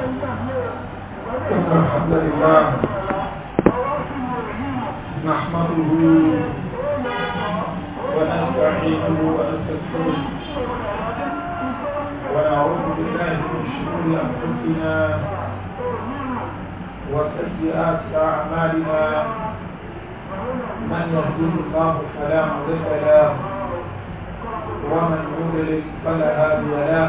الحمد لله نحمده ونستعينه ونستغفره ونعوذ بالله من شرور انفسنا وسيئات اعمالنا من يهديه الله فلا مضل له ومن يضلل فلا هادي له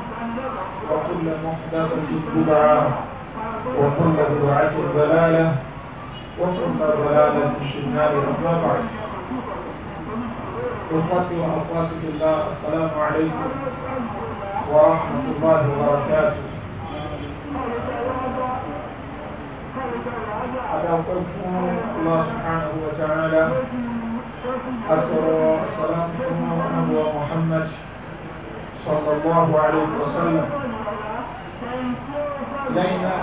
وكل محدثة بدعة وكل بدعة ضلالة وكل ضلالة في النار أما بعد أخوتي وأخواتي الله السلام عليكم ورحمة الله وبركاته أدعوكم الله سبحانه وتعالى أكثر صلاة محمد صلى الله عليه وسلم لينا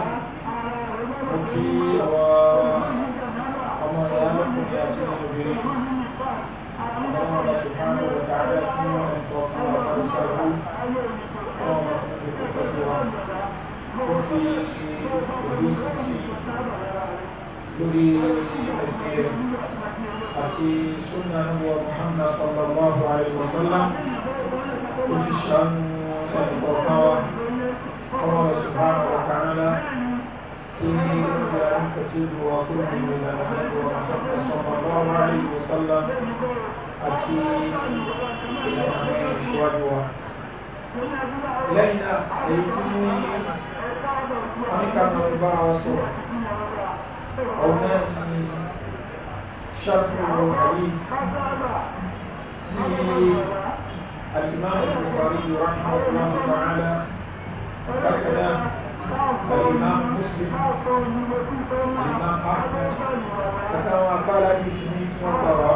مكير وعمر يامك وكاسم المبيرين اللهم الله سبحانه وتعالى اسمه ان توقع الله عليه وسلم اللهم اتبه فتوى مكير مكير مكير مكير مكير مكير مكير مكير مكير مكير مكير وفي شأن البركاوة قال سبحانه وتعالى إني لا أنتسب وأكون من الأحد صلى الله عليه وسلم أكيد وجوه لين أيتني أنك من البرع والصور أو ناسي شكر الحديث الإمام البخاري رحمه الله تعالى وكذا الإمام مسلم الإمام أحمد فكما قال ابن وطرى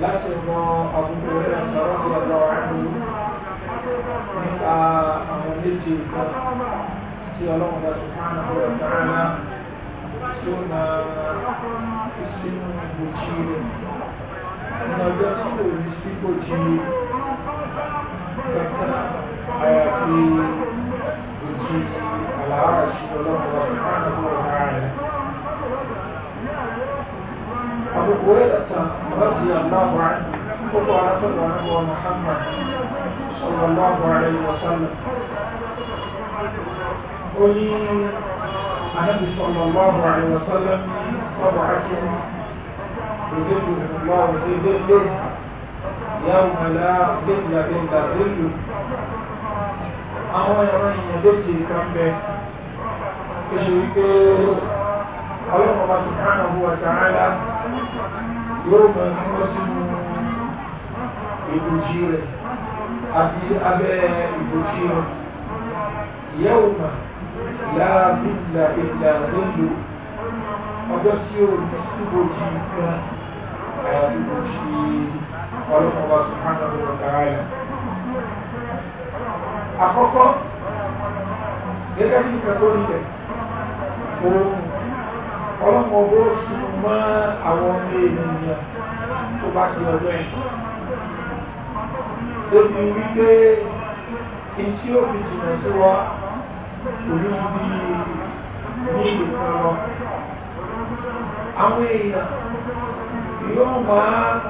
لا ترضى أبو هريرة رضي الله عنه nípa àwọn méje kan tí ọlọ́run bá subhanahu wa ọjọ́ tí kò rí sí kò jí kẹta àyàfi òjì àlàáfà sí ọlọ́pàá ìpàdánù ọ̀rá rẹ̀. àbùkù rẹ̀ tà rọ́bì aláwọ̀ gbogbo arákùnrin àwọn Muhammad sallallahu alaihi wa sallam ó ní anábì sallallahu alaihi wa sallam ọ̀rọ̀ àti يذل الله في ذله يوم لا ذل إلا ذله àwọn ẹ̀rọ ìyẹn méjì kan bẹ oṣù wípé ọlọ́pàá subhanahu wa ta'ala yóò mọ̀ ní wọ́n sínú ìbòjì rẹ̀ àti abẹ́ ìbòjì rẹ̀ yẹ́wò mà láàbí ìlà ìlà lójú ọjọ́ tí ó ìbòjì kan ọlọ́pàá subhanahu wa ta'ala àkọ́kọ́ gẹ́gẹ́ bí ìfẹ́kọ́ ilẹ̀ oòrùn ọlọ́pàá bó sùn mọ́ àwọn ọmọ ènìyàn tó bá ti ọjọ́ ẹ̀ tó ti wípé ìtí ó fi jìnà sí wa òní bí ní ìlú kan lọ àwọn èèyàn yóò máa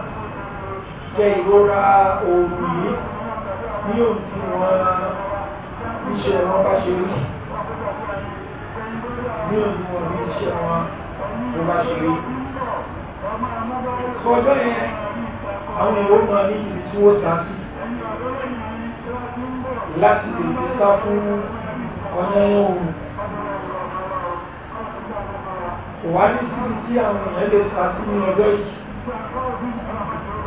jẹ ìrora òòrùn yìí ní òun tí wọ́n iṣẹ́ wọn bá ṣe rí ní òun tí wọ́n rí iṣẹ́ wọn tó bá ṣe rí ọjọ́ yẹn àwọn èrò máa ní ibi tí wọ́n ta sí láti lè sá fún ọ̀nà ohun wà ní sí tí àwọn èèyàn lè sá sí ní ọjọ́ yìí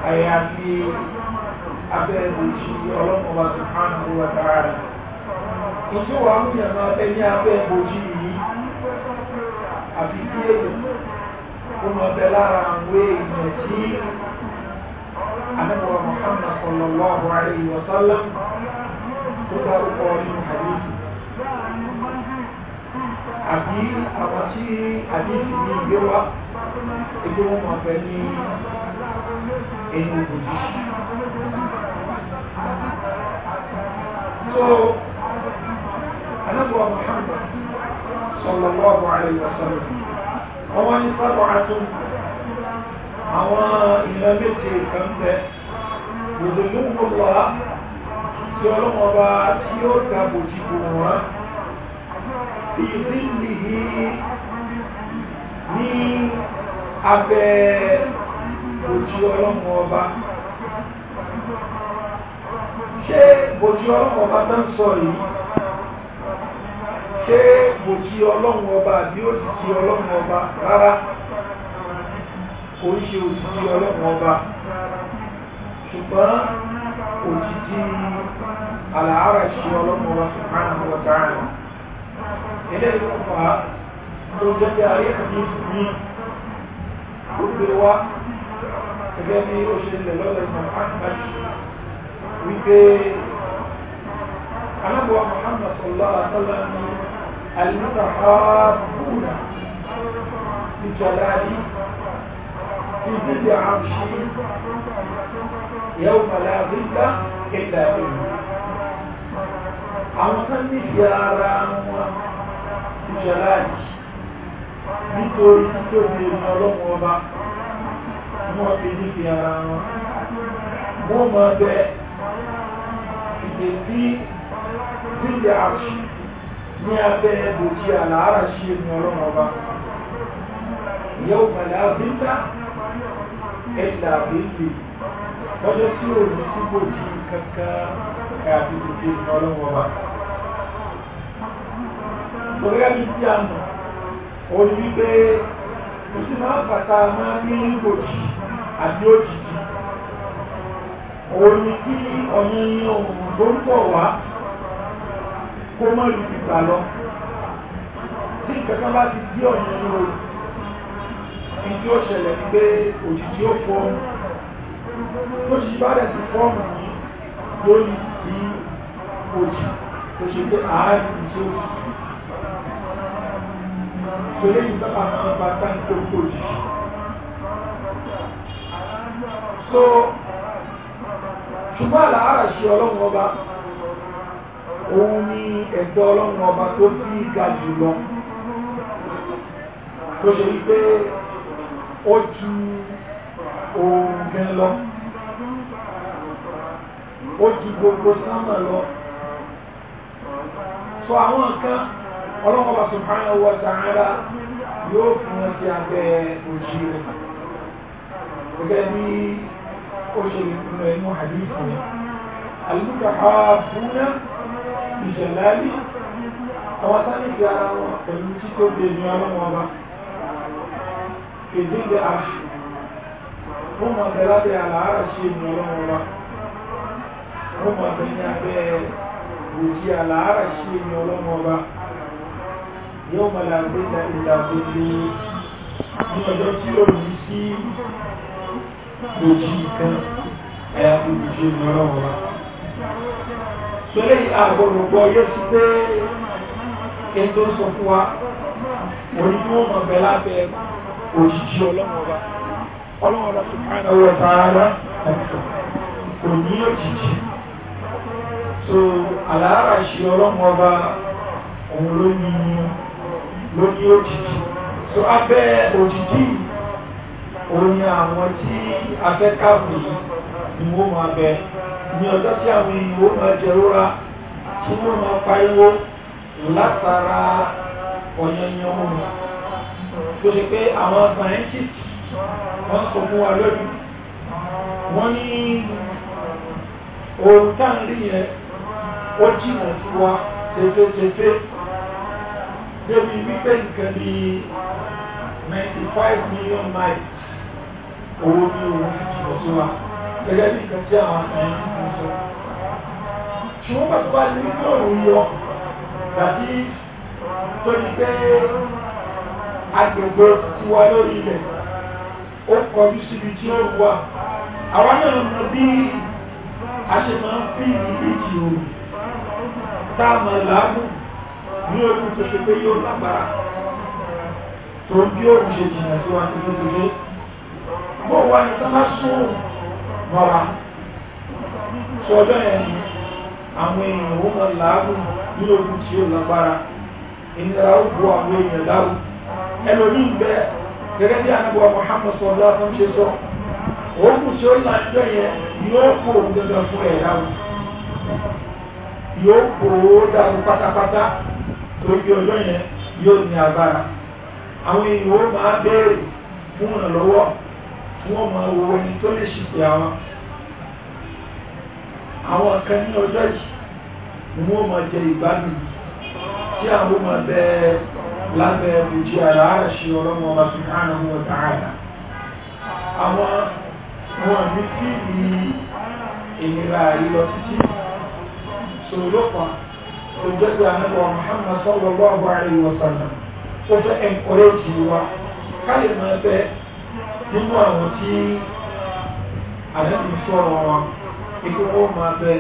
àyàfi abẹ́rẹ́ ṣe ọlọ́pàá wa subhanahu wa ta'ala ìṣe wà ń yàn máa bẹ ní abẹ́ yìí àfi kí èèyàn kó máa lára àwọn èèyàn tí anábọ̀ Muhammad sallallahu alaihi wa sallam tó dárúkọ nínú àbí àwọn tí àdéhùn ní ìgbé wá ẹgbẹ́ wọn máa fẹ́ ní ẹnu òbòjì so anábọ̀ Muhammad sallallahu alaihi wasallam wọ́n wá ní sábà àtún àwọn ìlànà méje kan bẹ òdòdó ń wá tí ọlọ́mọba tí ó ga bòjì bò fi rílì yìí ní abẹ́ bòjú ọlọ́run ọba ṣé bòjú ọlọ́run ọba tó ń sọ yìí ṣé bòjú ọlọ́run ọba àbí òjìjí ọlọ́run ọba rárá kò ń ṣe òjìjí ọlọ́run ọba ṣùgbọ́n òjìjí àlàárẹ̀ ṣe ọba subhanahu wa eléyìí tó fà á ló jẹ́ bí ayé ní ní gbogbo wa gẹ́gẹ́ bí ó ṣe lè lọ́lẹ̀ Muhammad wípé alábọ̀ Muhammad sallallahu alaihi wasallam ní alimutahabuna بجلالي في ظل عرشي يوم لا ظل إلا ظله àwọn kan nífẹ̀ẹ́ ara wọn ìṣẹ̀ láàyè nítorí títóbi ọlọ́mọ ọba wọ́n fi nífẹ̀ẹ́ ara wọn wọ́n máa bẹ ìdèdí bílẹ̀ àṣì ní abẹ́ ẹgbòjì àlàárà ṣe ní ọlọ́mọ ọba ìyẹ́wò pẹ̀lẹ́ àbíńdá ẹ̀dà àbíńdì lọ́jọ́ tí ò ní síbòjì kankan ìkẹ́ àti ìdíje ọlọ́wọ́ ọba. Gẹ́gẹ́ bí tí a mọ̀, ó ní wípé kò sí máa ń pàtà máa ní òjì àti òjìjì. Òun ni kí ọ̀yàn ní ohun tó ń bọ̀ wá kó mọ́ ìlú ìgbà lọ. Tí ìkẹ́kọ̀ọ́ bá ti dí ọ̀yàn ní ní tí ó ṣẹlẹ̀ pé òjìjì ó fọ́ ọmọ. Tó ṣì bá rẹ̀ sí fọ́ọ̀mù yìí lórí òjì tó ṣe pé ààrùn tí ó jù tó lè yìí tọ́ka fún bàtà tó òjì so ṣùgbọ́n àlàárà ṣe ọlọ́run ọba òun ni ẹ̀dọ́ ọlọ́run ọba tó fi ga jùlọ tó ṣe wípé ó ju òun gan lọ ó ju gbogbo sámà lọ sọ àwọn nǹkan ọlọ́wọ́ bá subhanahu wa ta'ala yóò fún wọn sí abẹ́ òjì rẹ̀ gẹ́gẹ́ bí ó ṣe lọ inú àdínkù rẹ̀ alùpùpù àbúná ìṣẹ̀lálì àwọn sáníkì ara wọn pẹ̀lú tító bí ẹni ọlọ́wọ́ bá kèdè àṣù wọ́n mọ̀ lábẹ́ àlàárà ṣe ọlọ́wọ́ bá wọ́n mọ̀ ní abẹ́ ìgbòjì àlàárà ṣe ni ọlọ́mọ ọba yóò mọ̀lá àgbéjà ìdàgbò ní ọjọ́ tí ó rí sí ìgbòjì kan ẹ̀yà ìgbòjì ni ọlọ́mọ ọba sọlẹ́ àgbọ̀rọ̀gbọ̀ yóò ti pé kí n tó sọ fún wa orí tí wọ́n mọ̀ bẹ̀ lábẹ́ òjìjì ọlọ́mọ ọba ọlọ́mọ ọba subhanahu wa ta'ala kò ní òjìjì so àlàárà ṣe ọlọ́mọ ọba òun ló ní ló ní òjìjì so abẹ́ òjìjì òun ni àwọn tí afẹ́kàwé ni wọ́n máa bẹ ní ọjọ́ tí àwọn èèyàn ó máa jẹrora tí wọ́n máa pariwo látara ọ̀yanyan omi tó ṣe pé àwọn scientist wọ́n sọ fún wa lórí wọ́n ní ohun tá à ń rí yẹn ó jìnà sí wa tẹ́tẹ́tẹ́tẹ́ débi wípé nǹkan bí 95 million miles owó ní owó ní jìnà sí wa gẹ́gẹ́ bí nǹkan tí àwọn àmì ń sọ ṣùgbọ́n pàtó bá ní wípé òun yọ tàbí tó ní pé agbègbè tiwa lórí ilẹ̀ ó kọjú síbi tí ó wà àwọn náà mọ bí a ṣe máa ń fi ìdíje òun táàmà láàmù ní ojú tó ṣe pé yóò lágbára tó bí ó ṣe jìnà tó wà nínú ilé mọ́ wà ní sábà sùn mọ́ra tó ọjọ́ yẹn ni àwọn èèyàn ó mọ láàmù ní ojú tí ó lágbára ìnira ó bu àwọn èèyàn láàmù ẹlòmí ń bẹ gẹ́gẹ́ bí anábọ̀ Muhammad sọ̀rọ̀ láti ń ṣe sọ òun kù tí ó lájọ yẹn yóò kó òun gẹ́gẹ́ fún ẹ̀ yóò kóró dàrú pátápátá torí ọjọ́ yẹn yóò ní agbára àwọn èèyàn ó máa béèrè fún ìrànlọ́wọ́ wọ́n máa wo ẹni tó lè ṣìṣẹ́ àwọn àwọn kan ní ọjọ́ yìí ni wọ́n máa jẹ ìgbádùn tí àwọn ọmọ bẹ lábẹ́ ìjì ara àṣì ọlọ́mọ ọba subhanahu wa ta'ala àwọn wọn ní kí ni ìnira yìí lọ títí sòlópa òjòjò àníbọ̀ Muhammad sallallahu alaihi wa sallam tó fẹ́ encourage wa káyọ̀ máa bẹ nínú àwọn tí àdéhùn sọ̀rọ̀ wọn ikú wọn máa bẹ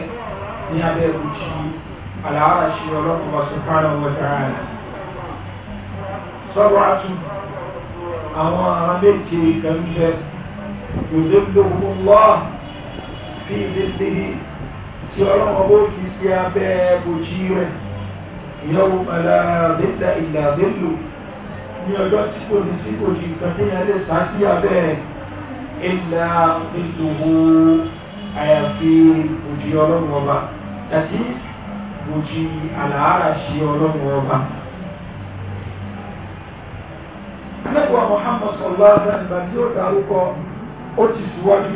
ní abẹ́ òjì àlàárà ṣe ọlọ́pàá wa subhanahu wa ta'ala sọ́rọ̀ àwọn ará méje kan jẹ́ yòdébìlówó lọ́ọ̀ fi ìdíje tí ọlọ́run ó fi sí abẹ́ bòjì rẹ̀ ìyọ́wò padà délẹ̀ ìlà délò ní ọjọ́ tí kò ní sí bòjì kan tí yẹn lè sá sí abẹ́ ìlà ìdòwò àyàfi bòjì ọlọ́run ọba tàbí bòjì àlàárà sí ọlọ́run ọba. Anẹ́gbọ́n Mọ̀hámọ̀ sọ̀rọ̀ àwọn tí ó dárúkọ ó ti síwájú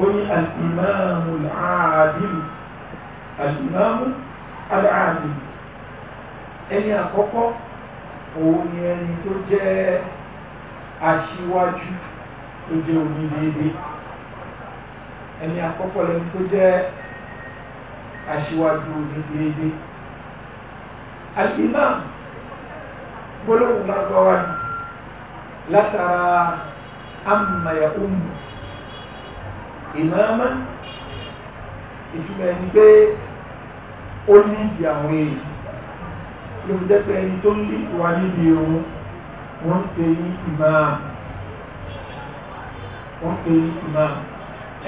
ó ní àtìmáàmù àádìlú الإمام aláàmì ẹni àkọ́kọ́ òun ni ẹni tó jẹ́ aṣíwájú tó jẹ́ onídéédé ẹni àkọ́kọ́ lẹni tó jẹ́ aṣíwájú onídéédé alìmọ́mù gbólóhùn lágbọ́wá ni látara amàyà òmù ìmọ̀ọ́mọ́ ìtumọ̀ ẹni pé ó ní ìdí àwọn èèyàn ló fi jẹ́pẹ́ ẹni tó lè wà níbi òun wọ́n pè ní ìmáà wọ́n pè ní ìmáà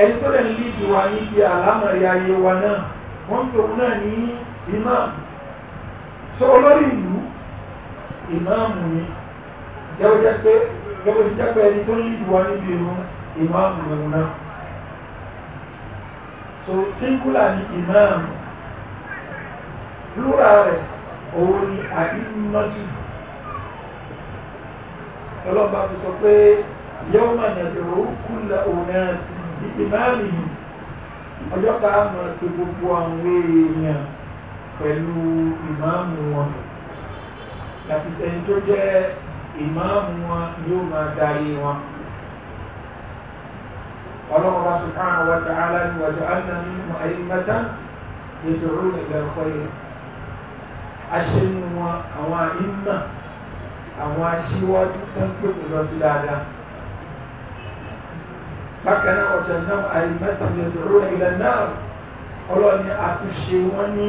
ẹni tó lè lè dì wà níbi àlámọ̀rí ayé wa náà wọ́n pè òun náà ní ìmáà sọ olórí ìlú ìmáàmù ni jẹ́wọ́jẹ́pẹ́ jẹ́wọ́jẹ́pẹ́ ẹni tó lè dì wà níbi òun ìmáàmù òun náà so singular ni ìmáàmù plural rẹ̀ òun ni àìmọ́dì ọlọ́ba ti sọ pé yóò máa nàìjíríà ó kúlẹ̀ òun náà ti di ìmáàlì ọjọ́ ta mọ̀ sí gbogbo àwọn èèyàn pẹ̀lú ìmáàmù wọn láti tó jẹ́ ìmáàmù wọn yóò máa darí wọn ọlọ́mọba sùkánà wọ́ta aláìwájú ánà nínú aṣẹ́nu wọn àwọn àìmọ̀ àwọn aṣíwájú tó ń pè lọ sí dáadáa bákan náà ọ̀sẹ̀ náà àìmọ̀tàn lè dúró ilẹ̀ náà ọlọ́ni àtúnṣe wọn ní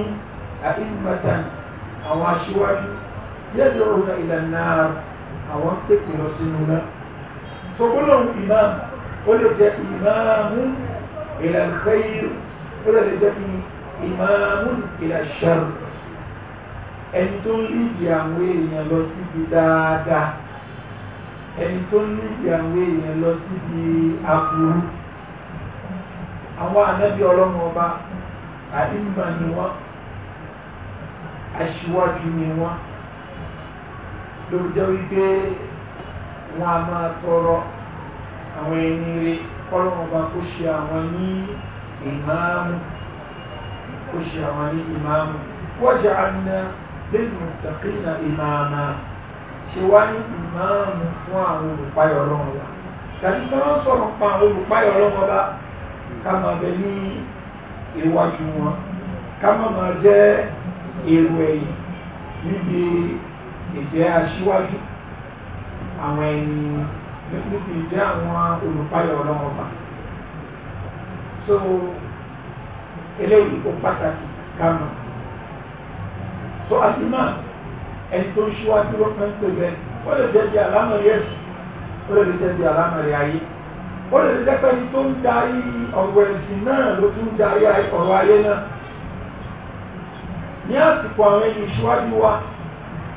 àìmọ̀tàn àwọn aṣíwájú yẹ́ dúró ilẹ̀ náà àwọn ń pèpè lọ sínú náà sọgbọ́nà imam ó lè jẹ́ imamu ìlànà ìfẹ́ yìí ó lè jẹ́ imamu ìlànà ìṣẹ́rù ẹni tó ń lídì àwọn èèyàn lọ síbi dáadáa ẹni tó ń lídì àwọn èèyàn lọ síbi aburú àwọn ànábì ọlọ́run ọba àdìmọ̀ ni wọ́n aṣíwájú ni wọ́n ló wípé a máa tọrọ àwọn ẹni rẹ kọ́lọ́run ọba kó ṣe àwọn ní ìmáàmù kó ṣe àwọn ní ìmáàmù wọ́n lẹ́lùmọ̀tàkìnà ìmàmà ṣe wá ní ìmáàmù fún àwọn olùpáyọ̀ ọlọ́run wa tàbí tí wọ́n sọ̀rọ̀ pa àwọn olùpáyọ̀ ọlọ́run ọba ká máa bẹ ní iwájú wọn ká má àwọn ẹni níbi ìjẹ́ àwọn olùpáyọ̀ ọlọ́run ọba so eléyìí ó pàtàkì ká tó àtúmọ̀ ẹni tó ń ṣíwájú wọn fẹ́ ń pè bẹ́ẹ̀ ó lè jẹ́ di àlámọ̀ yẹ́sù ó lè jẹ́ di àlámọ̀ rẹ̀ ayé ó lè jẹ́ pẹ́ni tó ń darí ọ̀rọ̀ ẹ̀sìn náà ló tún darí ọ̀rọ̀ ayé náà ní àsìkò àwọn ẹni ìṣíwájú wa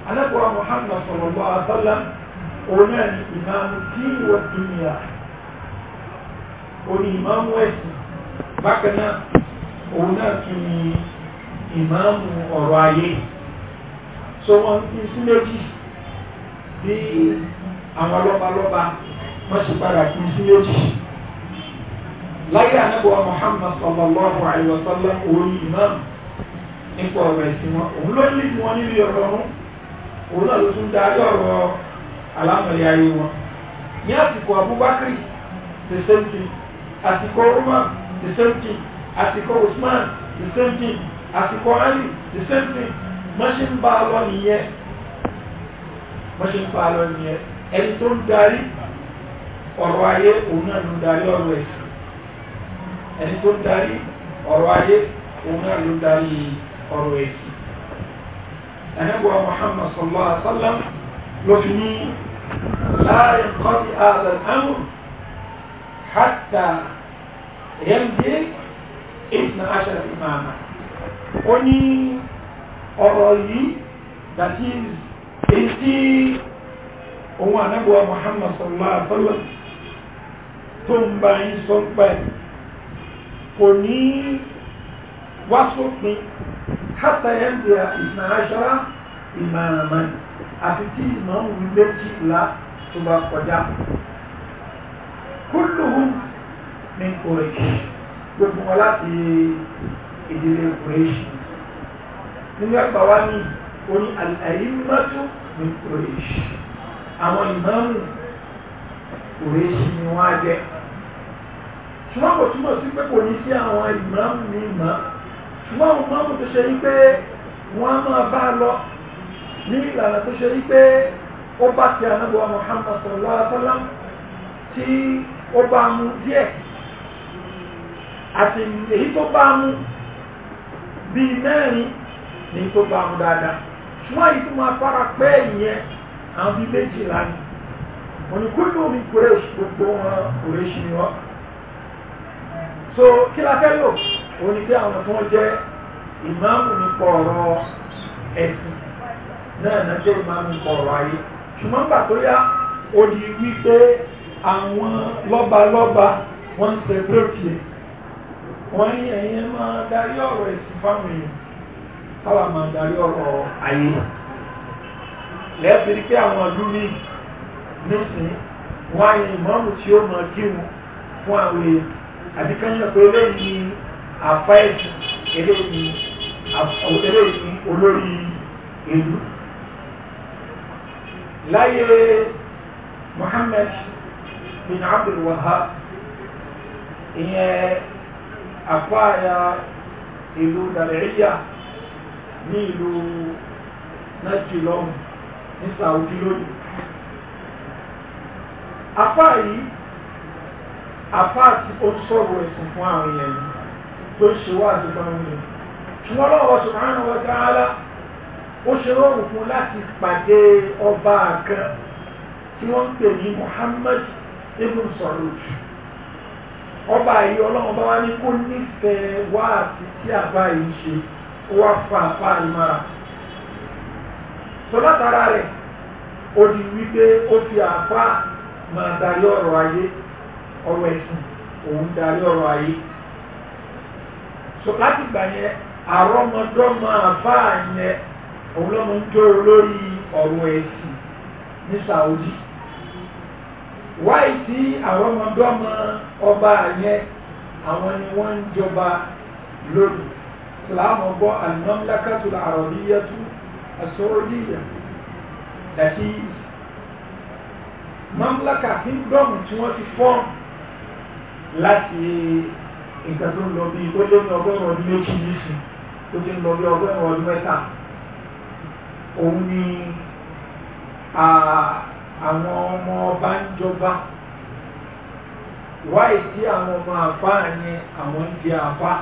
anábọ̀wá muhammad sọ̀rọ̀lọ́ àbálá òun náà ni ìmáàmù tí wọ́n ti ní à òní ìmáàmù ẹ̀sìn bákan náà òun náà tún ni ìmáàmù ọ̀rọ̀ ayé yìí so wọ́n ń pín sí méjì bí àwọn lọ́balọ́ba wọ́n sì padà pín sí méjì láyé ànábọ̀ Muhammad sallallahu alayhi wa sallam orí imam nípa ọ̀rọ̀ ẹ̀sìn wọn òun ló ní wọn níbi ọ̀rọ̀ ọ̀run òun náà ló tún darí ọ̀rọ̀ alámọ̀lẹ́ ayé wọn ní àsìkò Abubakar the same thing àsìkò Umar the same thing àsìkò Usman the same thing àsìkò Ali the same thing mọ́ṣí ń bá lọ nìyẹn mọ́ṣí ń bá lọ nìyẹn ẹni tó ń darí ọ̀rọ̀ ayé òun náà ló ń darí ọ̀rọ̀ ẹ̀sìn ẹni tó ń darí ọ̀rọ̀ ayé òun náà ló ń darí ọ̀rọ̀ ẹ̀sìn ẹ̀nẹ́gbọ́ Muhammad sallallahu alaihi wasallam ló fi ní láàrin kọ́sí ààrẹ ẹ̀mù hátà ẹ̀yẹ́mdé ìtìnà àṣà ìmáàmà ó ní ọ̀rọ̀ yìí that is etí òun ànábọ̀wá Muhammad sallallahu alaihi wasallam tó ń bá yín sọ ń pẹ́ kò ní wá sópin hátà ẹ̀ ń bẹ̀rẹ̀ ìsìn àṣọ́ra ìmàmà àti tí ìmọ̀ọ́mù méjìlá tó bá kọjá kulluhum min Quraysh gbogbo wọn láti ìdílé Quraysh nínú ẹ̀pà wá ní orí àìmọ́tò ní oríṣi àwọn ìmáàmù oríṣi ni wọ́n á jẹ́ ṣùgbọ́n kò túmọ̀ sí pé kò ní sí àwọn ìmáàmù ní ìmọ̀ ṣùgbọ́n àwọn ìmáàmù tó ṣe wípé wọ́n á máa bá a lọ ní ìlànà tó ṣe wípé ó bá ti anábọ̀ Muhammad sallallahu alaihi tí ó bá mú díẹ̀ àti èyí tó bá mú bíi mẹ́rin ní tó bá mu dáadáa ṣùgbọ́n yìí tó máa fara pẹ́ ìyẹn àwọn bíi méjìlá ni oníkúndùn mi kúrẹ́ṣì gbogbo wọn kúrẹ́ṣì ni wọn. so kí la fẹ́ lò òun ni pé àwọn tó ń jẹ́ ìmáàmù nípa ọ̀rọ̀ ẹ̀sìn náà náà jẹ́ ìmáàmù nípa ọ̀rọ̀ ayé ṣùgbọ́n gbà tó yá ó wípé àwọn lọ́balọ́ba wọ́n ń sẹ́gbẹ́rẹ́ tiẹ̀ wọ́n ní ẹ̀yin máa darí ọ̀rọ̀ ẹ̀sìn fáwọn èèyàn káwa máa darí ọ̀rọ̀ ayé lẹ́ẹ̀fì rí pé àwọn ọdún ní nísìn wọ́n á yin ìmọ̀ọ́mù tí ó máa kírun fún àwọn èèyàn àbí kan yàn pé eléyìí ni àfa eléyìí olórí ìlú láyé Muhammad bin Abdul Wahab ìyẹn àfáàyà ìlú dàlẹ́ríyà ní ìlú nájì lọ́mù ní saudi lónìí apá yìí apá àti ó sọ̀rọ̀ ẹ̀sìn fún àwọn èèyàn yìí tó ń ṣe wá àdúgbò àwọn èèyàn ṣùgbọ́n lọ́wọ́ subhanahu wa ta'ala ó ṣe rọrùn fún láti pàdé ọba kan tí wọ́n ń pè ní muhammad ibn saruj ọba yìí ọlọ́run bá wá ní kó nífẹ̀ẹ́ wá àti tí àbá yìí ṣe wá fa àfa ìmọ̀ra tó látara rẹ̀ ó di wípé ó fi àfa máa darí ọ̀rọ̀ ayé ọ̀rọ̀ ẹ̀sìn òun darí ọ̀rọ̀ ayé so láti gbà yẹn àrọ́mọdọ́mọ àfa yẹn òun lọ́mọ ń jó lórí ọ̀rọ̀ ẹ̀sìn ní Saudi wáyé tí àrọ́mọdọ́mọ ọba yẹn àwọn ni wọ́n ń jọba lónìí láàmú gbọ́ anamlakatu arabiyatu asọ́rọ̀díyà that is mamlaka kingdom tí wọ́n ti fọ́ láti nǹkan tó ń lọ bí ó lé ní ọgọ́rùn-ún ọdún méjì nísìn tó ti ń lọ bí ọgọ́rùn-ún ọdún mẹ́ta òun ni àwọn ọmọ ọba ń jọba wáyé tí àwọn ọmọ àfáà yẹn àwọn ń di àfáà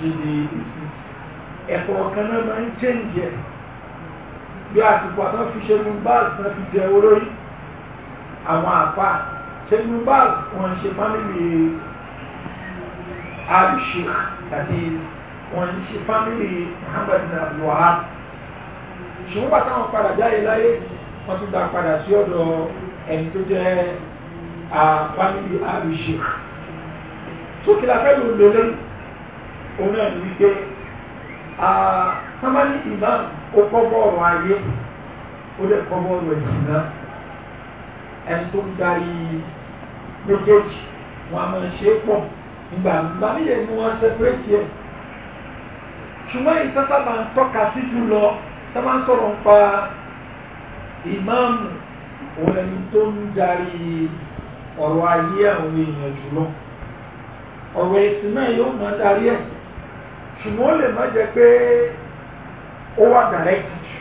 gidi ẹ̀kọ́ kan náà máa ń chẹ́ǹjì ẹ̀ bí àsìkò àtàn fi ṣe lu báàsì náà fi jẹ olórí àwọn àpá ṣe lu báàsì wọn ṣe fámìlì àlùṣe àti wọn ṣe fámìlì Muhammad bin Abdul Wahab ṣùgbọ́n bàtà wọn padà jáde láyé wọ́n tún dá padà sí ọ̀dọ̀ ẹni tó jẹ́ fámìlì àlùṣe tó fẹ́ lò lélẹ́yìn. òun náà ní wípé imam ó ayé ó lè kọ́ bọ́ọ̀rọ̀ E ẹni tó méjèèjì wọn a máa ṣe é pọ̀ ìgbà nígbà nílẹ̀ ni wọ́n sẹ́pẹ́rẹ́tì ẹ̀ ṣùgbọ́n ìtọ́sà máa ń tọ́ka sí jùlọ tá máa ń sọ̀rọ̀ pa ìmáàmù òun tó ń darí ọ̀rọ̀ ayé àwọn èèyàn jùlọ ọ̀rọ̀ ìsìn máa ṣùgbọ́n ó lè má jẹ́ pé ó wà dàrẹ́kì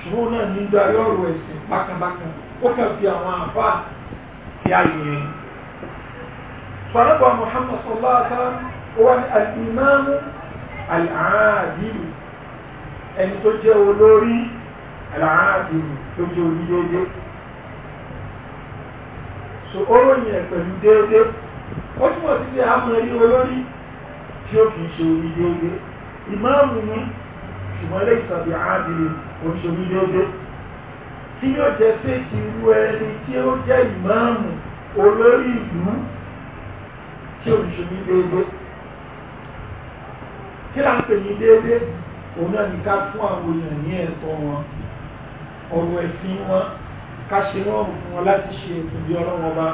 ṣùgbọ́n náà ní darí ọ̀rọ̀ ẹ̀sìn bákanbákan ó kàn fi àwọn àbá ti ààyè yẹn. sọ̀rọ̀bà Muhammad sallallahu alaihi wasallam ó wà ní al-imamu ẹni tó jẹ́ olórí al tó jẹ́ onídéédé so ó ròyìn ẹ̀ pẹ̀lú déédé ó túmọ̀ sí pé a mọ ẹni olórí tí ó kìí ṣe orí déédé ìmáàmù ní ṣùgbọ́n lè tàbí àádìrí oríṣiríṣi déédé tí yóò jẹ́ pé ti irú ẹni tí ó jẹ́ ìmáàmù olórí ìlú tí oríṣiríṣi déédé kí là ń pè ní déédé òun náà ní ká fún àwọn èèyàn ní ẹ̀tọ́ wọn ọ̀rọ̀ ẹ̀sìn wọn ká ṣe wọ́n fún wọn láti ṣe ètò bí ọlọ́wọ́n bá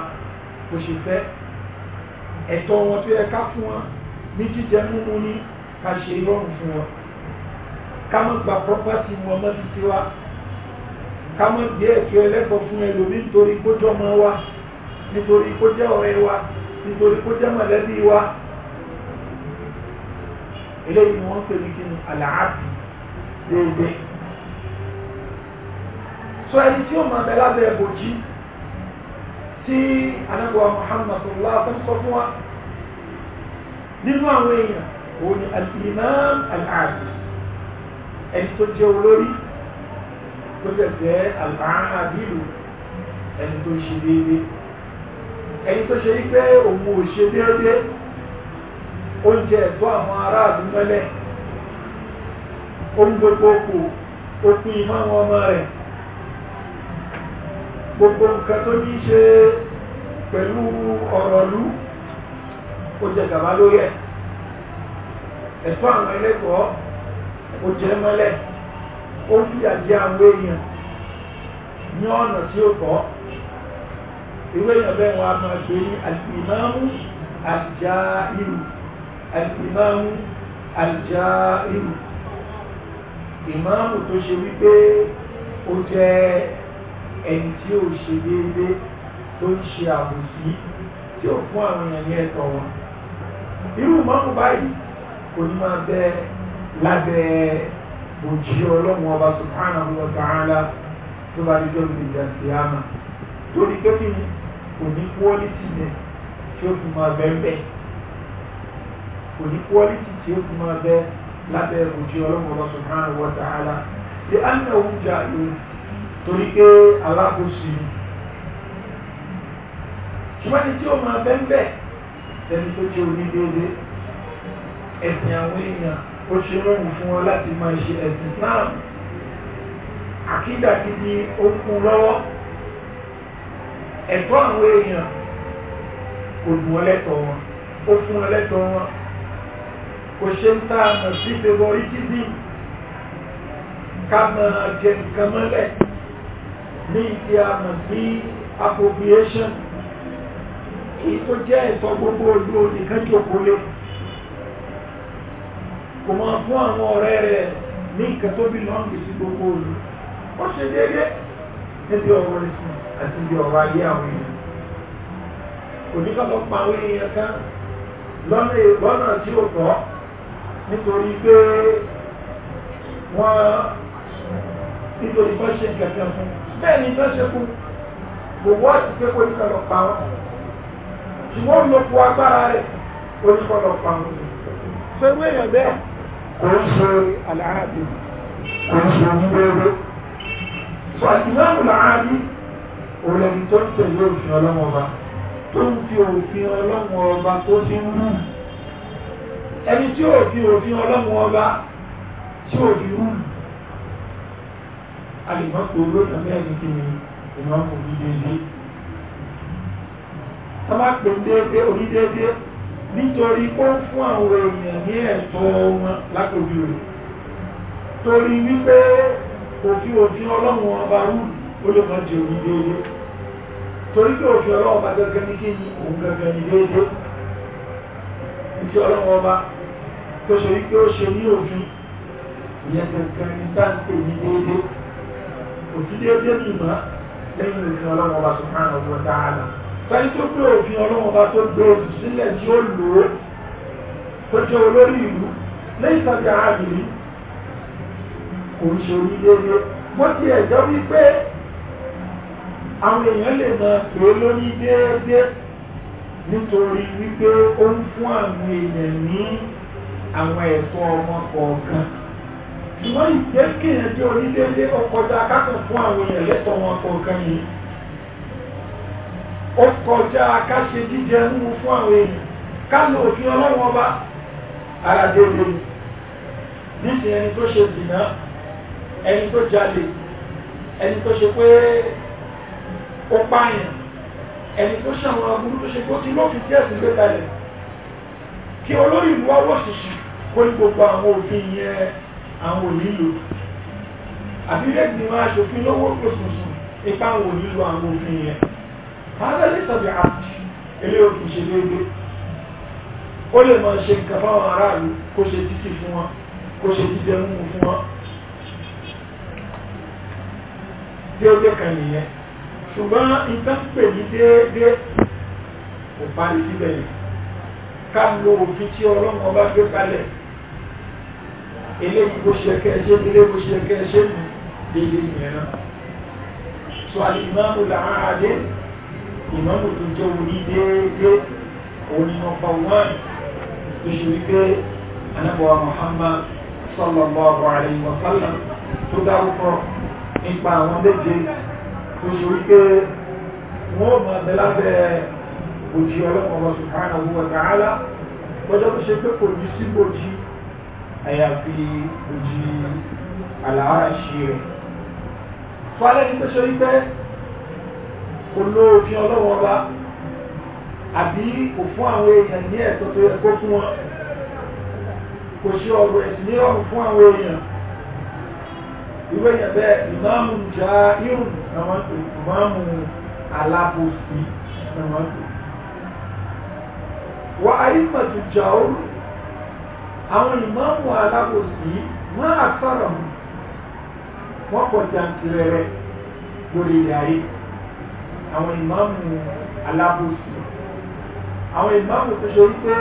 kò ṣe fẹ́ ẹ̀tọ́ wọn tó yẹ ká fún wọn ní jíjẹ mímú ní ká ṣe rọrùn fún wọn ká mọ́ gba property wọn mọ́ títí wa ká mọ́ gbé ẹ̀tọ́ ẹlẹ́kọ̀ọ́ fún ẹlòmí nítorí kó jọmọ wa nítorí kó jẹ́ ọ̀rẹ́ wa nítorí kó jẹ́ mọ̀lẹ́bí wa eléyìí ni wọ́n ń pè ní kí ni àlàáfì déédéé so ẹni tí ó máa bẹ lábẹ́ ẹ̀bòjì tí anábọ̀ Muhammad sallallahu alaihi wa sallam sọ fún wa nínú àwọn èèyàn òun ni al-imam al-adil ẹni tó jẹ́ olórí tó jẹ́ jẹ́ al-adilu ẹni tó ṣe déédéé ẹni tó ṣe wípé òun ò ṣe déédéé oúnjẹ ẹ̀tọ́ àwọn aráàlú mẹ́lẹ̀ ohun gbogbo kò òfin ìmọ̀ àwọn ọmọ rẹ̀ gbogbo nǹkan tó ní ṣe pẹ̀lú ọ̀rọ̀ ó jẹ gàba lórí ẹ̀ ẹ̀tọ́ àwọn ẹlẹ́kọ̀ọ́ ó jẹ mọ́lẹ̀ ó fìyà jẹ àwọn èèyàn ní ọ̀nà tí ó kọ́ ìwé èèyàn bẹ́ẹ̀ wọn a máa gbé ní alìmọ́mú àjà ìlú alìmọ́mú àjà ìlú ìmọ́mù tó ṣe wípé ó jẹ́ ẹni tí ó ṣe déédéé tó ń ṣe àbòsí tí ó fún àwọn èèyàn ní ẹ̀tọ́ wọn irú mọ́mù báyìí kò ní máa bẹ lábẹ́ òjì ọlọ́run ọba subhanahu wa ta'ala tó bá ní jọ́bi ìdàgbé àmà torí pé kí ni kò ní kúọ́lítì yẹn tí ó fi máa bẹ́ẹ̀ kò ní tí ó fi máa lábẹ́ òjì ọlọ́run ọba lẹ́nu tó jẹ́ onídéédé ẹ̀sìn àwọn èèyàn ó ṣe lóhùn fún wọn láti máa ṣe ẹ̀sìn náà àkídà gidi ó kún lọ́wọ́ ẹ̀tọ́ àwọn èèyàn kò dùn ọ́ lẹ́tọ̀ọ́ wọn ó fún wọn lẹ́tọ̀ọ́ wọn kò ṣe ń tá a mọ̀ sí ìfẹ́wọ́ ìkíbi ká máa jẹ nǹkan mọ́lẹ̀ ní ìdí àmọ̀ sí appropriation èyí tó jẹ́ ẹ̀tọ́ gbogbo olú nìkan tí ó kó lé kò máa fún àwọn ọ̀rẹ́ rẹ̀ ní nǹkan tó bí lọ́ǹgì sí gbogbo olú ó ṣe déédé níbi ọ̀rọ̀ ìsìn àti ibi ọ̀rọ̀ ayé àwọn èèyàn kò ní kọ́kọ́ pa àwọn èèyàn kan lọ́nà tí ó tọ́ nítorí pé wọ́n nítorí bọ́ ṣe kẹ̀kẹ́ fún bẹ́ẹ̀ ni bọ́ ṣe kú gbogbo àti pé kò ní kọ́kọ́ pa wọn ṣùgbọ́n mo fún agbára rẹ̀ oníkọ́lọ̀ pàmò ṣé wé èèyàn bẹ́ẹ̀ kò ń ṣe àlàáàbí kò ń ṣe ojúbẹ́rẹ́ sọ àtìmọ́ọ̀mù làábí òlẹ́ni tó ń tẹ̀lé òfin ọlọ́wọ́ ọba tó ń fi òfin ọlọ́wọ́ ọba tó ti ń mú ẹni tí ò fi òfin ọlọ́wọ́ ọba tí ò fi mú alìmọ́tò olóòtú mẹ́rin kí ni ìmọ̀ òbí déédéé sábà pè déédéé onídéédéé nítorí ó ń fún àwọn èèyàn ní ẹ̀tọ́ wọn lápòjú rẹ̀ torí wípé òfin òfin ọlọ́run ọba rú ó lè máa jẹ onídéédéé torí pé òfin ọlọ́run ọba gẹ́gẹ́ ní kí ni òun gẹ́gẹ́ ní déédéé ìfẹ́ ọlọ́run ọba tó ṣe wípé ó ṣe ní òfin ìyẹn gẹ́gẹ́ ní táǹkì ní déédéé òfin déédéé nìmọ̀ lẹ́yìn òfin ọlọ́run ọba sùn fẹ́ni tó pé òfin ọlọ́run bá tó gbé oṣù sílẹ̀ tí ó lò ó tó jẹ́ olórí ìlú lẹ́yìn tàbí àádìrí kò ń ṣe onídéédé bó ti ẹ̀jọ́ wípé àwọn èèyàn lè mọ pé lóní déédé nítorí wípé ó ń fún àwọn èèyàn ní àwọn ẹ̀tọ́ ọmọ kọ̀ọ̀kan ṣùgbọ́n ìjẹ́kìyàn jẹ́ onídéédé ọkọjá kákan fún àwọn èèyàn lẹ́tọ̀ọ́ wọn kọ̀ọ̀kan yìí ó kọjá káṣe jíjẹ nínú fún àwọn èèyàn kánú òfin ọlọ́run ọba ara dédé ni nísìn ẹni tó ṣe dìná ẹni tó jalè ẹni tó ṣe pé ó pààyàn ẹni tó ṣàwọn aburú tó ṣe pé ó ti lófin tí ẹ̀sìn gbé kalẹ̀ kí olórí ìlú ọwọ́ ṣìṣì kó ní gbogbo àwọn òfin yẹn àwọn ònílò àbílẹ̀ ìgbìmọ̀ aṣòfin lówó kòsùnsùn ipa àwọn ònílò àwọn òfin yẹn هذا ليس بعقل ilé òkú ṣe déédéé ó lè máa ṣe nǹkan fáwọn aráàlú kó ṣe títì fún wọn kó ṣe jíjẹ múmu fún wọn tí ó dé kan nìyẹn ṣùgbọ́n ìtàkùpè ní déédéé kò parí síbẹ̀ yìí ká lo òfin tí ọlọ́run ọba gbé kalẹ̀ eléyìí bó ṣe kẹ́ ẹ bó ṣe kẹ́ mú déédéé nìyẹn náà sọ àlìmọ́ àmúlà àádé ìmọ̀mù tó jẹ́ orí déédéé òní nọmba one tó ṣe wípé anábọ̀wá muhammad sallallahu alayhi wa sallam tó dárúkọ nípa àwọn méje tó ṣe wípé wọ́n máa bẹ lábẹ́ òjì ọlọ́pàá subhanahu wa ta'ala lọ́jọ́ tó ṣe pé kò ní sí fọ́lẹ́ ní tó olóòfin ọlọ́wọ́ bá àbí kò fún àwọn èèyàn ní ẹ̀tọ́ tó yẹ kó fún wọn kò ṣe ọ̀rọ̀ ẹ̀sìn ní ọ̀rùn fún àwọn èèyàn ìwé yẹn bẹ́ẹ̀ ìmáàmù jà irun àwọn ìmáàmù alábòsí àwọn wà àyíkàtù jà òru àwọn ìmáàmù alábòsí máa sára mu wọ́n pọ̀ jàǹtìrẹrẹ lórí ilẹ̀ ayé àwọn ìmáàmù alábòsí àwọn ìmáàmù tó ṣe wípé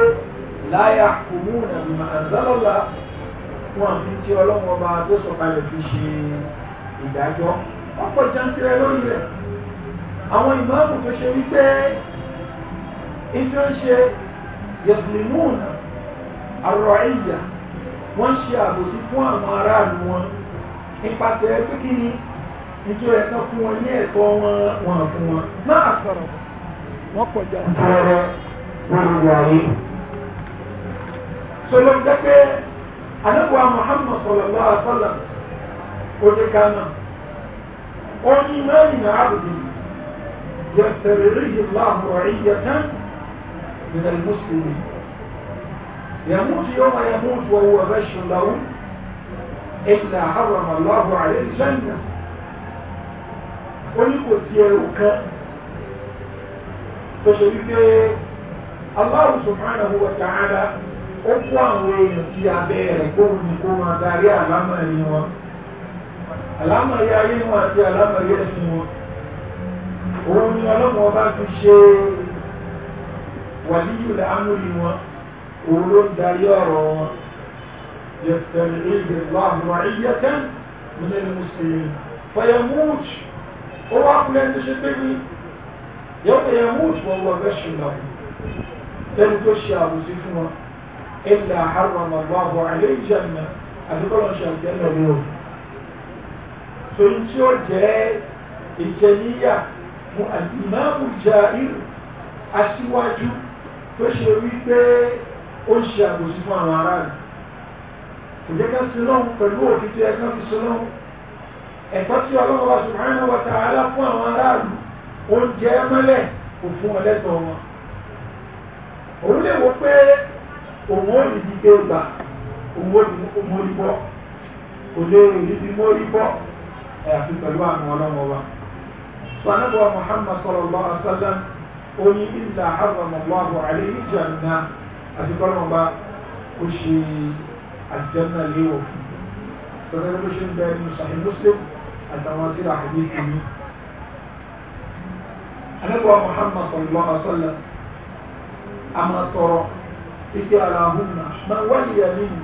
láyà kòmú nàmà àzálọ́lá wọn àfi tí ọlọ́run ọba tó sọ̀kalẹ̀ fi ṣe ìdájọ́ wọ́n pọ̀ jáńtìrẹ lórí rẹ̀ àwọn ìmáàmù tó ṣe wípé ìjọ ń ṣe yẹ̀sùlìmúùnà àrọ̀ ẹ̀yà wọ́n ṣe àbòsí fún àwọn aráàlú wọn nípasẹ̀ pé kí ni nítorí ẹ̀kan fún wọn ní ẹ̀kọ́ wọn fún wọn máa sọ̀rọ̀ wọ́n kọjá ọ̀rọ̀ gbogbo ayé sọlọ ń jẹ́ pé àdébùwà Muhammad sallallahu alaihi wasallam ó ní ká náà ó ní mẹ́rin náà àbùdí يسترعيه الله رعية من المسلمين يموت يوم يموت وهو بشر له إلا حرم الله عليه الجنة ó ní kò sí ẹrù kan tó ṣe wípé Allah subhanahu wa ta'ala ó kó àwọn èèyàn sí abẹ́ rẹ̀ kóhùn ní kó máa darí àlámọ̀rí wọn àlámọ̀rí ayé wọn àti àlámọ̀rí ẹ̀sìn wọn òun ni ọlọ́mọ bá fi ṣe wàlíyù láàmúlì wọn òun ló ń darí ọ̀rọ̀ wọn yẹ̀sẹ̀ ní ìgbẹ̀lá àwọn àìyẹ́kẹ́ من المسلمين فيموت O wá fún ẹni tó ṣe pé ní yọ́pẹ̀ yẹn mú ìṣòwò wọn gẹ́ṣù náà lẹ́nu tó ṣe àbùsí fún wọn ilẹ̀ àhárùn ọmọ ọgbà ọgbà alẹ́ ìjẹ́mẹ̀ àdúgbọ́lọ́ ṣe àjẹ́lẹ̀ ní òun tó ń tí ó jẹ́ ìjẹníyà ẹ̀tọ́ tí ọlọ́run wa subhanahu wa ta'ala fún àwọn aráàlú oúnjẹ mọ́lẹ̀ kò fún ọ lẹ́tọ̀ọ́ wọn òun lè wọ pé òun ò ní dìde gbà òun ò ní mórí bọ́ kò lè rí bí mórí bọ́ àyàfi pẹ̀lú àmì ọlọ́run wa sanabu wa muhammad sallallahu alaihi oní ilà azamallahu alayhi janna àti àtàwọn tíra àdíkù ní anábọ̀ muhammad sallallahu alaihi wasallam a máa tọrọ títí ara ahùnà máa wáyé yàrin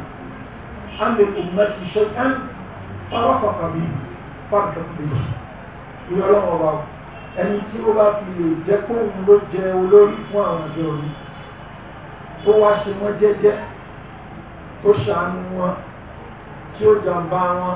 an lè kò mẹ́tì ṣe án fáráfàfà bí fáráfà bí ìrọ̀lọ́wọ́ wa ẹni tí ó bá fi lè jẹ́ kó òun ló jẹ olórí fún àwọn àjọ rí tó wá ṣe wọ́n jẹ́jẹ́ tó ṣàánú wọn tí ó jàǹbá wọn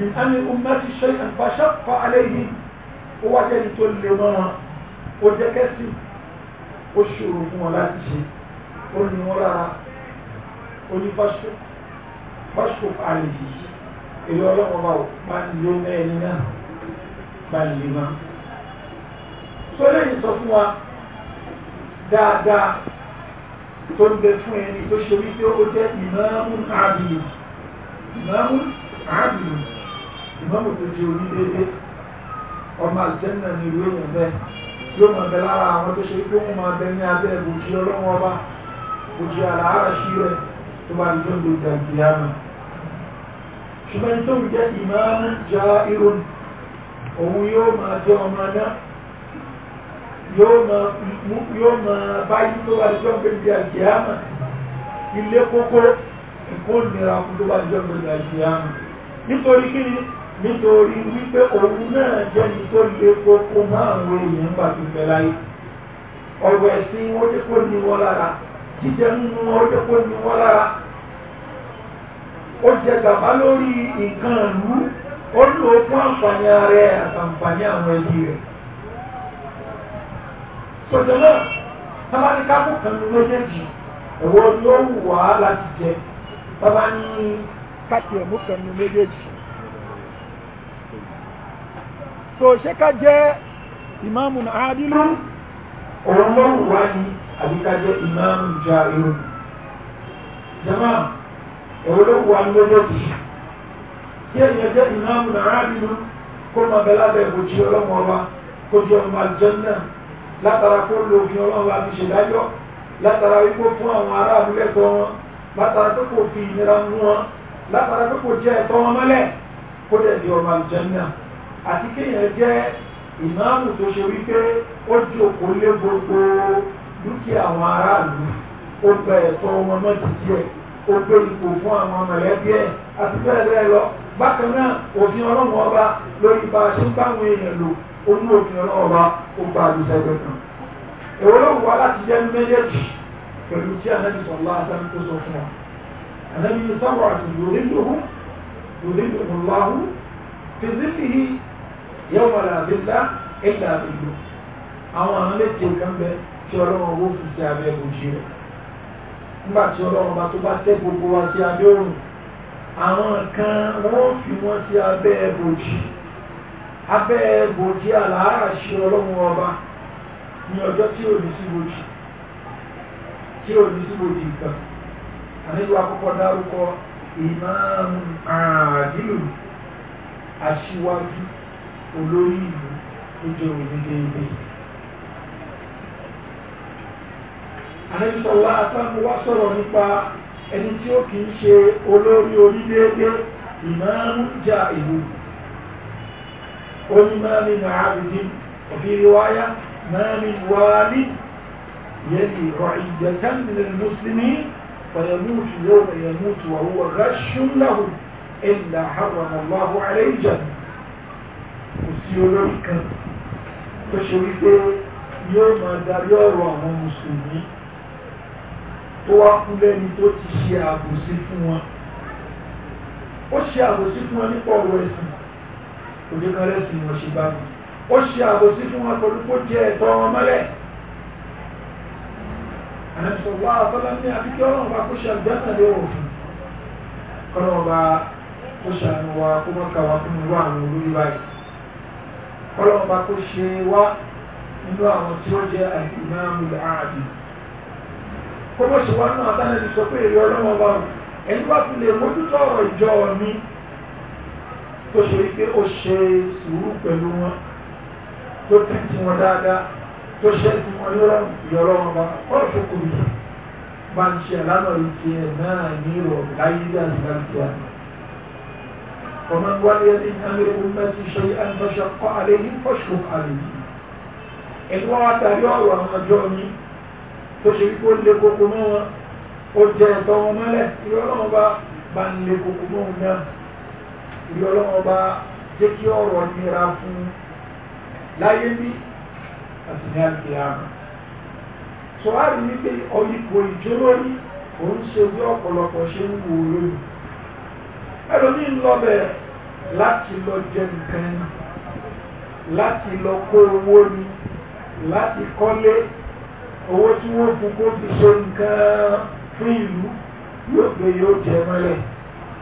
من أمر أمتي شيئا فشق عليه ووجدت لما وجكسي والشروط ولا تشي قلني ولا قلني فشق فشق عليه إلى يوم الله من يوميننا من لما سولين صفوة دا دا ń bẹ fún ẹni tó ṣe wípé ó jẹ́ ṣùgbọ́n mo tó di orí déédé ọmọ àjẹ́nà ni ìlú èèyàn bẹ́ẹ̀ yóò máa bẹ lára àwọn tó ṣe pé wọ́n máa bẹ ní abẹ́ ìbòjì ọlọ́wọ́n ọba òjì àlàárà sí rẹ̀ tó bá di tó ń gbèjà ìgbéyàwó ṣùgbọ́n tó ń jẹ́ ìmáàmù já irun òun yóò máa jẹ́ ọmọ náà yóò máa báyìí tó bá di tó ń gbèjà ìgbéyàwó ilé kókó nǹkan ò nira tó bá di tó ń gbèjà ìgbéyàwó nítorí kí ni nítorí wípé òun náà jẹ́ ní tó lè kókó máa ń wo èèyàn gbà tó fẹ́ láyé ọ̀rọ̀ ẹ̀sìn wọn jẹ́ kó ní wọn lára jíjẹ nínú wọn jẹ́ kó ní wọn lára ó jẹ gàba lórí nǹkan ìlú ó lò ó àǹfààní ààrẹ àtàǹfààní àwọn ẹbí rẹ̀ sọ̀tẹ̀ náà tábà ní kápò kan ní méjèèjì ẹ̀wọ̀n ló wù wá láti jẹ tábà ní kápò ẹ̀mú kan ní méjèèjì so ṣé ká jẹ́ ìmáàmù àádìlú òun ló wù wá ní àbíkájẹ́ ìmáàmù jà irun jama òun ló wù wá ní lójoojú kí èèyàn jẹ́ ìmáàmù àádìlú kó máa bẹ lábẹ́ ìbòjì ọlọ́mọ ọba kó jẹ́ ọmọ àjẹ́nà látara kó lo òfin ọlọ́mọ àti ṣèdájọ́ látara wípé fún àwọn aráàlú lẹ́tọ̀ọ́ wọn látara pé kò fi ìnira mú wọn látara pé kò jẹ́ ẹ̀tọ́ wọn mọ́lẹ̀ kó dẹ̀ di ọmọ àjẹ́nà àti kéèyàn jẹ́ ìmáàmù tó ṣe wípé ó jókòó lé gbogbo dúkìá àwọn aráàlú ó gba ẹ̀tọ́ wọn mọ́ títí ẹ̀ ó gbé ipò fún àwọn mọ̀lẹ́bí ẹ̀ àti bẹ́ẹ̀ bẹ́ẹ̀ lọ bákan náà òfin ọlọ́run ọba lórí bá a ṣe ń báwọn èèyàn lò ó ní òfin ọlọ́run ọba ó gba àdúgbò kan èwo ló wù wá láti jẹ́ méjèèjì pẹ̀lú tí ànábì sọ̀lá àtàrí tó sọ fún wa ànábì sábà àti yòrìndòhùn yòrìndòhùn láhùn fìdífìhì yóò wà láàbí ńlá ẹ̀dá ìlú àwọn àwọn méje kan bẹ tí ọlọ́run owó fi sí abẹ́ bòjì rẹ̀ nígbà tí ọlọ́run bá tó bá tẹ́ gbogbo wa sí abẹ́ òrùn àwọn kan wọ́n fi wọ́n sí abẹ́ bòjì abẹ́ bòjì àlàárà ṣe ọlọ́run ọba ní ọjọ́ tí ò ní sí bòjì tí ò ní sí bòjì kan àníbi akọ́kọ́ dárúkọ ìmáàmù àdìlù aṣíwájú olórí ìlú tó jẹ́ òdìdé ibi àrẹ́sọ̀lá àtàkùn wá sọ̀rọ̀ nípa ẹni tí ó kìí ṣe olórí orílẹ̀-èdè ìmáàmù jà ìlú onímọ̀mí nàábìdì òfin riwaya mọ̀mí wàálì يلي رعية من المسلمين فيموت يوم يموت وهو غش له إلا حرم الله عليه الجنة kò sí olórí kan tó ṣe wípé yóò máa darí ọ̀rọ̀ àwọn mùsùlùmí tó wá kú lẹ́ni tó ti ṣe àbòsí fún wọn ó ṣe àbòsí fún wọn nípa ọ̀rọ̀ ẹ̀sìn kò ní kan lẹ́sìn wọn ṣe bá mi ó ṣe àbòsí fún wọn pẹ̀lú kó jẹ ẹ̀tọ́ wọn mọ́lẹ̀ ànàṣọ̀wá àfọlá ní àbíkẹ́ ọlọ́run bá kó ṣe àgbẹ́sàn lé òfin kọ́nà ọba kó ṣàánú wa kó mọ́ka wa fún irú àwọn olórí báyìí kọ́lọ́mọba kó ṣe wá nínú àwọn tí ó jẹ́ àìsínáàmù ààbì kó mọ̀ ṣe wá náà tánàbí sọ pé èrè ọlọ́mọba o ẹni wá fi lè mójútó ọ̀rọ̀ ìjọ mi tó ṣe wípé ó ṣe sùúrù pẹ̀lú wọn tó tẹ́tí wọn dáadáa tó ṣẹ́gun wọn lọ́rùn ìyọ̀lọ́mọba kọ́lọ́ fún kò ń ṣe àlánà ìjẹ náà ní ìrọ̀ láyé dáadáa ومن ولي من امر امتي شيئا فشق عليهم فاشكر عليهم ìlú àtàrí ọ̀rọ̀ àwọn ọjọ́ mi tó ṣe kó lè kókó mọ́ wọn ó jẹ ẹ̀tọ́ wọn mọ́lẹ̀ ìrọ̀lọ́wọ́n bá bá ń lè kókó mọ́ wọn náà ìrọ̀lọ́wọ́n bá jẹ́ kí ọ̀rọ̀ nira fún láyé bí àti ní àti àmà sọ wá rí wípé ọyípo ìjọ́lórí òun ṣe bí ọ̀pọ̀lọpọ̀ ṣe ń wò lónìí ẹlòmí ń lọ bẹ̀ láti lọ jẹ nǹkan ni láti lọ kó owó ni láti kọ́lé owó tí wọ́n fún kó fi ṣe nǹkan fún ìlú yóò gbé yóò jẹ mọ́lẹ̀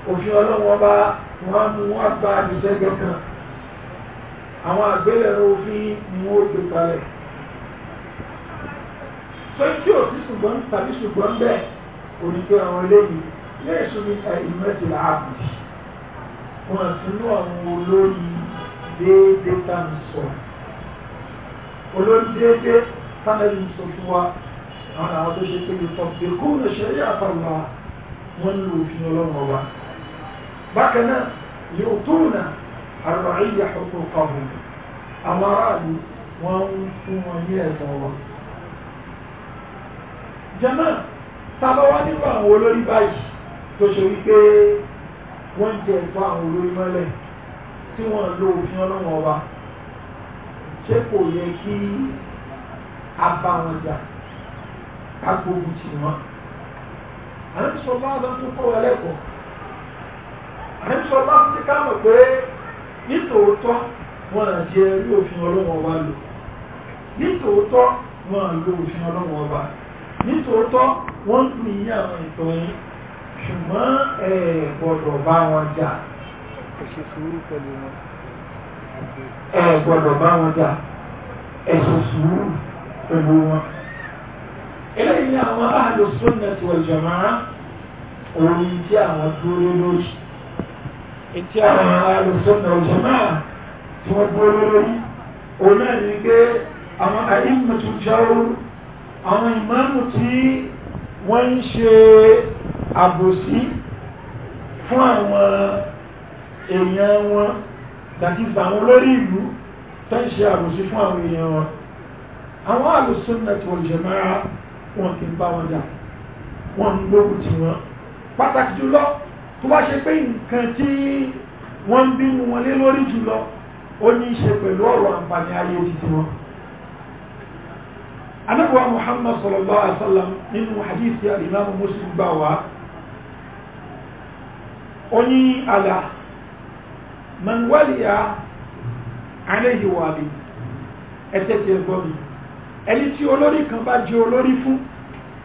òfin ọlọ́wọ́n bá wọ́n mú wọ́n gba àdìsẹ́gbẹ́ kan àwọn àgbélẹ̀rọ òfin ni wọ́n gbé kalẹ̀ pé tí òfin ṣùgbọ́n tàbí ṣùgbọ́n bẹ́ẹ̀ òní pé àwọn eléyìí lẹ́sùn ní ẹ̀yìnmẹ́tì ààbò wọn sínú àwọn olórí déédé tá ń sọ olórí déédé tánẹ́lì ń sọ fún wa àwọn àwọn tó ṣe pé ìfọ̀ èkó lè ṣe é àfàlà wọn ní òfin ọlọ́run ọba bákan náà yóò tó nà àrùbáyé àkókò pàbò àwọn aráàlú wọn ń fún wọn ní ẹ̀sán wọn jẹ́mọ́ tábọ́wá nípa àwọn olórí báyìí tó ṣe wípé wọ́n ń jẹ ẹ̀tọ́ àwọn olórí mọ́lẹ̀ tí wọ́n lo òfin ọlọ́wọ́n ọba ṣé kò yẹ kí a bá wọn jà ká gbógun tì wọ́n à ń bá wa lẹ́kọ̀ọ́ ti ká mọ̀ pé nítòótọ́ wọn à jẹ rí òfin ọba lò nítòótọ́ wọn lo òfin ọlọ́wọ́n ọba nítòótọ́ wọ́n ń pè ní àwọn ìtọ́ ṣùgbọ́n ẹ gbọ́dọ̀ bá wọn jà ẹ ṣe sùúrù pẹ̀lú wọn ẹ gbọ́dọ̀ bá wọn é ẹ ṣe sùúrù pẹ̀lú wọn eléyìí ni àwọn ahlu sunnah wal jama'ah orí tí àwọn dúró lórí tí àwọn ahlu sunnah wal jama'ah tí wọ́n dúró lórí òun náà ní pé àwọn àìmọ̀tún jáwó àwọn ìmáàmù tí wọ́n ń ṣe àbòsí fún àwọn èèyàn wọn dàti àwọn olórí ìlú tó ń ṣe àbòsí fún àwọn èèyàn wọn àwọn Ahlus-Sunnah wal-Jamā'ah wọn kì í bá wọn jà wọn ń gbógun tì wọn pàtàkì jùlọ tó bá ṣe pé nǹkan tí wọ́n ń bínú wọn lé lórí jùlọ ó ní í ṣe pẹ̀lú ọ̀rọ̀ àǹfààní ayé títí wọn anábọ̀ Muhammad sallallahu alaihi wasallam nínú hadith ya imam Muslim gbà wá ó ní àlà mọ̀nwálìyà aléyìnwàbí ẹ̀tẹ́tẹ́ ẹ̀gbọ́n mi ẹni tí olórí kan bá jẹ olórí fún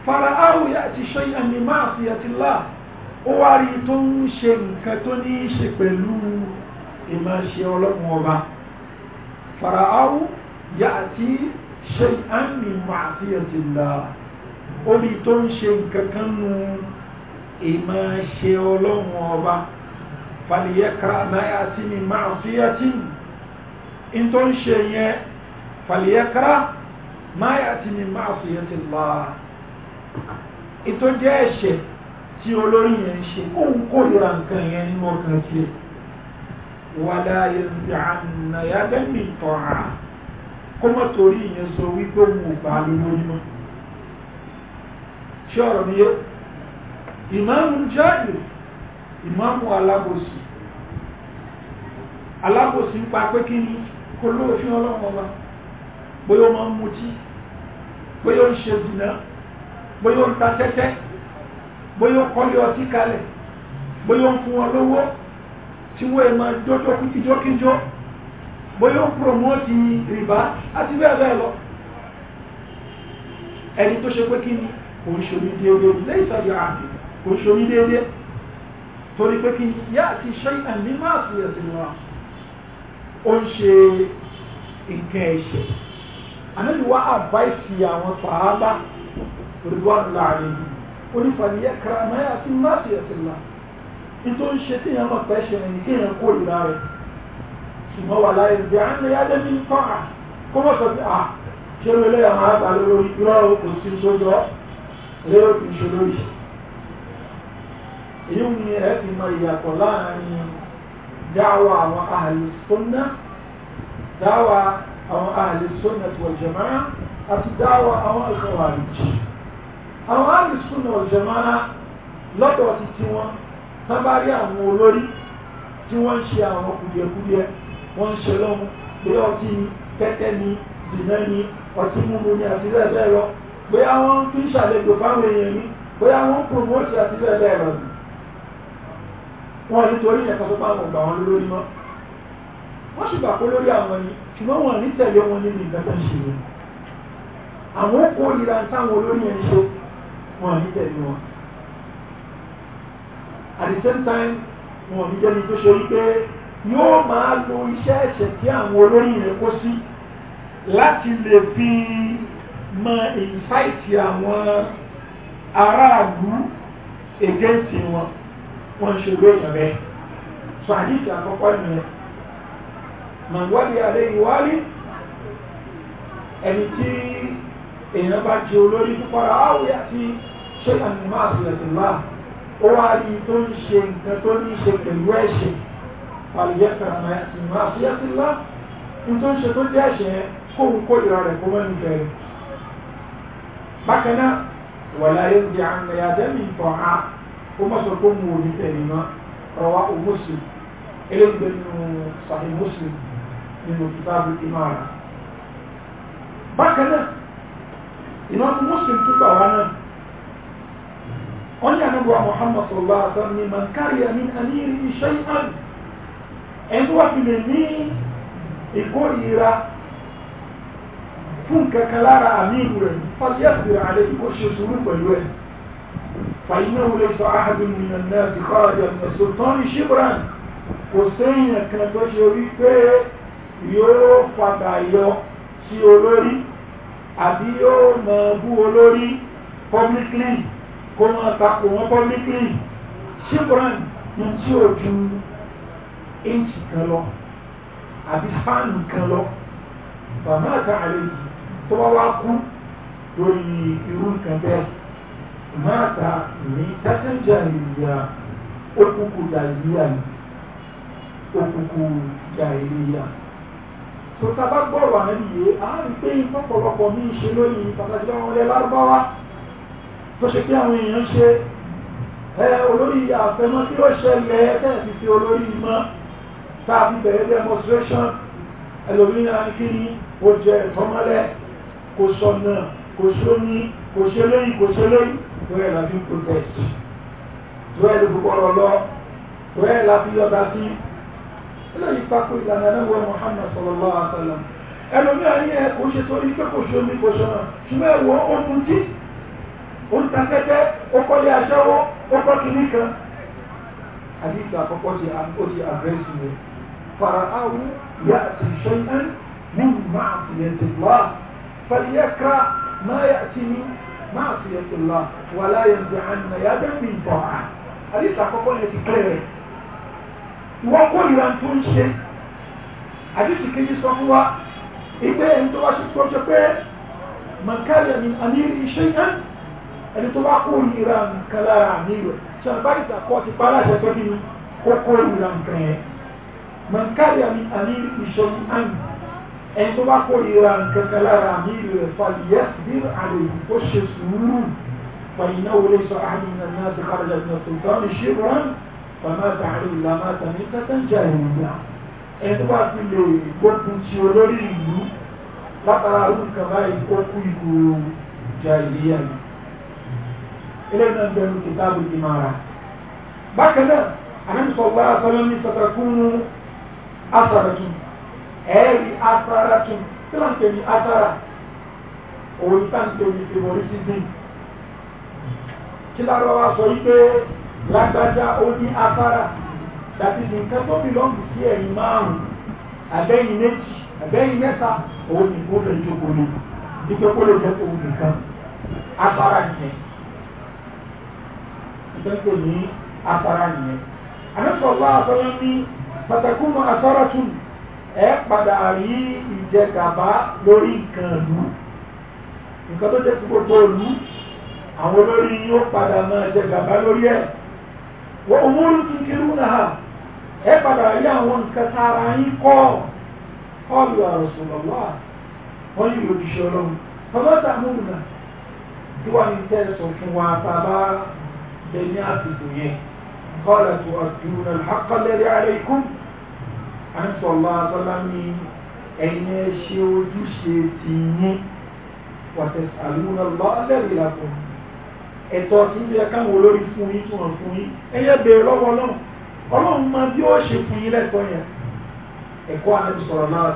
fara áwùyà àti ṣẹ́yà ní máa fi ẹ̀tí lá ó wá rí tó ń ṣe nǹkan tó ní í ṣe pẹ̀lú ìmáṣe ọlọ́run ọba fara áwùyà àti ṣẹ́yà ní máa fi ẹ̀tí lá ó rí tó ń ṣe nǹkan kan nù ìmọ̀ ṣe ọlọ́run ọba fàlìyẹ́kara náà àti ní máa fi ẹtí in tó ń ṣe yẹn fàlìyẹ́kara máa àti ní máa fi ẹtí lá ìtó jẹ́ ẹ̀ṣẹ̀ tí olórí yẹn ń ṣe kó ń kórìíra nǹkan yẹn nínú ọkàn tiẹ̀ wàlá yẹnbi ànàyà tọ́ra kó mọ̀ torí yẹn sọ wípé mo gbà lórí mọ́ ṣé ọ̀rọ̀ mi yẹ ìmáàmù jáde ìmáàmù alábòsí alábòsí ń pa pé kí ni kò lóòfin ọlọ́run ọba bóyá ó máa ń mutí bóyá ó ń ṣe dùnà bóyá ó ń ta tẹ́tẹ́ bóyá ó kọ́lé ọtí kalẹ̀ bóyá ó ń fún wọn lówó tí wọ́n ẹ̀ máa jọ́jọ́ kíjọ́kíjọ́ bóyá ó ń promote rìbá àti bẹ́ẹ̀ bẹ́ẹ̀ lọ ẹni tó ṣe pé kí ni òun ṣe omi dé lẹ́yìn sọ́jọ́ àmì kò ṣorí déédé torí pé kí yá àti iṣẹ́ ẹ̀mí máa fi ẹ̀sìn wa ó ń ṣe nǹkan ẹ̀ṣẹ̀ ànábi wá àbáìsì àwọn pàábà olùwà láàrin onífàlíyà karamáyà àti máa fi ẹ̀sìn wa nítorí ṣe tí èèyàn máa pẹ́ṣẹ̀ ẹni kí èèyàn kó ìlà rẹ̀ ṣùgbọ́n wà láyé ìgbé àmì adébí ń tán à kó mọ̀ sọ pé à ṣé wọlé àwọn àgbà lórí irọ́ òkú sí sójọ́ lérò kì í ṣe lórí ṣe èyí ni ẹ fi mọ ìyàtọ̀ láàrin dáwà àwọn àhàlùsọ́nà dáwà àwọn àhàlùsọ́nà tó jẹ̀má àti dáwà àwọn àkọwàlùjì àwọn àhàlùsọ́nà jẹ̀má lọ́dọ̀ ti ti wọn tán bá rí àwọn olórí tí wọ́n ń ṣe àwọn kùdìẹ̀kùdìẹ̀ wọ́n ń ṣe lọ́mú pé ọtí kẹ́kẹ́ ni dìnnà ni ọtí múmu ni àti bẹ́ẹ̀ bẹ́ẹ̀ lọ pé àwọn fi ń èèyàn ni pé àwọn ń àti bẹ́ẹ̀ bẹ́ẹ̀ lọ ni wọ́n ní torí ẹ̀kan tó pàwọn ọ̀gbà wọn lórí mọ́ wọ́n sì gbà pé lórí àwọn ni ṣùgbọ́n wọn ní tẹ̀lé wọn nínú ìgbẹ́ta ṣe ni àwọn kó ìra táwọn olórí ẹni ṣe wọn ní tẹ̀lé wọn at the same time wọn ní jẹ́ni tó ṣe wípé yóò máa lo iṣẹ́ ẹ̀ṣẹ̀ tí àwọn olórí rẹ̀ kó sí láti lè fi mọ ìfáìtì àwọn aráàlú against wọn wọ́n ṣe ló èèyàn rẹ̀ sọ àdíṣì àkọ́kọ́ nìyẹn màgbọ́dì alẹ́ ìwárí ẹni tí èèyàn bá jẹ olórí púpọ̀ra áwẹ̀ àti ṣé àmìmọ́ àtìlẹ̀tìlá ó wá rí tó ń ṣe nǹkan tó ní ṣe pẹ̀lú ẹ̀ṣẹ̀ pàlìyẹ́kàrà àmìmọ́ àtìlẹ̀tìlá ní tó ń ṣe tó jẹ́ ẹ̀ṣẹ̀ kóhun kó ìrà rẹ̀ kó mẹ́nu bẹ̀rẹ̀ bákan náà wọ̀lá yóò di àmì ó má sọ pé mo ò ní tẹ̀lé mọ́ ọ̀rọ̀ wa ò mọ̀sí eléyìí de sàlẹ̀ mọ̀sí nínú kìtàbù ìmáàrà bákan náà ìmáàmù mọ̀sí tún gbà wá náà Muhammad sallallahu alaihi wasallam ni man kariya min amiri shay'an ẹni tó wá fi lè ní ìkórìíra fún kankan lára àmì ìrù rẹ̀ fọ́sí ẹ̀sìn àlẹ́ ìkóṣe sùúrù pẹ̀lú ẹ̀ فإنه ليس أحد من الناس خرج من السلطان شبرا وسين كانت شريفة yóò padà yọ sí olórí àbí yóò mọ bú olórí publicly kó wọn takò wọn publicly shibran ní tí ò ju inch kan lọ àbí fan kan lọ bàmá àtàlẹ́ yìí tó bá wá kú lórí irú nǹkan bẹ́ẹ̀ mata ní tẹ́sẹ̀jà ìyá òkùnkù jàìlíyà ni òkùnkù jàìlíyà tó tábà gbọ́rọ̀ ànábì yé a rí pé ìfọ́pọ̀lọpọ̀ ní ìṣe lóyìn pàtàkì àwọn ilẹ̀ lárúbáwá tó ṣe pé àwọn èèyàn ṣe ẹ olórí àfẹmọ́ o ó ṣẹlẹ̀ ẹ̀ fi fi olórí mọ́ tá a fi bẹ̀rẹ̀ demonstration ẹlòmíràn kí ni ó jẹ ìfọ́mọ́lẹ̀ kò sọ̀nà kò sóní kò ṣe lóyìn kò ṣe lóyìn torí ẹ̀ la fi ń protest torí ẹ̀ ló fi kọ́ lọ lọ torí ẹ̀ la fi yọ̀dá sí eléyìí pákó ìlànà ẹlẹ́wọ̀ Muhammad sallallahu alaihi wasallam ẹlòmí ayé ẹ kò ṣe torí pé kò ṣe omi kò ṣọ̀nà ṣùgbọ́n ẹ̀wọ̀ ó tún jí ó ń ta tẹ́tẹ́ ó kọ́ lé aṣẹ́wó ó kọ́ kìíní kan àdìsí àkọ́kọ́ ṣe ó ṣe àdírẹ́sì rẹ̀ fara yá àti ṣẹ́yìn ní ìmọ̀ àti ẹ̀ńtẹ̀gbọ́n fẹ́lẹ́ yẹ ká máa yà ti ní معصية الله ولا ينزعن يدا من طاعة àdìsí àkọ́kọ́ yẹn ti pẹ́ rẹ̀ wọ́n kó ìlà tó ń ṣe àdìsí kejì sọ fún wa ìgbé ẹni tó wá sí tó ṣe pé mọ̀nkálẹ̀ ni àmìrí iṣẹ́ yẹn ẹni tó wá kó ìlà nǹkan lára àmì rẹ̀ ṣàǹbáyìsà kọ́ ti pa aláṣẹ pé kí ni kó kó ìlà nǹkan yẹn mọ̀nkálẹ̀ ni àmìrí iṣẹ́ yẹn ẹni tó bá kórìíra nǹkan kan lára àmì rẹ̀ fàlìyẹ́ bí àlejò ó ṣe sùúrù fàyínà wọlé sọ àmìnà náà ti kárẹ̀ jẹ́ tó dánù ṣe rán bàmá tààrí ìlànà tàbí tẹ́tẹ́ jẹ́ ìrìnà ẹni tó bá fi lè gbógun ti olórí ìlú látara arúgbó kan báyìí ó kú ìlú ìjà ìlú ilé náà bẹ̀rù kìtàbù ìmàrà bákan náà àmì sọ̀gbà sọlọ́ní sọ̀tàkùnú asàrẹ̀tùn ẹ̀ẹ́rì asára tún tí wọ́n ń pè ní asára òun tá ń pè ní favorism kí lárọ́wá sọ wípé lágbájá ó ní asára tàbí nǹkan tó bìlọ́ǹgù sí ẹ̀yìn márùn-ún àbẹ́yìn méjì àbẹ́yìn mẹ́ta òun ní kó lè jókòó lè dípẹ́ kó lè jẹ́ òun nìkan asára nìyẹn ìtẹ́kọ̀ọ́ ní asára ẹ padà rí ìjẹgàba lórí nǹkan ìlú nǹkan tó jẹ́ gbogbo ìlú àwọn olórí yóò padà máa jẹgàba lórí ẹ̀ wọ́n òmúrú tuntun náà ẹ padà rí àwọn nǹkan tara yín kọ́ ọ̀lù àròsọ̀lọ́wọ́ wọ́n yìí òjíṣẹ́ ọlọ́run bàbá sàmúlù náà tí wọ́n ní tẹ̀sán fún wa bàbá bẹ ní àsìkò yẹn kọ́lá tó àdúrà àkọlẹ́rẹ́ àlẹ́ ikú. àǹtọ̀lá abọ́lámi ẹ̀yin ẹ ṣe ojúṣe ti yín wàtẹ̀sí àlùmọ́nà lọ́ọ́lẹ́rì lápọ̀ ẹ̀tọ́ tí ń yẹ káwọn olórí fún yín tí wọ́n fún yín ẹ̀yẹ bèèrè lọ́wọ́ náà ọlọ́run máa bí ó ṣe fún yín lẹ́tọ́ yẹn àti náà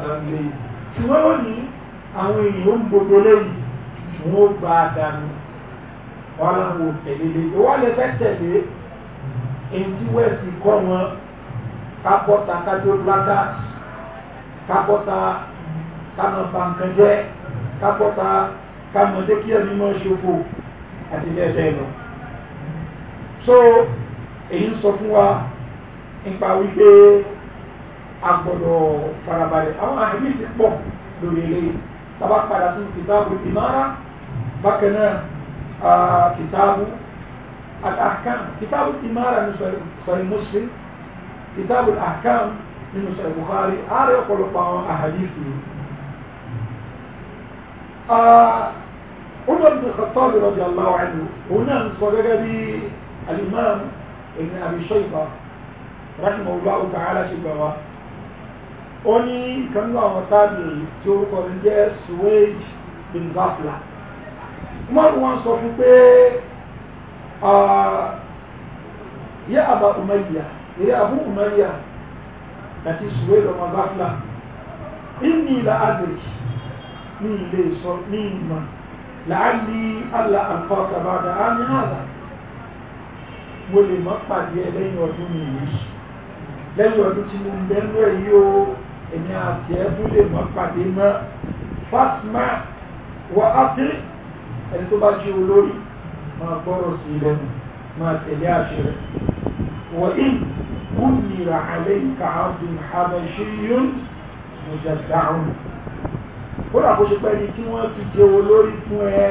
àwọn ń gbogbo wọn ó gba àdánù wọn kábọ́ta kájó plátá kábọ́ta kámọ bankanjẹ́ kábọ́ta kámọ dékíyà mímọ́ ṣòfò àti bẹ́ẹ̀ bẹ́ẹ̀ lọ. so èyí ń sọ fún wa nípa wípé a gbọ́dọ̀ farabalẹ̀ àwọn àìní ti pọ̀ lórí ilé tàbá padà sí kìtàbù ìmára bákan náà kìtàbù àtàkàn kìtàbù ìmára ní sọ̀rọ̀ muslim kìtàbù àkàm nínú sọ Bukhari ààrẹ ọ̀pọ̀lọpọ̀ àwọn àhàdìsì Umar bin Khattab radiyallahu anhu òun náà ń sọ gẹ́gẹ́ bí al-Imam Ibn Abi Shaybah rahimahullahu ta'ala ṣe gbà wá ó ní ìkan náà àwọn tábì tí orúkọ rẹ̀ jẹ́ Suwayd bin Ghafla Umar wọn sọ fún pé yá Aba Umayya They are Abu Umayyah, that is Suwaid of Abafla. Inni la adrik, ni ilé sọ, ní ìmọ̀, la'alli Allah anfaka ba'da ami hada. Mo lè mọ́ pàdé ẹ lẹ́yìn ọdún mi yìí. Lẹ́yìn ọdún tí mo mẹ́nu ẹ̀ yìí o, èmi àti ẹ̀ mú lè mọ́ pàdé mọ́. Fásmà wà á sí ẹni tó bá ṣe olórí, máa gbọ́rọ̀ sí lẹ́nu, máa tẹ̀lé àṣẹ rẹ̀. Wọ́n منير عليك عبد حبشي مجدع kódà kó ṣe pẹ́ni tí wọ́n fi jẹ olórí fún ẹ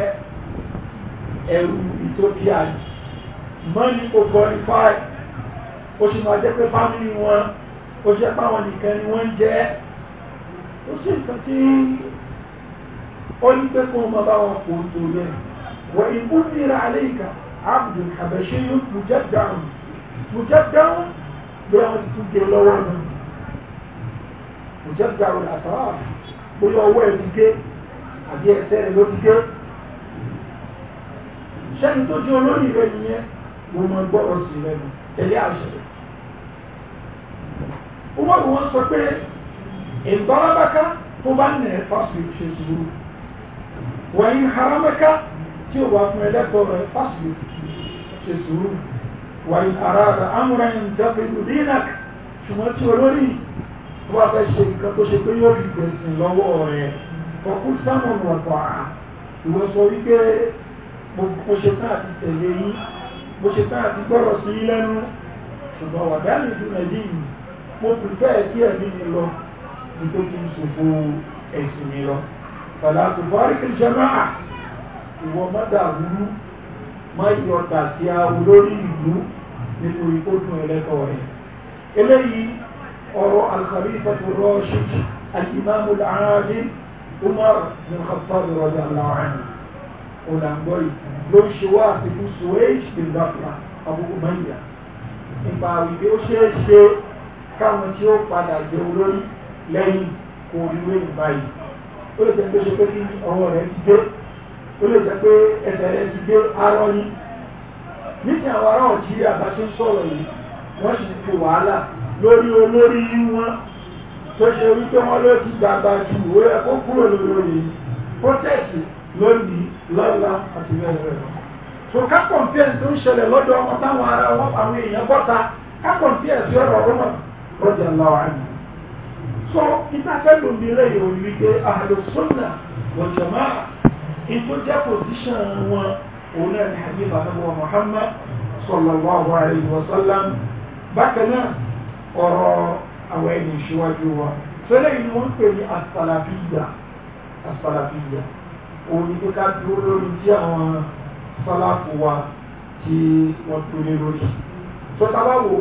ẹ̀rù ethiopia mọ́ni kò qualify ó ṣe máa jẹ́ pé fámìlì wọn ó ṣe páwọn nìkan ni wọ́n ń jẹ́ ó sì nǹkan tí ó ní pé kó máa bá wọn kò tó rẹ̀ wọ́n ìbú nira alẹ́ ìkà abdul habashi mujaddaun mujaddaun bóyá wọ́n ti tún gé lọ́wọ́ ni kò jẹ́ gbàrú àtàrà bóyá ọwọ́ ẹ̀ ti gé àbí ẹsẹ̀ rẹ̀ ló ti gé sẹ́ni tó jẹ́ olóyìn rẹ̀ nìyẹn mo mọ gbọ́rọ̀ sí rẹ̀ nù tẹ̀lé àṣẹ wọ́n wọ́n sọ pé ìgbọ́lábáká tó bá nà ẹ́ fásitì ṣe sùúrù wọ́n yí haramẹ́ká tí ò bá fún ẹlẹ́tọ̀ọ́ rẹ̀ fásitì ṣe sùúrù wàyí aráàlá amúra ń dábìlú dínàk ṣùgbọ́n tí olórí wà fẹ́ ṣe nǹkan tó ṣe pé yóò fi gbèsè lọ́wọ́ rẹ̀ ọkú sámọ̀n ọ̀tọ̀ à ìwọ sọ wípé mo ṣe tá àti tẹ̀lé yín mo ṣe tá àti gbọ́rọ̀ sí yín lẹ́nu ṣùgbọ́n wà dáàlì ìdúnà yìí mo pìfẹ́ kí ẹ̀mí mọ́ ìyọ̀tà tí a wù lórí ìlú nítorí tó dùn ẹlẹ́tọ̀ rẹ̀ eléyìí ọ̀rọ̀ al-Khalifa ar-Rashid al-Imam al-Adil Umar bin Khattab radiyallahu anhu olàǹgọ́yì ló ń ṣe wá àfikún suwéj bin Zafra abúkù mẹ́yà nípa wípé ó lè jẹ́ pé ẹsẹ̀ ti gbé arọ́ ní nígbà àwọn ará Nàìjíríà bá ṣe ń sọ̀rọ̀ yìí wọ́n sì fi wàhálà lórí olórí wọn tó ṣe wípé wọn ló ti gbàgbà ju ìwé ẹ̀kọ́ kúrò lórí protest lónìí lọ́la àti lẹ́rẹ̀ so kápọ̀npíẹ̀ tó ń ṣẹlẹ̀ lọ́dọ̀ wọn táwọn ará wọn àwọn èèyàn bọ́ta sí ọ̀rọ̀ lọ́jà ètò jẹ́ pòsíṣàn wọn òun náà ní àyè bàbá Muhammad sallallahu alaihi wasallam bákan náà ọ̀rọ̀ àwọn ẹni ìṣíwájú wa fẹ́lẹ́ ìlú wọn pè ní asalafiya asalafiya òun ni kíkà dúró lórí tí àwọn sálàfù wa tí wọ́n tó lé lórí sọ́tàbáwò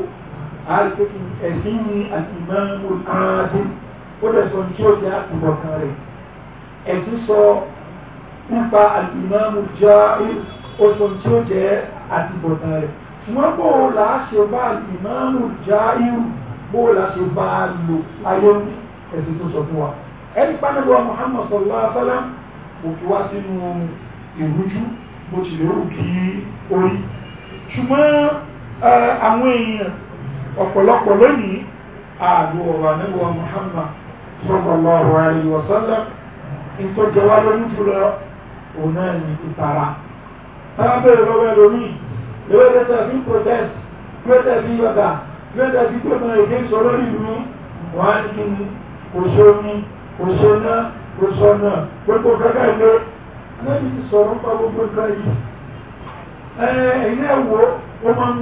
ẹ̀sìn ní àtìmọ́ olùkọ́ adé ó dẹ̀ sọ nípa alìmọ́mù jáì oṣù tí ó jẹ́ àtibọ̀tán rẹ̀ wọ́n bó láṣe bá alìmọ́mù jáì bó láṣe bá lò ayé ẹ̀sìn tó sọ fún wa ẹni pánàlúwà Muhammad sọ̀rọ̀ àbálá kò fi wá sínú ìrújú bó ti lè rú kí orí ṣùgbọ́n àwọn èèyàn ọ̀pọ̀lọpọ̀ lónìí ààbò ọ̀rọ̀ àníwọ̀ Muhammad sọ̀rọ̀ lọ́rọ̀ àríwọ̀sọ́lá ìtọ́jọwá lónìí fúnra òun náà ní ìtara sábà bẹ̀rẹ̀ lọ́wọ́ ẹlòmíì lọ́wọ́ ẹ̀dẹ́sẹ̀ fi protest mẹ́tẹ̀ eu yọ̀dà mẹ́tẹ̀ fi gbẹ̀mọ̀ èdè sọ lórí ìlú wọn o ní o ṣe o kò o náà kò sọ náà gbogbo gẹ́gẹ́ ilé lẹ́yìn ti sọ̀rọ̀ pa gbogbo nǹkan yìí ẹ̀yìn ẹ̀wọ̀ ó o ń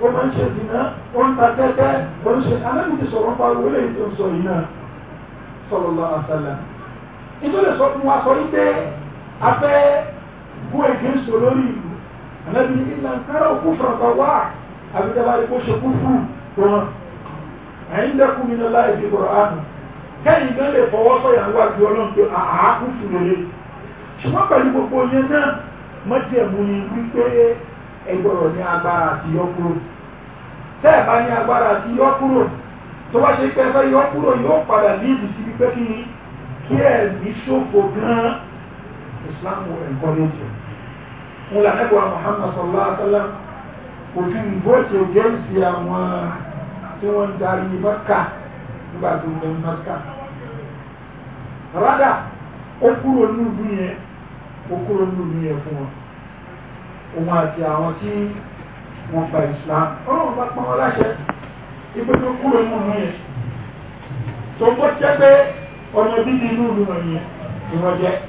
o ó máa ń ṣe dìná ó ń ta só ó ń ṣe alẹ́yìn ti o pa owó lẹ́yìn tó ń sọ yìí náà sọ̀rọ̀ lọ́ àṣàlẹ̀ nítorí afẹ́ gún èké sọ lórí ìlú ànábi ní ilà ń kára òkú fọ̀rọ̀tà wá àbídàbà ìkó ṣe fún wọn ẹ̀yìn dẹ́kun mi ní láì fi kọ̀rọ̀ àná kẹ́yìn gan lè fọwọ́ sọ̀yà ń ọlọ́run pé fún lóye ṣùgbọ́n pẹ̀lú gbogbo yẹn náà ni wípé ẹgbọ̀rọ̀ ní agbára àti yọkúrò bá ní agbára àti yọkúrò tó ṣe pé yọkúrò yóò Islam will encourage you. Wọ́n lànàgbà Muhammad sallallahu alaihi wa sallam kò fi ìgbóṣe gẹ́ǹsì àwọn tí wọ́n ń darí Mẹ́kà nígbà tó ń lọ Mẹ́kà. Rádà ó kúrò nílùú yẹn ó Islam. Oh,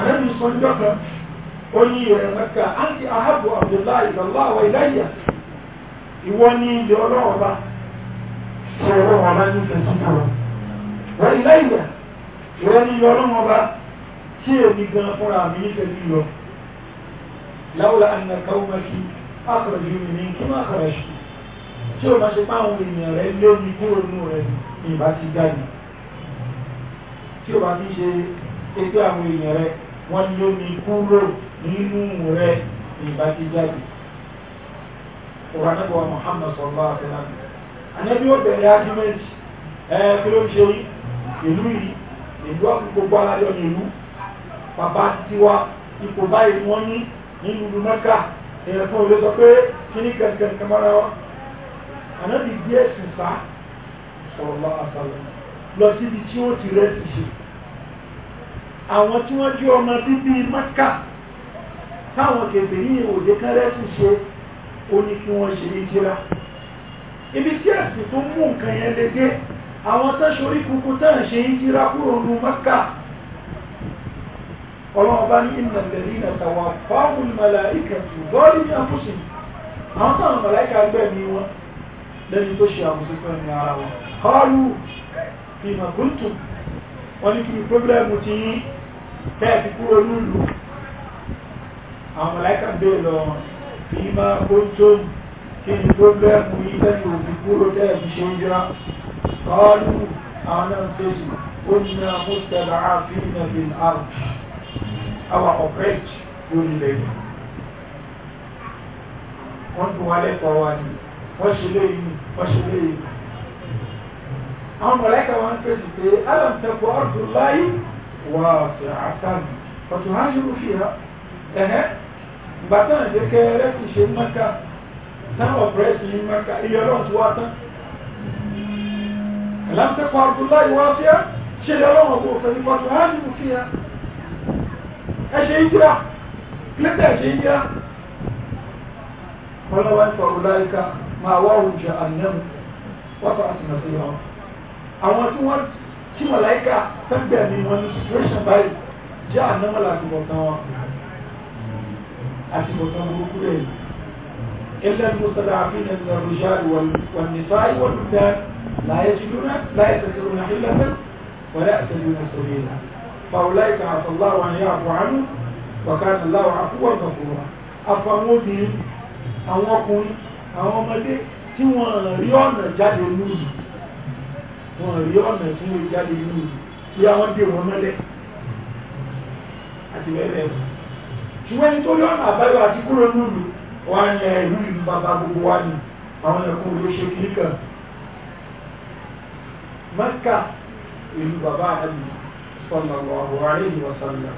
ànábì sọ ní ọ̀kan ó ní ìrẹ̀ mẹ́ta àti ahabu abdullahi ìgbàlá àwọn ìdáyà ìwọ ní ilé ọlọ́wọ́n bá ṣe ọlọ́wọ́n bá ní ìfẹ́ sí ọ̀rọ̀ wọ́n ìdáyà ìwọ ní ilé ọlọ́wọ́n bá tí èmi gan fúnra mi nífẹ̀ẹ́ sí lọ láwùlà ànàkàwùmẹ́kì àkọ̀jù mi ní kí má kọ̀rẹ́ṣù tí o bá ṣe pa àwọn ènìyàn rẹ lórí kúrò nù rẹ ìbá ti jáde tí o bá fi ṣe ètò àwọn èèyàn rẹ wọ́n ló ní kúrò nínú rẹ ìbá ti jáde ọ̀rọ̀ anábọ̀ Muhammad sọ̀rọ̀ àtẹ́lá anábí ó bẹ̀rẹ̀ ájúmẹ́jì ẹ̀ kí ló ń ṣe ìlú yìí ìlú gbogbo alájọ ní ìlú bàbá tiwa ipò báyìí wọ́n ní nínú mẹ́kà èèyàn fún olóso pé kí ní kẹ̀kẹ́ kẹmọ́ra wa anábì díẹ̀ sùn sá sọ̀rọ̀ lọ́ lọ síbi tí ó ti rẹ́ ti ṣe àwọn tí wọ́n jẹ́ ọmọ bíbí mẹ́kà táwọn kèfè ní òde kẹrẹ́sì ṣe ó ní kí wọ́n ṣe ìjìra ibi tí ẹ̀sìn tó mú nǹkan yẹn lédè àwọn tẹ́ṣorí kúkú tẹ́ẹ̀ ṣe ìjìra kúrò ní mẹ́kà ọlọ́ọ̀bá ní ìnàbẹ̀rínà tàwà fáwọn mẹ́láìkà tó bọ́ọ̀lì ní àkúṣì àwọn táwọn mẹ́láìkà gbẹ̀mí wọn lẹ́ni tó ṣe àkúṣì pẹ̀lú ara wọn kọ́ọ̀lù ìmọ̀gúntùn wọ́n ní kí ni pọ́blẹ́mù ti yín tẹ́ẹ̀tì kúrò nílùú àwọn mọ̀láìkà bèèrè lọ kí ní máa kó tó kí ni pọ́blẹ́mù yín tẹ́ẹ̀tì òbí kúrò tẹ́ẹ̀tì ṣe ń jira kọ́ọ̀lù àwọn náà fèsì ó ní náà mú tẹ̀lá àfi ìnàbí àrùn àwọn ọ̀pẹ́ẹ̀tì lórí lẹ́yìn wọ́n tún wálẹ̀ pọ̀ wá ní wọ́n ṣe léyìn wọ́n ṣe léyìn أمر لك وأن تجد ألم تكو أرض الله واسعة فتهاجروا فيها أها بعدنا ذلك يلت شيء مكة سنوى برئيس من مكة إلي لون سواتا ألم تكو أرض الله واسعة شيء لون أبوه فتهاجروا فيها أشي يجرع لدى أشي يجرع فلو أنت أولئك ما واهم جهنم وطأت نظيرهم àwọn tí wọ́n tí màláìka tẹ́gbẹ̀ mi wọn ní situation báyìí jẹ́ ànámọ́lá àtìmọ̀tán wọn àtìmọ̀tán burúkú rẹ̀ yìí ilẹ̀ mùsàlá àfihàn ní ọ̀rọ̀ṣà wọn ní sáà ìwọ̀n lùdẹ́ láyé láyé tẹ̀síwọ̀n الله أن يعفو عنه وكان الله عفوا غفورا afọ àwọn obìnrin àwọn ọkùnrin àwọn ọmọdé tí wọ́n rí ọ̀nà jáde olúùlù wọn rí ọ̀nà tí wọ́n jáde ní kí àwọn dè wọ́n mọ́lẹ̀ àti bẹ́ẹ̀ bẹ́ẹ̀ ṣùgbọ́n ní tó rí ọ̀nà àbáyọ àti kúrò nílùú wọn yẹ ìlú ìlú bàbá gbogbo wa ni àwọn ẹ̀kọ́ ló ṣe kiri kan mẹ́kà ìlú bàbá àdì sọ̀nà ọ̀rọ̀ àrẹ ìwọ̀sánlá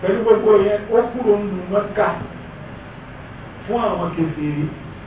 pẹ̀lú gbogbo yẹn ó kúrò nílùú mẹ́kà fún àwọn kèfèrí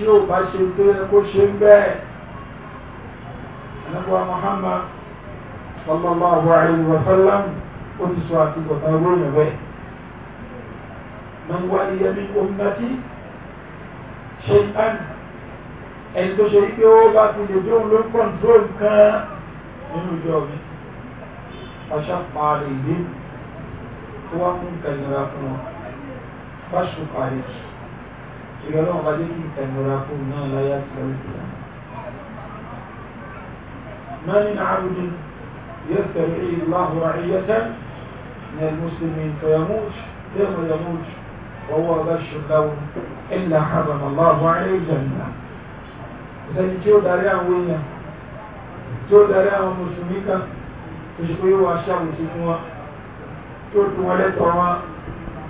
tí ó bá ṣe tó yẹ kó ṣe ń bẹ́ẹ̀ ẹnẹ́gbọ́n Muhammad sallallahu alayhi wa sallam ó ti sọ àti bọ̀tà ròyìn rẹ̀ man waliya min ummati shay'an ẹni tó ṣe wípé ó bá ti lè dóun ló ń kọ́ńtrol kan nínú ìjọ mi ọṣà pààrọ̀ ìdí tó wá fún kẹlẹ́ra fún wọn bá ṣùpàrẹ̀ jù چگلو آقایی من عبد یستبعی الله رعية من المسلمين فيموت یموش تیخ وهو و هو بشر لون الا حرم الله عليه الجنة. زي تو داري عن وين تو داري عن مسلمك تشكوي واشام تشكوا تو تولد طوا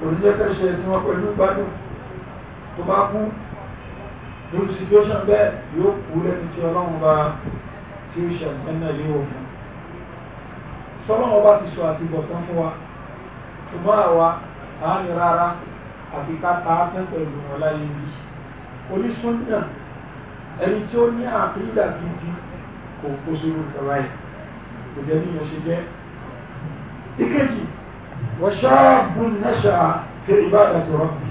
ورجعت الشيطان كل بعده tó bá kú lórí situation bẹ́ẹ̀ yóò kú lẹ́ni tí ọlọ́run bá tí ó ṣẹ̀gbọ́n náà yóò fún sọ́lọ́run bá ti sọ àti bọ̀tán fún wa ṣùgbọ́n àwa àánì rárá àti káta tẹ́ pẹ̀lú wọn láyé bí oníṣúnà ẹni tí ó ní àpílà gidi kò kó sórú kọ̀ọ̀rọ̀ ẹ̀ kò jẹ́ níyàn ṣe jẹ́ ìkejì wọ́n ṣáàbùn náṣà fi ìbáàdà tó rọ́bì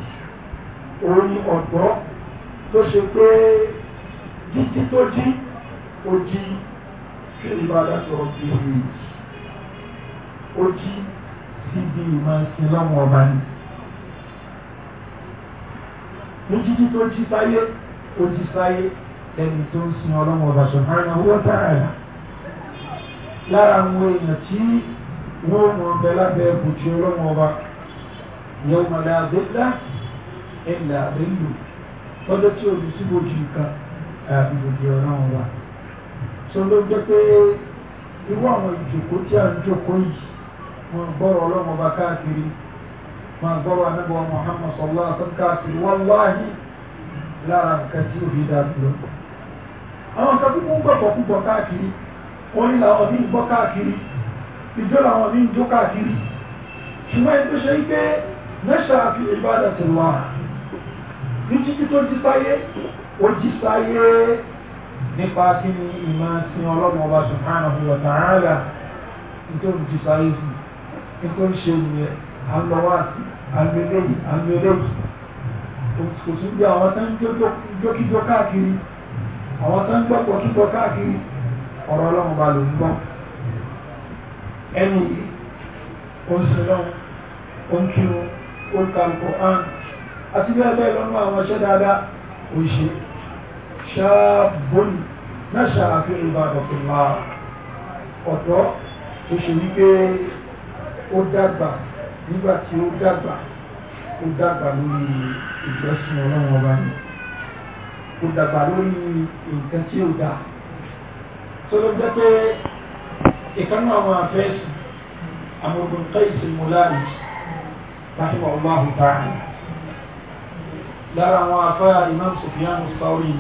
òun ni ọ̀dọ́ tó ṣe pé jíjí tó jí ó jí sí ìbádàtọ̀ ti rí ó jí síbi ìmọ̀sí lọ́wọ́ ọba ni ní jíjí tó jí sáyé ó jí sáyé ẹni tó ń sin ọlọ́wọ́ ọba ṣùgbọ́n owó tààrà lára àwọn èèyàn tí wọ́n mọ̀ ọ̀bẹ lábẹ́ ẹ̀bùn tí ọlọ́wọ́ ọba yẹ́wọ́n lábẹ́ dáàbò ẹ̀là a ń jòkó yìí wọn gbọ́rọ̀ ọlọ́mọ bá káàkiri wọn gbọ́rọ̀ anábọ̀ Muhammad sọlá àtọ́n káàkiri wàláhì lára nǹkan tí òbí dá dúró àwọn kan tó ń gbọ̀gbọ̀ púpọ̀ káàkiri orin làwọn ní gbọ́ káàkiri ìjọ làwọn ní jó fi ní títí tó jí sáyé ó jí sáyé nípa kí ni ìmọ̀ sí ọlọ́run ọba subhanahu wa ta'ala nítorí jí sáyé sí nítorí ṣe nìyẹn àlọ́wà sí àlọ́lẹ́yìn àlọ́lẹ́yìn kò sí bí àwọn tán jókíjọ káàkiri àwọn tán gbọ́pọ̀ kíkọ káàkiri ọ̀rọ̀ ọlọ́run bá lò ń gbọ́ ẹnu yìí ó ń sin ó ń kírun ó ń ka lùkọ́ áàrùn àti bí ẹgbẹ́ lọ́nà àwọn ṣẹ́ dáadáa ò ṣe ṣàbùn mẹ́ṣà àfi ìbàdọ̀kùnlá ọ̀dọ́ tó ṣe wípé ó dàgbà nígbà tí ó dàgbà ó dàgbà lórí ìjọsìn ọlọ́run ọba ni ó dàgbà lórí nǹkan tí ó dà tó ló jẹ́ pé ìkànnì àwọn afẹ́sì àmọ̀gbọ̀n kẹ́yìsì mọ́láàrí rahimahullahu ta'ala lára àwọn afá imam sufyan sauri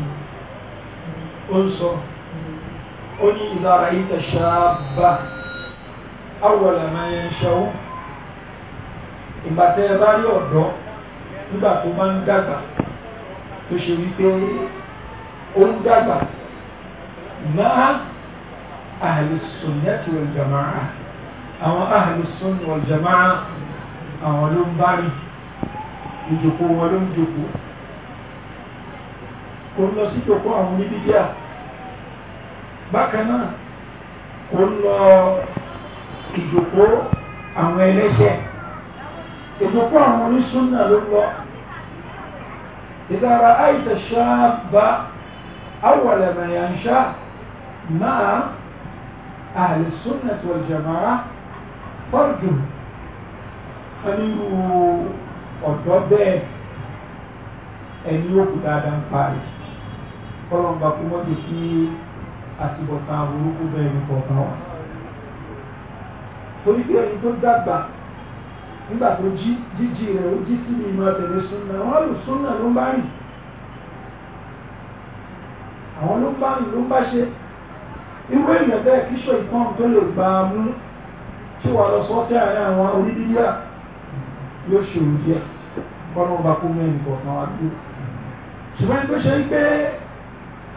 ó ń sọ ó ní ìlara ìta ṣáàbà awọ̀là máa ń ṣẹ́wó ìgbàtẹ́ bá rí ọ̀dọ́ nígbà tó bá ń dàgbà tó ṣe wípé ó ń dàgbà náà àhàlùsùn nẹ́tì jama'a àwọn àhàlùsùn wọ̀l jama'a àwọn ló ń bá rìn ìjòkó wọn ló ń jòkó kò ń lọ sí jòkó àwọn oníbídíà bákan náà kò ń lọ ìjòkó àwọn ẹlẹ́ṣẹ̀ ìjòkó àwọn onísúnnà ló ń lọ إذا رأيت الشاب أول ما ينشأ مع أهل السنة والجماعة فرجه فمنه ọ̀dọ́ bẹẹ, ẹni yóò kú dáadáa ń parí kọ́lọ́mbà kó mọ́tò sí àtibọ̀tán burúkú bẹ́ẹ̀ ní kọ̀ọ̀kan wa torí pé ẹni tó dàgbà nígbà tó jí jíjí rẹ̀ ó jí sí ìmọ̀ tẹ̀lé súnà wọ́n lù súnà ló ń bá rìn àwọn ló ń bá rìn ló ń bá ṣe irú èèyàn bẹ́ẹ̀ kíṣọ̀ tó lè gbà á mú tí wàá lọ yóò ṣe a. díẹ̀ bọ́lá mẹ́rin bọ̀ ṣùgbọ́n ṣe ń pé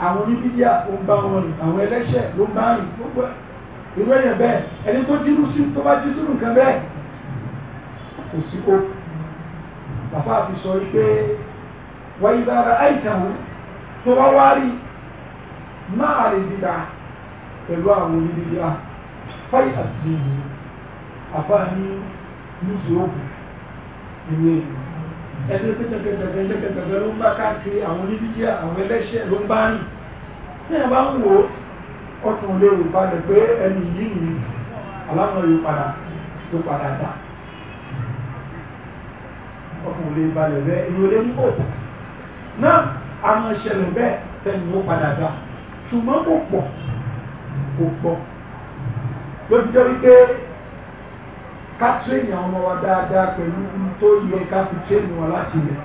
àwọn oníbíyà ó ń bá wọn rìn àwọn ẹlẹ́ṣẹ̀ ló ń bá rìn gbogbo irú ẹ̀yàn bẹ́ẹ̀ ẹni tó dínú sí tó bá sọ wáyé dára àìsàn tó bá wá rí máa rè dídá pẹ̀lú àwọn àfáà ní ìlú èyí ẹni tó tẹ̀tẹ̀tẹ̀tẹ̀ tẹ̀tẹ̀tẹ̀ ló ń bá káàkiri àwọn onídíjẹ́ àwọn ẹlẹ́ṣẹ̀ ló ń bá rìn tí ẹ bá ń wo ọkùnrin lè rò padà pé ẹni yìí ni aláwọ̀ yóò padà tó padà dà ọkùnrin lè balẹ̀ bẹ́ẹ̀ inú lè ń bò náà àwọn ìṣẹ̀lẹ̀ bẹ́ẹ̀ tẹ̀yìn ó padà dà ṣùgbọ́n kò pọ̀ kò pọ̀ lójú wípé ká tírèyìn àwọn ọmọ wa dáadáa pẹ̀lú tó yẹ ká fi tírèyìn wọn láti rẹ̀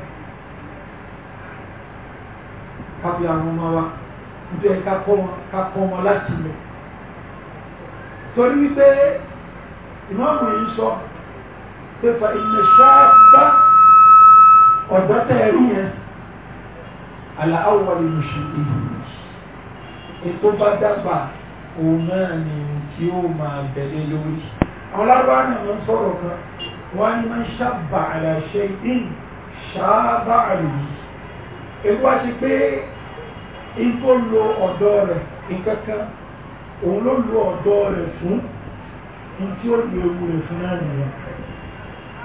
ká fi àwọn ọmọ wa nítorí ká kọ́ wọn ká kọ́ wọn láti rẹ̀ torí wípé ìmọ̀ọ́mù yìí sọ pé fa ìmọ̀ ṣáàbá ọ̀dọ́ tẹ̀ ẹ̀rí yẹn àlàáwọ̀ lè mú ṣe èyí ètò bá dábàá òun náà ni tí ó máa bẹ̀lẹ̀ lórí ọlọ́gbà náà ló sọ̀rọ̀ kan wọ́n ní máa ń ṣàbà àlàṣe ìdín ṣàbà àlùyí èyí wá ṣe pé in tó lo ọ̀dọ́ rẹ̀ nkankan òun ló lo ọ̀dọ́ rẹ̀ fún in tí ó lo ewu rẹ̀ fún náà nìyẹn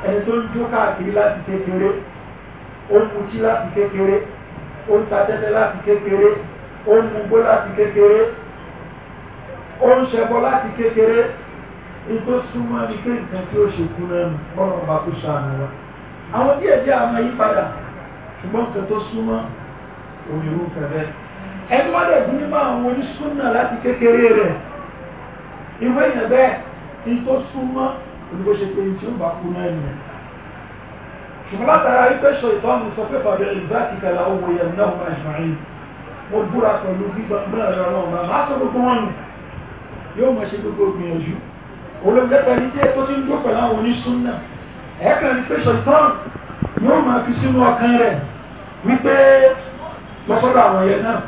ẹni tó ń jó káàkiri láti kékeré ó ń mutí láti kékeré ó ń ta láti kékeré ó ń mugbó láti kékeré ó ń ṣẹbọ láti kékeré ètò súnmọ́ ní pé nǹkan tí ó ṣe kú náà nù bọ́lá ọba kó ṣàánú wa àwọn díẹ̀ díẹ̀ àwọn àyípadà ṣùgbọ́n nǹkan tó súnmọ́ òyìnbó fẹ̀rẹ̀ ẹni wọ́n lè bí nípa àwọn oníṣúná láti kékeré rẹ̀ ìwé yẹn bẹ́ẹ̀ ní tó súnmọ́ olùkó ṣe pé tí ó bá kú náà nù ṣùgbọ́n látara wípé ṣe ìtọ́nù sọ pé bàbá ìgbà ti kẹlà owó yẹn náà wọn àjùmáyé mo búra pẹ̀lú gbígbọ́n gbọ́n ẹ̀rọ náà máa sọ gbogbo wọn nù yóò mọ̀ ṣe gbogbo gbìyànjú olóńgbẹ́ta ní díẹ̀ tó ti ń gbópẹ̀ láwọn onísúnnà ẹ̀ẹ́kàn ní pé ṣọ̀tán yóò máa fi sínú ọkàn rẹ̀ wípé lọ́sọ́dọ̀ àwọn yẹn náà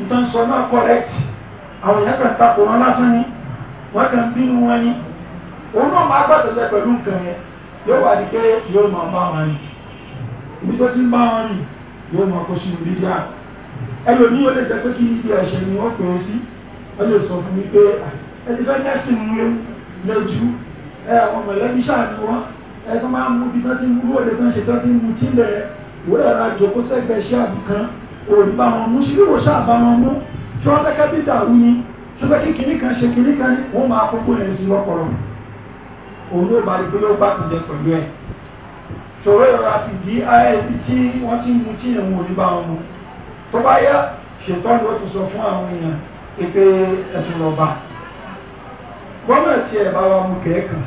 nǹkan sọ náà correct àwọn yẹn kàn takò wọn lásán ni wọ́n kàn bínú wọn ni òun náà máa gbàtẹ̀sẹ̀ pẹ̀lú nǹkan yẹn yóò wà ní pé yóò máa bá wọn rìn ibi tó ti ń bá wọn rìn yóò máa kó sínú bí díà ẹlòmíì lè jẹ́ pé kí ibi ẹ̀ṣẹ̀ ni wọ́n pè é sí wọ́n lè sọ fún mi pé àti ẹni fẹ́ tẹ́sì mú lé lójú ẹ àwọn mọ̀lẹ́bí ṣàánú wọn ẹ tó máa ń mú bí tọ́tí mú lóde tó ń ṣe tọ́tí mú tí lẹ̀ ìwé ẹ̀rọ àjòkó sẹ́gbẹ̀ẹ́ ṣe àbùkán òní bá wọn mú sílùwò ṣàbá wọn mú tí wọ́n fẹ́ kẹ́bí dàrú ni tó fẹ́ kí kìíní kan ṣe kìíní kan wọ́n máa kókó yẹn sí lọ́pọ̀lọ́ òun ló bá rí pé ó bá ti jẹ pẹ̀lú ẹ̀ ṣòro ẹ̀rọ àti di ibi tí wọ́n ti mú tí ìwọ̀n òní bá wọn mú wọ́n àti ẹ̀ bá wa mú kẹ́ẹ̀kan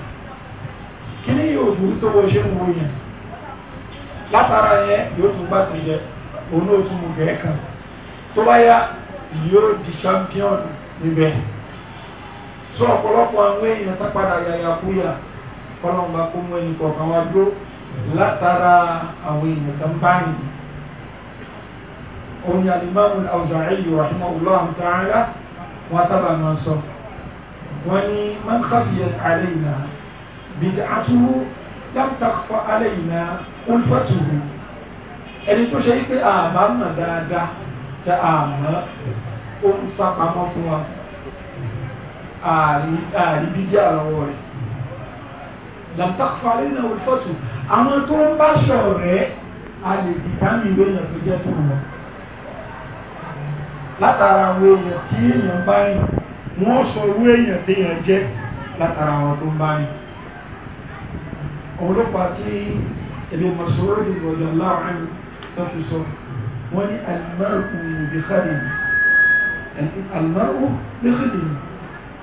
kí ní yóò dùn tó wọ́n ṣe ń wo yẹn látara yẹn yóò tún bá ti yẹ òun náà tún mú kẹ́ẹ̀kan tó bá yá yóò di champion níbẹ̀ sọ ọ̀pọ̀lọpọ̀ àwọn èèyàn tá padà yàyà kúyà kọ́lọ́mbà kó mú ẹni kọ̀ọ̀kan wá dúró látara àwọn èèyàn tó ń bá yìí òun ni wọn sábà máa ń sọ. وني من خفيت علينا بدعته لم تخفى علينا ألفته ẹni tó ṣe wípé àbá mọ̀ dáadáa tẹ àmọ́ ó ń sápamọ́ fún wa ààrí bíbí àlọ́wọ́ rẹ̀ làbàkàlẹ́ náà wọ́n fọ́tò àwọn tó ń bá ṣọ̀ a lè fi dámì ìwé èèyàn tó jẹ́ fún wọn látara àwọn èèyàn tí èèyàn bá rìn wọ́n sọ owó èèyàn tí èèyàn jẹ́ látara àwọn tó ń bá ní ọlọ́pàá tí ẹ̀lẹ́ masoro ìrọ̀lọ́ láàrin tó fi sọ wọ́n ní almaru bí khalili almaru bí khalili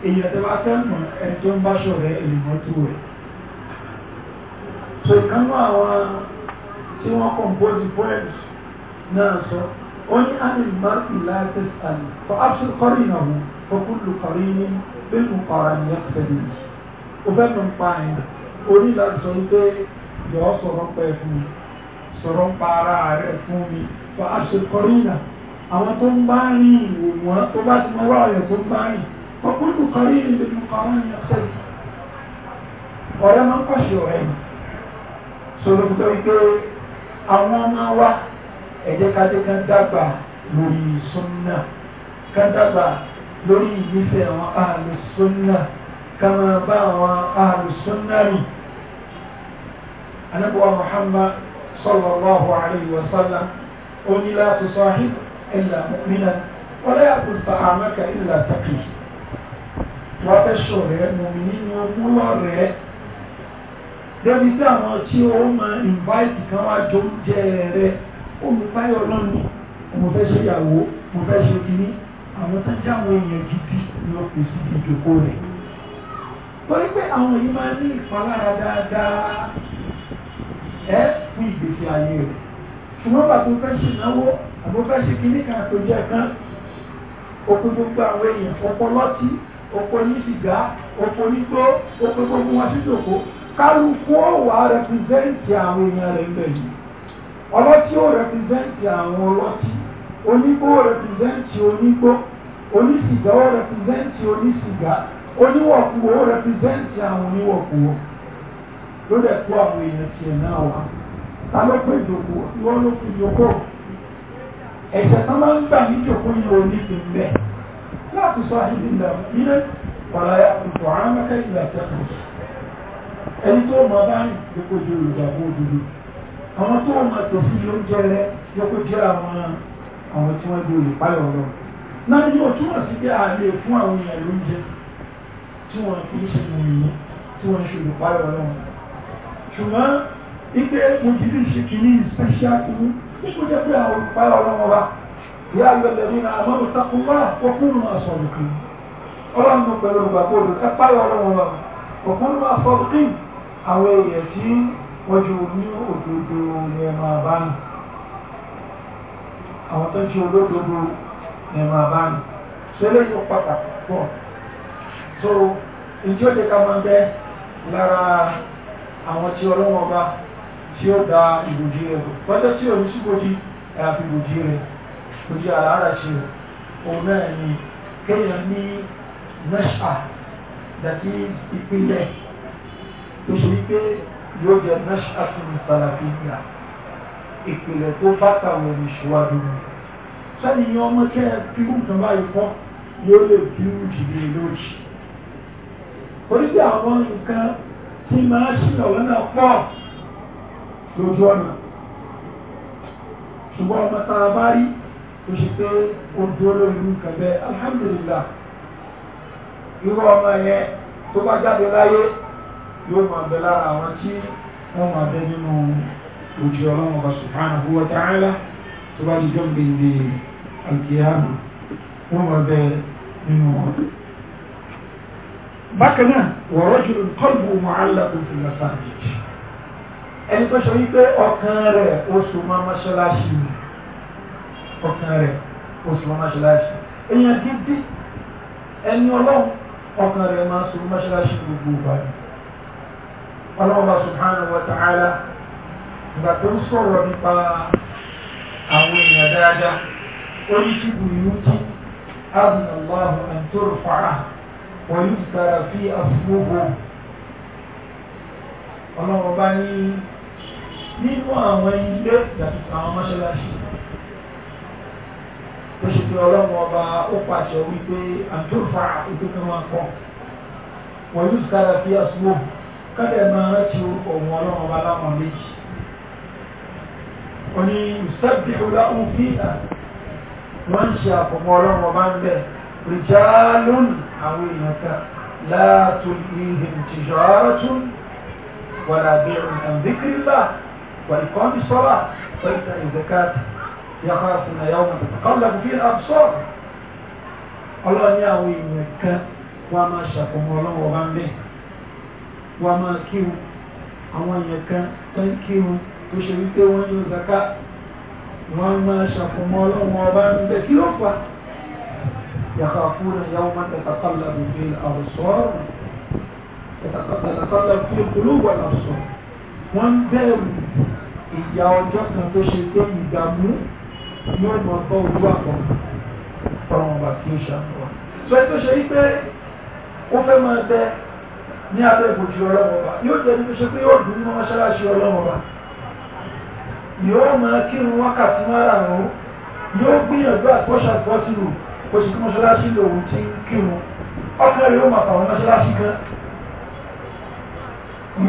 èèyàn tó bá tẹ́mọ̀ ẹni tó ń bá ṣọ̀rẹ́ ènìyàn tó rẹ̀ so ìkánú àwọn tí wọ́n compose poems náà sọ ó ní almaru láti sàlẹ̀ for absolute kọ́rin náà فكل قرين بالمقارن يقتدي وفهم قائم orí láti sọ wípé yọ sọ̀rọ̀ pẹ̀ fún mi sọ̀rọ̀ pa ara rẹ̀ fún mi fa aṣèkọrìnà àwọn tó ń bá rìn ìwò wọn tó bá ti mọ wá ọ̀yọ̀ tó ń bá rìn ọkùnrin kan dàgbà lórí súnmọ́ kan dàgbà lórí ìgbésẹ̀ àwọn àlùsúnnà kama bá àwọn àlùsúnnà rìn anábọ̀wá muhammad sallallahu alayhi wa sallam ó ní la tusahib illa mu'minan wa la ya'kul ta'amaka illa taqi wọ́n fẹ́ ṣọ̀rẹ́ mọ̀mìnì ni ó mú lọ́rẹ̀ẹ́ débi tí àwọn tí ó máa invite kan wá jọ ń jẹ rẹ̀ ó lọ́nà mo fẹ́ ṣe ìyàwó mo fẹ́ ṣe kìíní àwọn tó jẹ́ àwọn èèyàn gidi ni ó fi sí ìjòkó rẹ̀ torí pé àwọn yìí máa ní ìpalára dáadáa ẹ fún ìgbésí ayé rẹ̀ ṣùgbọ́n bàtò fẹ́ ṣe náwó àbó fẹ́ ṣe kíní kan tó jẹ́ kan oko gbogbo àwọn èèyàn oko lọ́tí oko ní sìgá oko nígbó oko gbogbo wọn sí ìjòkó kálukú ọ̀wà rẹpìrìsẹ́ǹtì àwọn èèyàn rẹ̀ ń bẹ̀ yìí ọlọ́tí ó rẹpìrìsẹ́ǹtì àwọn ọlọ́tí onígbó rẹpìrìsẹ́ǹtì onígbó onísìgá ó rẹpìsẹ́ǹtì onísìgá oníwọ̀kuwọ̀ ó rẹpìsẹ́ǹtì àwọn oníwọ̀kuwọ̀ ló dẹ̀ kó àwọn èèyàn tiẹ̀ náà wá ta ló pé ló fi ìjòkó ẹ̀jẹ̀ tó máa ń gbà ní ìjòkó yìí onífin bẹ́ẹ̀ láti sọ àyè ìlà ilé wàlàyé àkùtù àrámẹ́kẹ́ ìlà tẹ́kùn ẹni tó mọ bá ń àwọn tó ló ń jẹ àwọn àwọn tí na ní otu túmọ̀ sí a lè fún àwọn èèyàn lóúnjẹ tí wọ́n fi ń ṣe wòye tí wọ́n ṣe olùpáyọ̀ náà ṣùgbọ́n ipe mo ti fi ṣe kìíní special kìíní nípa jẹ́ pé àwọn olùpáyọ̀ ọlọ́wọ́ wa ìyá àgbẹ̀lẹ̀ ní àmọ́ ìtakùnmá ọkùnrin máa sọ òkè ọlọ́run pẹ̀lú ìgbàgbọ́ olùkápáyọ̀ ọlọ́wọ́ wa ọkùnrin máa ẹ̀rọ àbáyé so eléyìí ó pàtàkì pọ̀ so ìjọ lè ká máa bẹ lára àwọn tí ọlọ́wọ́n bá tí ó da ìbòjì rẹ̀ lọ́jọ́ tí òun síbòjì àfi ìbòjì rẹ̀ òjì àlàárà ṣe òun náà ni kéèyàn ní nẹ́ṣà dàtí ìpínlẹ̀ tó ṣe wípé yóò jẹ nẹ́ṣà tó ní fàlàfíà ìpínlẹ̀ tó bá tàwọn ìṣòwádìí sẹ́ni yẹn ọmọ kẹ́ ẹ fi nǹkan báyìí fọ́ yóò lè bí ìdílé lójì oríṣi àwọn nǹkan tí máa ṣìnà lọ́nà pọ̀ lójú ọ̀nà ṣùgbọ́n ọmọ tá a bá rí ṣe pé ó dúró lórí nǹkan bẹ́ẹ̀ alhamdulillah irú ọmọ yẹn tó bá jáde láyé yóò máa bẹ lára àwọn tí wọ́n máa bẹ nínú ojú ọlọ́run ọba subhanahu wa ta'ala tó bá di jọ́ alkiyama wọ́n wà bẹ́ẹ̀ nínú wọn bákan náà wa rajulun qalbu mu'allaqun fil masajid ẹni tó sọ wípé ọkàn rẹ̀ oṣù mọ́ mọ́ṣáláṣí ọkàn rẹ̀ oṣù mọ́ mọ́ṣáláṣí èèyàn gidi ẹni ọlọ́run ọkàn rẹ̀ máa sọ mọ́ṣáláṣí gbogbo ìgbà ọlọ́run subhanahu wa ta'ala ìgbà tó ń sọ̀rọ̀ nípa àwọn èèyàn dáadáa أي بيوت أذن الله أن ترفع ويذكر في أسمه ọlọ́run bá ní nínú àwọn ilé ìdàtúkọ̀ àwọn mọ́ṣáláṣí ó ṣe pé ọlọ́run ọba ó pàṣẹ wípé àtúnfà ìdókè máa kọ́ wọ́n yóò sára fi àsúwò kálẹ̀ máa rántí ohun ọlọ́run ọba láwọn méjì ó ní ìsẹ́bí ọlọ́run fi hàn wọ́n ń ṣe àfọ̀mọ́ ọlọ́run ọba ń bẹ̀ rìjálùn àwọn èèyàn kan láàtún ìhìn tìjọ́rọ́tún wàlà bẹ̀rù àǹdíkìrìlá wàlìkọ́ndì sọ́lá pẹ̀lú ìzẹ̀kát yàkàfùnà yàwùn kọ́lá bí absọ́ ọlọ́ni àwọn èèyàn kan wọ́n tó ṣe wípé wọ́n yóò zakat wọ́n máa ṣàfùmọ́ ọlọ́run ọba ń bẹ kí ló fà يخافون يوما تتقلب فيه الأبصار تتقلب فيه القلوب والأبصار wọ́n bẹ̀rù ìyà ọjọ́ kan tó ṣe pé ìdààmú yóò mọ̀ tọ́ ojú àpọ̀ ọ̀rọ̀ ọba tí ó ṣàmúwà. sọ ètò ṣe yí pé ó fẹ́ máa bẹ ní abẹ́ ìbòjú ọlọ́run ọba yóò jẹ́ ní tó ṣe pé yóò dùn ní mọ́ṣáláṣí yóò máa kírun wákàtí márùn-ún yóò gbìyànjú àtúwọ́sàtúwọ́sìlò kò sí kí mọ́ṣáláṣí lòun ti ń kírun ọkàn yóò máa fàwọn mọ́ṣáláṣí gan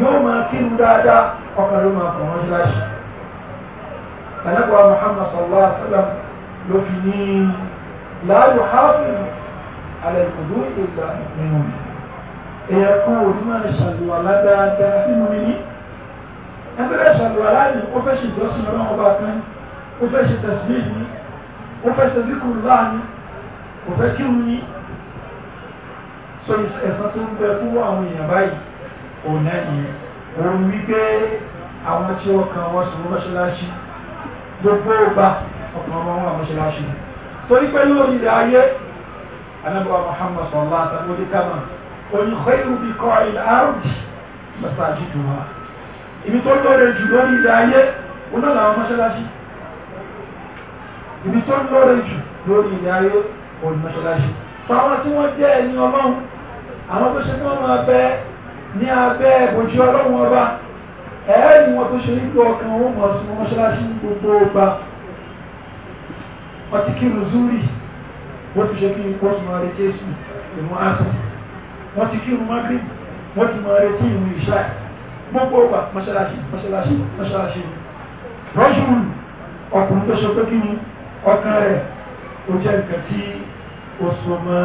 yóò máa kírun dáadáa ọkàn yóò máa fàwọn mọ́ṣáláṣí ẹ̀lẹ́gbọ́n Muhammad sallallahu alaihi wa sallam ló fi ní láàyò hafiz alẹ́ ìkòdó ìgbà nínú èèyàn kan ò ní máa ṣàlùwà ládáadáa nínú mi ní ẹgbẹ́rẹ́ ṣàlùwà láàyè ó fẹ́ ṣe ìjọsìn ọlọ́run ọba kan ó fẹ́ ṣe tẹ̀sílẹ̀ ní ó fẹ́ ṣe zikuru láàní kò fẹ́ kírun ní so ẹ̀sán tó ń bẹ fún àwọn èèyàn báyìí òun náà nìyẹn òun wípé àwọn tí ọkàn wọn sùn mọ́ṣáláṣí gbogbo ọba ọkàn wọn wà mọ́ṣáláṣí torí pé lórí ilẹ̀ ayé anábọ̀ Muhammad sọ̀rọ̀ àtàwọn oníkàmà oníkọ́ ìrùbí kọ́ ilẹ̀ arùbí mọ́ṣáláṣí tó wà ibi tó lóore jù lórí ilẹ̀ ayé oná làwọn mọ́ṣáláṣí ibi tó lóore jù lórí ilẹ̀ ayé òní mọ́ṣáláṣí fáwọn tí wọ́n jẹ́ ẹni ọlọ́run àwọn tó ṣe kí wọ́n máa bẹ ní abẹ́ ìbòjú ọlọ́run ọba ẹ̀ẹ́rì wọn tó ṣe nígbà ọkàn wọn mọ̀ sí mọ́ṣáláṣí gbogbo ọba wọ́n ti kírun zúrì wọ́n ti ṣe kí n pọ́sùn máa retí èsù ìmọ̀ àtọ̀ wọ́n ti kírun mágírì wọ́n ti máa retí ìrìn ìṣáà gbogbo ọgbà mọ́ṣáláṣí mọ́ṣáláṣí mọ́ṣáláṣí rọ́ṣùn ọkùnrin tó ṣe pé kí ni ọkàn rẹ̀ ó jẹ́ nǹkan tí ó so mọ́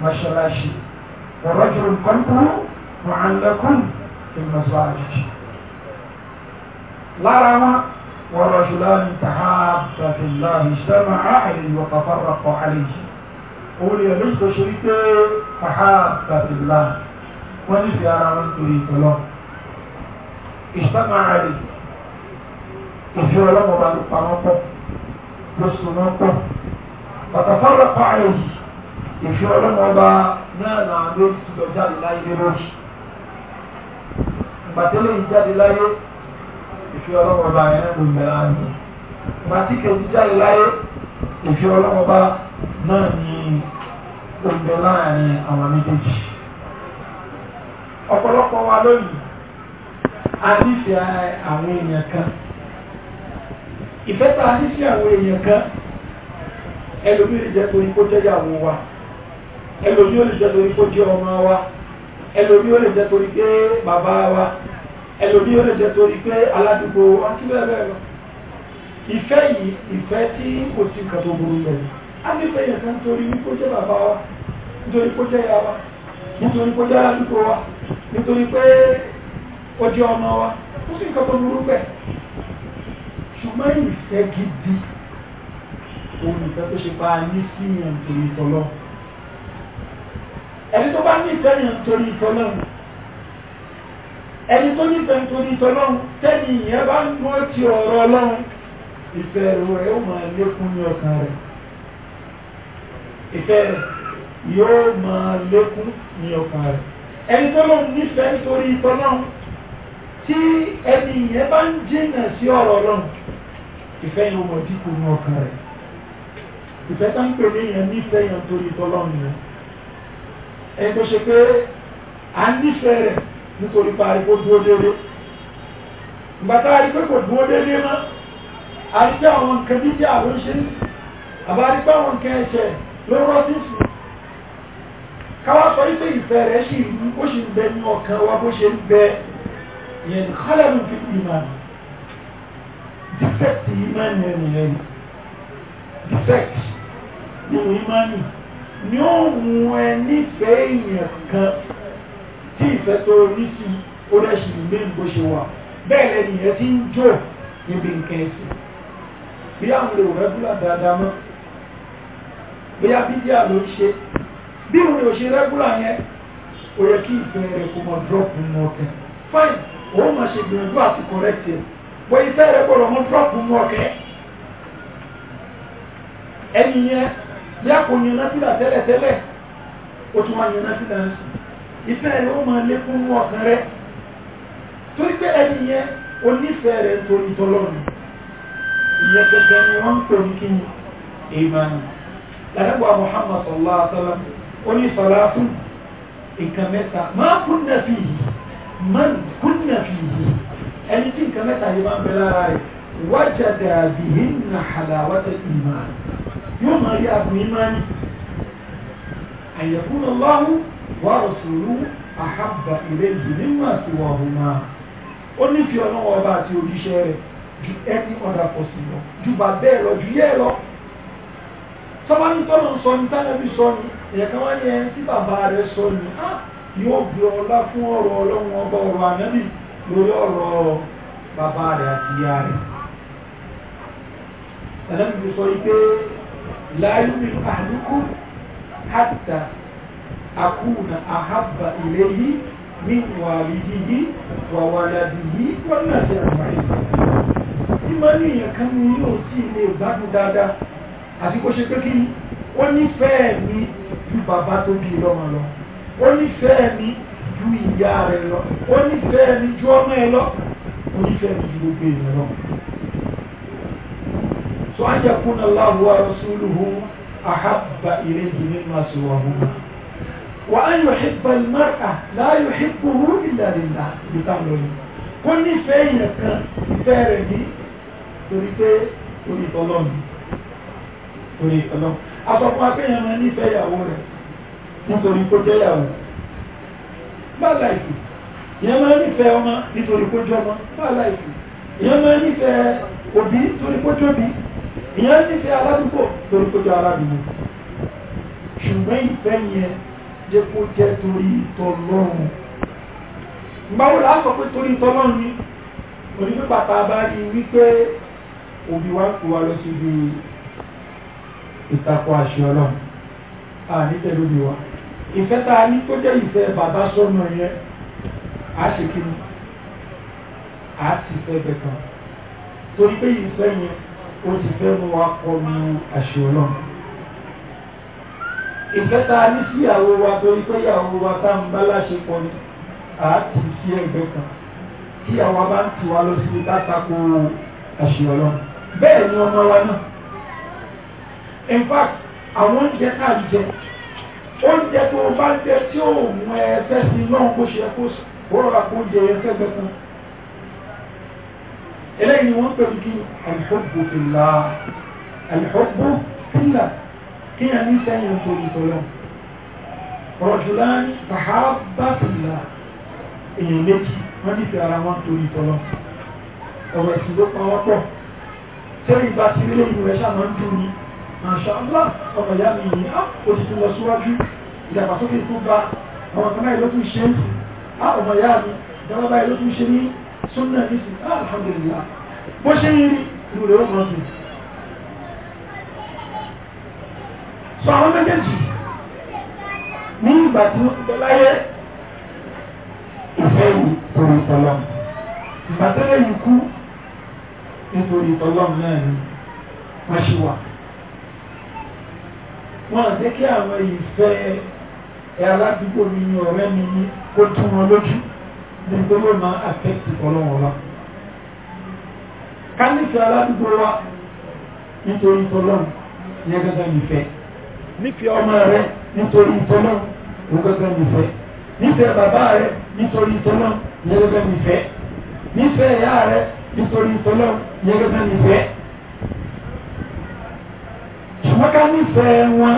mọ́ṣáláṣí rọ́ṣùn kọ́ńtù mọ̀hánlẹ́kùn ìmọ̀ṣáláṣí lára wọn ورجلان تحابا في الله اجتمعا عليه وتفرقا عليه قول يا ليس شريك تحابا في الله ونفي على من تريد الله ìṣẹ́mà rẹ̀ ìfẹ́ ọlọ́mọba ló pa wọ́n pọ̀ ló sùn wọ́n pọ̀ pàtàkọ́rọ̀ pa àyè ìfẹ́ ọlọ́mọba náà náà ló ti lọ jáde láyé lórí ìgbàtẹ́lẹ̀ ìjáde láyé ìfẹ́ ọlọ́mọba yẹn ló mẹ́ra ní ìgbàtí kejì jáde láyé ìfẹ́ ọlọ́mọba náà ní ó ń bẹ láàrin àwọn méjèèjì ọ̀pọ̀lọpọ̀ wa lónìí a ti fi àwọn èèyàn kan ìfẹ́ tá a ti fi àwọn èèyàn kan ẹlòmí lè jẹ́ torí kó jẹ́ ìyàwó wa ẹlòmí ó lè jẹ́ torí kó jẹ́ ọmọ wa ẹlòmí ó lè jẹ́ torí pé bàbá wa ẹlòmí ó lè jẹ́ torí pé aládùúgbò wa ti bẹ́ẹ̀ bẹ́ẹ̀ lọ ìfẹ́ yìí ìfẹ́ tí kò sí nǹkan tó burú bẹ̀rẹ̀ a ní fẹ́ kan torí kó jẹ́ bàbá wa nítorí kó jẹ́ ìyá wa nítorí kó jẹ́ aládùúgbò wa nítorí pé ó jẹ́ ọmọ wa ó sì nǹkan tó burú bẹ́ẹ̀ ṣùgbọ́n ìfẹ́ gidi òun ìfẹ́ tó ṣe bá a ní sí yàn torí ìtọ́lọ́ ẹni tó bá ní ìfẹ́ yàn torí ìtọ́lọ́ ẹni tó nífẹ̀ nítorí ìtọ́lọ́ tẹ́ni ìyẹn bá ń mọ́ ti ọ̀rọ̀ ọlọ́run ìfẹ́ rẹ̀ ó máa lékún ní ọkàn rẹ̀ ìfẹ́ rẹ̀ yóò máa lékún ní ọkàn rẹ̀ ẹni tó lóun nífẹ̀ẹ́ nítorí ìtọ́lọ́run tí ẹni yẹn bá ń jìnà sí ọ̀rọ̀ ọlọ́run ìfẹ́ yẹn wọ̀ dípò ní ọkàn rẹ̀ ìfẹ́ tá ń pè ní yẹn nífẹ̀ẹ́ yẹn torí tọ́lọ́run yẹn ẹni tó ṣe pé à ń nífẹ̀ẹ́ rẹ̀ nítorí parí kó dúró déédéé ìgbàtà àrípẹ́ kò dúró déédéé mọ́ àrípẹ́ àwọn nǹkan dídí àwọn ṣe ní àbárípẹ́ àwọn nǹkan ẹ̀ṣẹ̀ ló rọ́ sí sí káwá sọ wípé ìfẹ́ rẹ̀ ṣì ń bẹ ní ọkàn wa bó ṣe ń bẹ ينخلل في الإيمان defect ìmánì ẹni ẹni defect nínú ìmánì ni ó mú ẹ nífẹ̀ẹ́ èèyàn kan tí ìfẹ́ tó rí sí oríṣi ìlú bó ṣe wà bẹ́ẹ̀ lẹ́nu ìyẹn ti ń jò níbi nǹkan ẹ̀sìn bí àwọn èrò rẹ́gúlà dáadáa mọ́ bóyá bíbíà ló ń ṣe bí òun ò ṣe rẹ́gúlà yẹn ó yẹ kí ìfẹ́ rẹ̀ kó mọ dúrọ́pù mọ́ ọ̀kẹ́ fine òun máa ṣe gbìyànjú àti kọ̀rẹ́tì ẹ̀ wọ́n ìfẹ́ rẹ̀ gbọ́dọ̀ mọ́ dúrọ́pù mú ọ̀kẹ́ ẹni yẹn bí akọ̀yìn náfìlà tẹ́lẹ̀tẹ́lẹ̀ ó tún wá yẹn náfìlà ń sùn ìfẹ́ rẹ̀ ó máa lékún mú ọ̀kan rẹ̀ torí pé ẹni yẹn o rẹ̀ ń torí tọ́lọ́run ìyẹn gẹ́gẹ́ ni wọ́n ń pè ní kíni ìmánu làdàgbà Muhammad sallallahu alaihi wa sallam oníṣọ̀lá fún nǹkan mẹ́ta máa kún náà fi yìí man كن فيه ẹni tí nǹkan mẹ́ta yìí máa ń bẹ lára rẹ̀ na halawata iman yóò máa rí àbùn imani àyẹ̀kúnlọ lọ́hùn wà rọ̀sùlù àhábà ìrẹ́jì nínú àti wàhùnmá ó ní fi ọba àti òjíṣẹ́ rẹ̀ ju ẹni ọ̀dà ju bà bẹ́ẹ̀ lọ ju yẹ́ lọ sọ́wọ́n ní tọ́lọ̀ ń sọ yóò gbé ọlá fún ọ̀rọ̀ ọlọ́run ọba ọ̀rọ̀ ànẹ́bì lórí ọ̀rọ̀ bàbá rẹ̀ àti ìyá rẹ̀ ẹ̀lẹ́bìbì sọ ipé láyé mi àdúkù hàtà àkúnà àhábà ilé yìí ní wàlìdì yìí wàwàlàdì yìí wọ́n náà jẹ́ àmàlẹ́ tí máa ní èèyàn kan ní yóò tí ilé ìgbádùn dáadáa àti kó ṣe pé kí wọ́n nífẹ̀ẹ́ mi ju bàbá tó bí lọ́mọ lọ́mọ ó nífẹ̀ẹ́ mi ju ìyá rẹ̀ lọ ó nífẹ̀ẹ́ mi ju ọmọ ẹ lọ ó nífẹ̀ẹ́ mi ju gbogbo èèyàn lọ. sọ ayẹkùn Allahu wa rasuluhu ahabba ilayhi mimma siwahuma wa an yuhibba al-mar'a la yuhibbuhu illa lillah bíkà lóyún kó nífẹ̀ẹ́ yẹn kan ìfẹ́ rẹ̀ ní torí pé orí tọ́lọ́ọ̀nù orí tọ́lọ́ọ̀nù àtọ̀kùn akẹ́yẹ̀mọ nífẹ̀ẹ́ ìyàwó rẹ̀ nítorí kó jẹ́ ìyàwó bá láìsí ìyẹn máa nífẹ̀ẹ́ ọmọ nítorí kó jẹ́ ọmọ bá láìsí ìyẹn máa nífẹ̀ẹ́ òbí nítorí kó jẹ́ òbí ìyẹn nífẹ̀ẹ́ aládùúgbò nítorí kó jẹ́ aládùúgbò ṣùgbọ́n ìfẹ́ yẹn jẹ́ kó jẹ́ torí ìtọ́lọ́run báwo la sọ pé torí ìtọ́lọ́run ni onípípàtà bá rí wípé òbí wa ń kó wa lọ síbi ìtakò àṣẹ ọlọ́run àní tẹ̀lóbi wa ìfẹ́ tá a ní tó jẹ́ ìfẹ́ bàbá sọ́nà yẹn a ṣe kí ni a ti fẹ́ bẹ̀ kan torí pé ìfẹ́ yẹn ó ti fẹ́ mú wa kọ lu àṣẹ ọlọ́run ìfẹ́ tá a ní síyàwó wa torí pé ìyàwó wa tá ń bá láṣepọ̀ ni a ti sí ẹgbẹ́ kan tí àwa bá ń tù wá lọ síbi tátakò àṣẹ ọlọ́run bẹ́ẹ̀ ni ọmọ wa náà in fact àwọn oúnjẹ tá a jẹ oúnjẹ tó bá ń jẹ tí ó mú ẹgbẹ́ sí náà kó ṣe kó rọra kó jẹ ẹgbẹ́ fún eléyìí wọ́n pẹ̀lú kí alhubbu fillah alhubbu fillah kí a ní sẹ́yìn tó ìtọ́lọ́ rajulani tahabba fillah èèyàn méjì wọ́n ti fi ara wọn tó ìtọ́lọ́ ọ̀rọ̀ ìsìn ló pa wọ́n pọ̀ tẹ́lẹ̀ ìbá ti rí rẹ̀ ṣàmọ́ ń dùn ní àṣàlá ọmọ ìyá mi yìí á ah, kò sì lọ síwájú ìdàgbàsókè tó bá àwọn ọmọ ìlú tún ṣe ń sìn á ọmọ ìyá mi ìjọba bá ìlú tún ṣe ní súnmọ́ ní sìn á alhamdulillah bó ṣe ń rí ìlú rẹ̀ ó mọ̀ sí. sọ àwọn méjèèjì ní ìgbà tí wọ́n ti láyé ìfẹ́ yìí torí ìtọ́lọ́ ìgbà tẹ́lẹ̀ yìí kú nítorí ìtọ́lọ́ náà ni wọ́n ṣe wà wọ́n á jẹ́ kí àwọn ìfẹ́ ẹ aládùúgbò mi ní ọ̀rẹ́ mi ní kó tún wọn lójú ní gbogbo máa àfẹ́tì ọlọ́wọ́n wa ká nífẹ̀ẹ́ aládùúgbò wa nítorí tọ́lọ́n ní ẹgbẹ́gbẹ́ nífẹ̀ẹ́ nífẹ̀ẹ́ ọmọ rẹ nítorí tọ́lọ́n ní ẹgbẹ́gbẹ́ nífẹ̀ẹ́ nífẹ̀ẹ́ bàbá rẹ nítorí tọ́lọ́n ní ẹgbẹ́gbẹ́ nífẹ̀ẹ́ nífẹ̀ẹ́ ìyá rẹ nítorí tọ́lọ́n ní ẹgbẹ́gbẹ́ nífẹ̀ẹ́ ṣùgbọ́n ká nífẹ̀ẹ́ wọn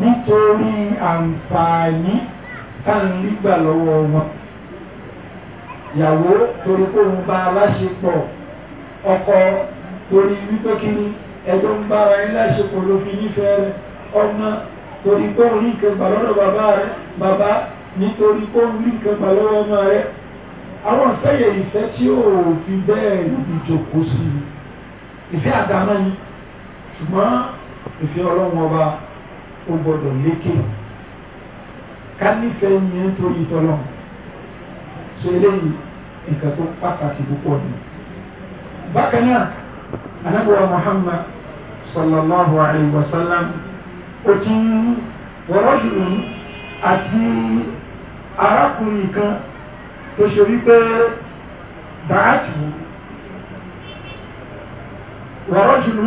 nítorí àǹfààní táǹlígbà lọ́wọ́ wọn ìyàwó torí kó ń bá aláṣepọ̀ ọkọ torí wípé kí ni ẹjọ́ ń bára ilé àṣepọ̀ ló fi nífẹ̀ẹ́ rẹ̀ ọmọ torí kó ń rí nǹkan gbà lọ́dọ̀ bàbá rẹ̀ bàbá nítorí kó ń rí nǹkan gbà lọ́wọ́ ọmọ rẹ̀ àwọn ìfẹ́yẹ̀ ìfẹ́ tí ò fi bẹ́ẹ̀ ìjòkó sí ìfẹ́ àdámọ́ yìí ṣùgbọ́n ìfẹ́ ọlọ́run ọba ó gbọ́dọ̀ lékè ká nífẹ̀ẹ́ ní nítorí tọ́lọ́run so eléyìí nǹkan tó pàtàkì púpọ̀ ni. bákan náà anábọ̀ Muhammad sallallahu alayhi wa sallam ó ti ń wọ́rọ́ṣù àti arákùnrin kan tó ṣe wípé dàátì wọ́rọ́ṣù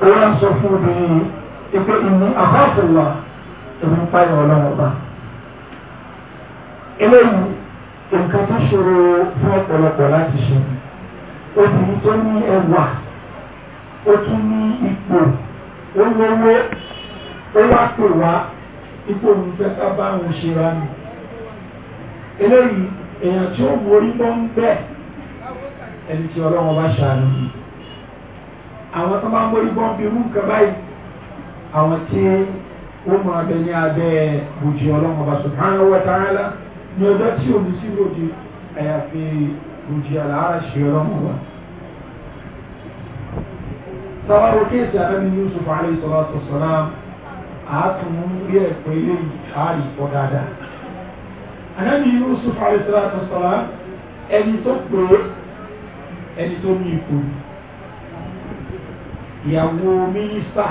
ó wá ń sọ fún obìnrin yìí pé ìní àbáfòwà èmi ń pààyàn ọlọ́wọ́n bá eléyìí nǹkan tó ṣòro fún ọ̀pọ̀lọpọ̀ láti ṣe obìnrin tó ní ẹwà ó tún ní ipò ó lówó ó wá pè wá ipò òun fẹ́ ká bá òun ṣe ra nù eléyìí èèyàn tí ó borí bọ́ ń bẹ́ẹ̀ ẹni tí ọlọ́wọ́n bá ṣàánú yìí àwọn tó máa ń mórí bọ́m̀bì irú nǹkan báyìí àwọn tí ó mọ abẹ ní abẹ bùjì ọlọ́run ọba subhanahu wa ta'ala ní ọjọ́ tí omi sí lòdì àyàfi bùjì àlàárà ṣe ọlọ́run ọba. sábàbọ̀ kéèsì àbẹ́mi Yusuf alayhi salatu wassalam àátùmú rí ẹ̀pọ̀ ilé ìkárì pọ̀ dáadáa. àbẹ́mi Yusuf alayhi salatu wassalam ẹni tó pè é ẹni tó ní ìkòyí ìyàwó mínísítà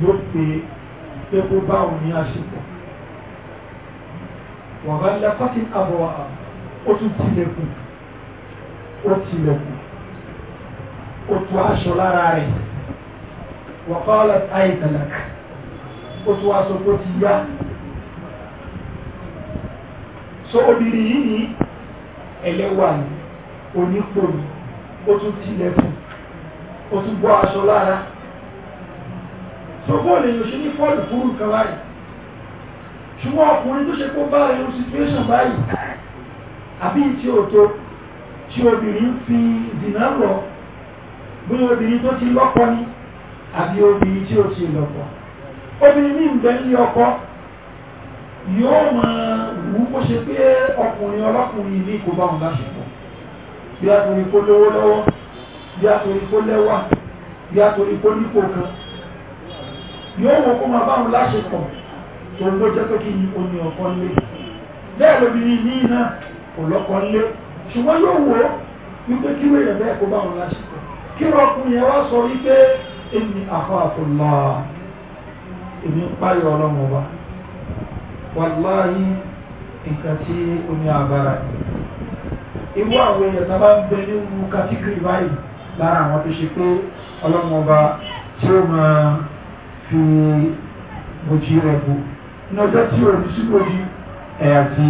ló pè é pé kó bá òun ní àṣepọ̀ wọ́n bá lẹ pátí àbọ̀ ó tún tilẹ̀kùn ó tilẹ̀kùn ó tu aṣọ lára rẹ̀ wọ́n kọ́ ọ́ lọ́tà ó tu aṣọ tó ti yá so obìnrin yìí ni ẹlẹ́wà ni onípò ó tún tilẹ̀kùn ó tún bọ́ aṣọ lára sọ́gbọ́n lèyìn òṣèlú fọ́ọ̀lù fúrú kan báyìí ṣùgbọ́n ọkùnrin tó ṣe kó bá ẹ̀rù situation báyìí àbí tí ó tó tí obìnrin fi dìnà lọ bí obìnrin tó ti lọ́kọ ní àbí obìnrin tí ó ti lọ́kọ obìnrin ní ìgbẹ́ ní ọkọ yóò máa wù ú kó ṣe pé ọkùnrin ọlọ́kùnrin ní kò bá wọn láṣepọ̀ bí a kò ní kó lówó lọ́wọ́ yá torí kó lẹ́wà yá torí kó nípò kan yóò wọ kó máa báwọn láṣepọ̀ tó ń gbójẹ́ pé kí ni o ní ọ̀kan lé bẹ́ẹ̀ lóbìnrin ní iná kò lọ́kan lé ṣùgbọ́n yóò wọ wípé kí wọ́n yẹ̀ bẹ́ẹ̀ kó báwọn láṣepọ̀ kí ọkùnrin yẹn wá sọ wípé èmi àfọ àfọlá èmi ń páyọ ọlọ́mọ ọba wàláyé nǹkan tí omi àbára ìwọ àwọn èèyàn tá ń bẹ nínú kàtíkìrì báyìí lára àwọn tó ṣe pé ọlọ́mọba tí ó máa fi bòjì rẹ̀ bò ní ọjọ́ tí ó ti sí bòjì ẹ̀ àti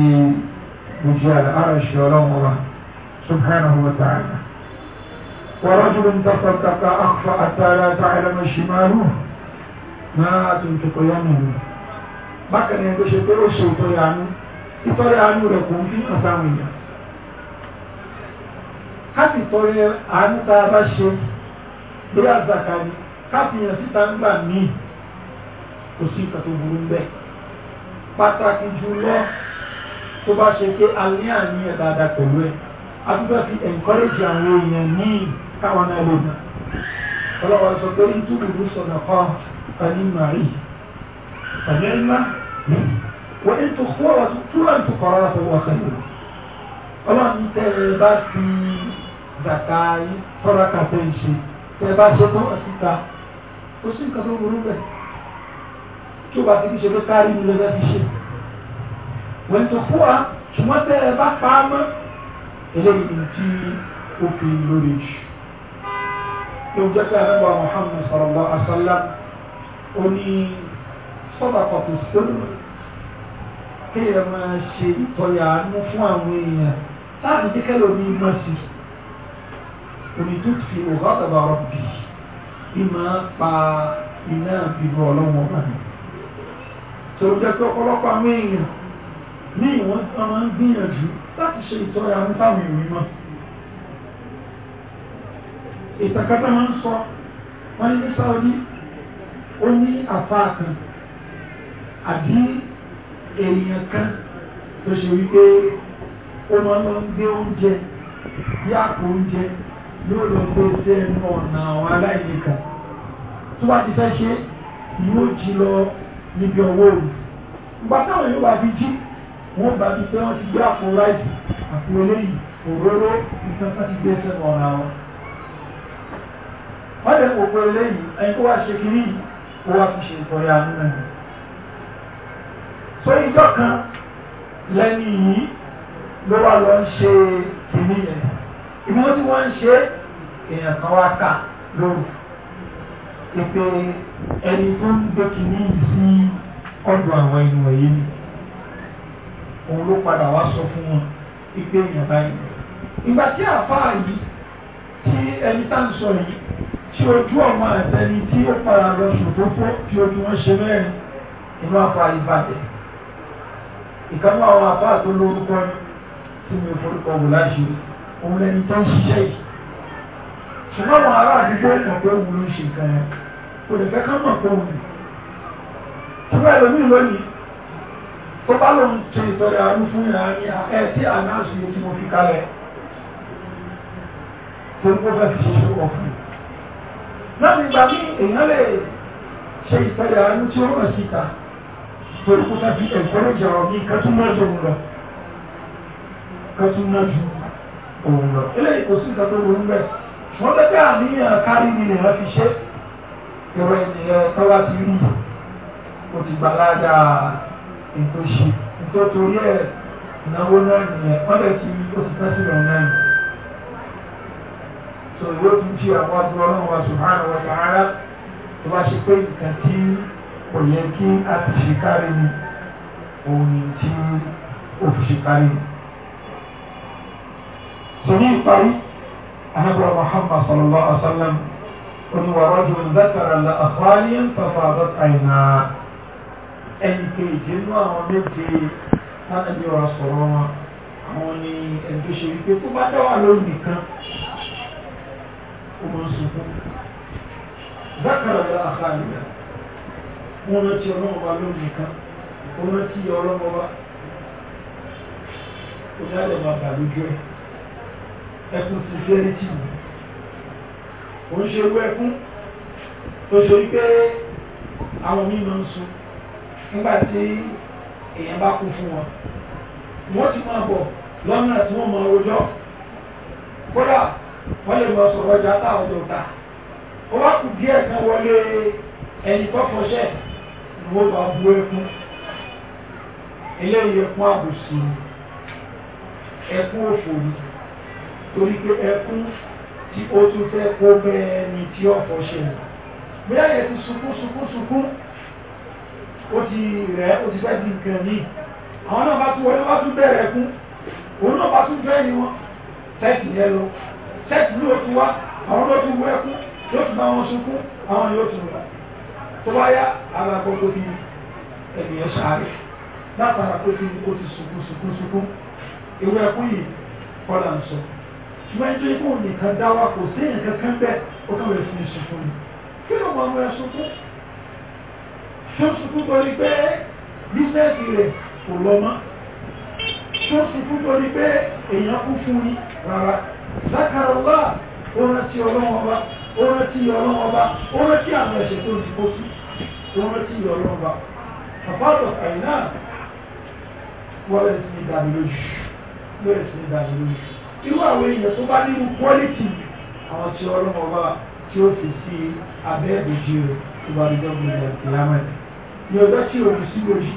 bòjì àlàárà ṣe ọlọ́mọba subhanahu wa ta'ala ورجل تصدق أخفى حتى لا تعلم شماله ما تنفق يمينه bákan ni ẹgbẹ́ ṣe pé ó ṣe ìtọ́rẹ àánú ìtọ́rẹ àánú rẹ̀ kò ń fi hàn sáwọn èèyàn káàpì tọrẹ àánú tá a bá ṣe lórí àzàkà ni káàpì yàn síta ń gbà míì kò sí ìkà tó burú bẹ́ẹ̀ pàtàkì jùlọ tó bá ṣe pé alẹ́ àní ẹ̀ dáadáa pẹ̀lú ẹ̀ adúgbò fi encourage àwọn èèyàn ní káwọn náà lè nà ọlọ́wọ́ sọ pé ìtúbùrú sọ̀nà kan pẹ̀lú màrí pẹ̀lú ẹ̀má wọ́n ń tó kọ́ ọ̀rọ̀ tó túrọ̀ ń tó kọ́ ọ̀rọ̀ tó wọ́n sẹ́yìn ọlọ́run tẹ́ ẹ bá fi zàkà yín tọ́ra kàtẹ́ ìṣe tẹ́ bá ṣe tán àtúntà ó o nǹkan tó burú bẹ̀ tí ó bá ti fi ṣe ló kárí ní lọ́dọ̀ fi ṣe wọ́n tó fún wa ṣùgbọ́n tẹ́ ẹ bá pa á mọ́ eléyìí ní tí ó fi lórí jù ló jẹ́ pé àdúgbò Muhammad sallallahu alaihi wasallam ó ní sọ́dọ̀kọ̀ tó sọ́dọ̀ kéèyàn máa ṣe ìtọ́yà àánú fún àwọn èèyàn láti jẹ́kẹ́ lómi mọ̀ sí i onítútù ọ̀gádàbà rọ̀bì ìmọ̀ pa iná ìlú ọlọ́wọ́ bá mi tó jẹ́ pé ọ̀pọ̀lọpọ̀ àwọn èèyàn ní ìwọ̀n tí wọ́n máa ń gbìyànjú láti ṣe ìtọ́ra ní táwọn ìwé mọ́ ìtàkátà máa ń sọ wọ́n ní sáwọ́dí ó ní àfáà kan àbí èèyàn kan tó ṣe wípé ó máa ń gbé oúnjẹ bí àpò oúnjẹ yóò lọ gbé sí ẹnu ọ̀nà àwọn aláìní kan tó bá ti fẹ́ ṣe yóò jí lọ níbi ọwọ́ òru ìgbà táwọn yóò bá fi jí wọ́n bá ti fẹ́ wọ́n ti gbé àpò ráìsì àpò òróró ti gbé sẹ́nu ọ̀nà wọn. wọ́n lè kó pé eléyìí ẹni tó wá ṣe kiri ó wá fi ṣe ìtọ́jú kan yìí ló wà lọ ń ibi wọ́n tí wọ́n ń ṣe èèyàn kan wá kà lóru pípé ẹni tó ń gbé kìíní yìí sí àwọn ẹni wọ̀nyí ni òun ló padà wá sọ fún wọn pípé èèyàn báyìí ìgbà tí àfáà yìí tí ẹni tá ń sọ yìí tí ojú ọmọ àtẹni tí ó padà lọ ṣòfófó tí ojú wọn ṣe mẹ́rin inú àfáà yìí bàjẹ́ ìkànnì àwọn àfáà tó lórúkọ ni tí mi ò forúkọ wò láṣìírí òun lẹni tó ń ṣiṣẹ́ yìí ṣùgbọ́n àwọn ará àdúgbò mọ̀ pé òun ló ń ṣe nǹkan yẹn kò lè fẹ́ ká mọ̀ pé òun nìyí ṣùgbọ́n ẹlòmíì lónìí tó bá lòun ṣe ìtọ́jú àánú fún ìrìn àárín ẹ tí ànáàsì yìí tí mo fi kalẹ̀ tó ń kó fẹ́ fi ṣe ṣòwò fún un náà nígbà míì èèyàn lè ṣe ìtọ́jú àánú tí ó hàn síta torí kó fẹ́ fi ẹ̀kọ́ lè jọ̀rọ̀ ní kẹ́tùmọ́ òun lọ eléyìí kò sí nǹkan tó ronú bẹ́ẹ̀ ṣùgbọ́n pẹ́pẹ́ àníyàn kárí ni lè fi ṣe ìrọ̀ ènìyàn tó bá ti rí o ti gbà ládàá ètò ṣe nítorí torí ẹ̀ ìnáwó náà nìyẹn wọ́n lè ti o ti tán sílẹ̀ náà nìyẹn so ìwé tó ń ṣe àwọn àti ọlọ́run wa subhanahu wa ta'ala tó bá ṣe pé nǹkan tí kò yẹ kí a ti ṣe kárí ni òun ni tí o fi ṣe kárí ni so ní ìparí anábọ̀ Muhammad sallallahu alaihi wa sallam oníwàwájú zakara la àfáàlì ń tọ́fà àbọ̀ àìnà ẹni kejì nínú àwọn méje tánàbí ọ̀rọ̀ sọ̀rọ̀ wọn àwọn ni ẹni tó ṣe wípé tó bá dáwà lórí nìkan ó máa ń sunkún zakara la àfáàlì wọn rántí ọlọ́mọba lórí nìkan wọn rántí ọlọ́mọba ó dá lè máa bà lójú ẹ̀ ẹkún sincerity ò ń ṣe owó ẹkún tó ṣe wípé àwọn mímọ ń sun nígbà tí èèyàn bá kú fún wọn wọ́n ti máa bọ̀ lọ́nà tí wọ́n máa rojọ́ kódà wọ́n lè máa sọ̀rọ̀ ọjà táwọn tó ta ó wá kù díẹ̀ kan wọlé ẹni tó fọṣẹ́ ni wọ́n máa bu ẹkún eléyìí ẹkún àbòsí ẹkún òfò ni torí pé ẹkún tí ó tún fẹ́ kó bẹ́ẹ̀ ni tí ọ̀fọ̀ ṣe nù bóyá yẹn ti sunkún sunkún sunkún ó ti rẹ̀ ó ti fẹ́ di nǹkan ní àwọn náà bá tún wọlé wá tún bẹ̀rẹ̀ ẹkún òun náà bá tún fẹ́ ni wọn tẹ́ẹ̀tì yẹn lọ tẹ́ẹ̀tì ló ti wá àwọn ló tún wọ ẹkún yóò tún bá wọn sunkún àwọn yóò tún rà tó bá yá ara gbogbo bí ènìyàn sáré látara pé kí ni ó ti sunkún sunkún sunkún ewé ẹkún yìí kọ́lá ń sọ ṣùgbọ́n ẹjọ́ ikú nìkan dá wa kò sí nǹkan kan bẹ́ẹ̀ ó kàn rẹ̀ sí ní sunkún ni kí ló máa mú ẹ sunkún ṣó sunkún torí pé bísẹ́ẹ̀sì rẹ̀ kò lọ mọ́ ṣó sunkún torí pé èèyàn kú fún ni rárá lákàrọ̀ wá ó rántí ọlọ́wọ́n ọba ó rántí ọlọ́wọ́n ọba ó rántí àwọn ẹ̀ṣẹ̀ tó ti kó sí ó rántí ọlọ́wọ́n ọba àpáàtọ̀ àìná wọ́n rẹ̀ sí ní ìdánilójú irú àwọn èèyàn tó bá nínú quality àwọn tí ọlọ́mọ bá tí ó fi sí abẹ́ ìbòjì rẹ̀ tó bá dúdú ọgbọ̀n ìgbà tí a máa ní. ní ọjọ́ tí o fi sí bòjì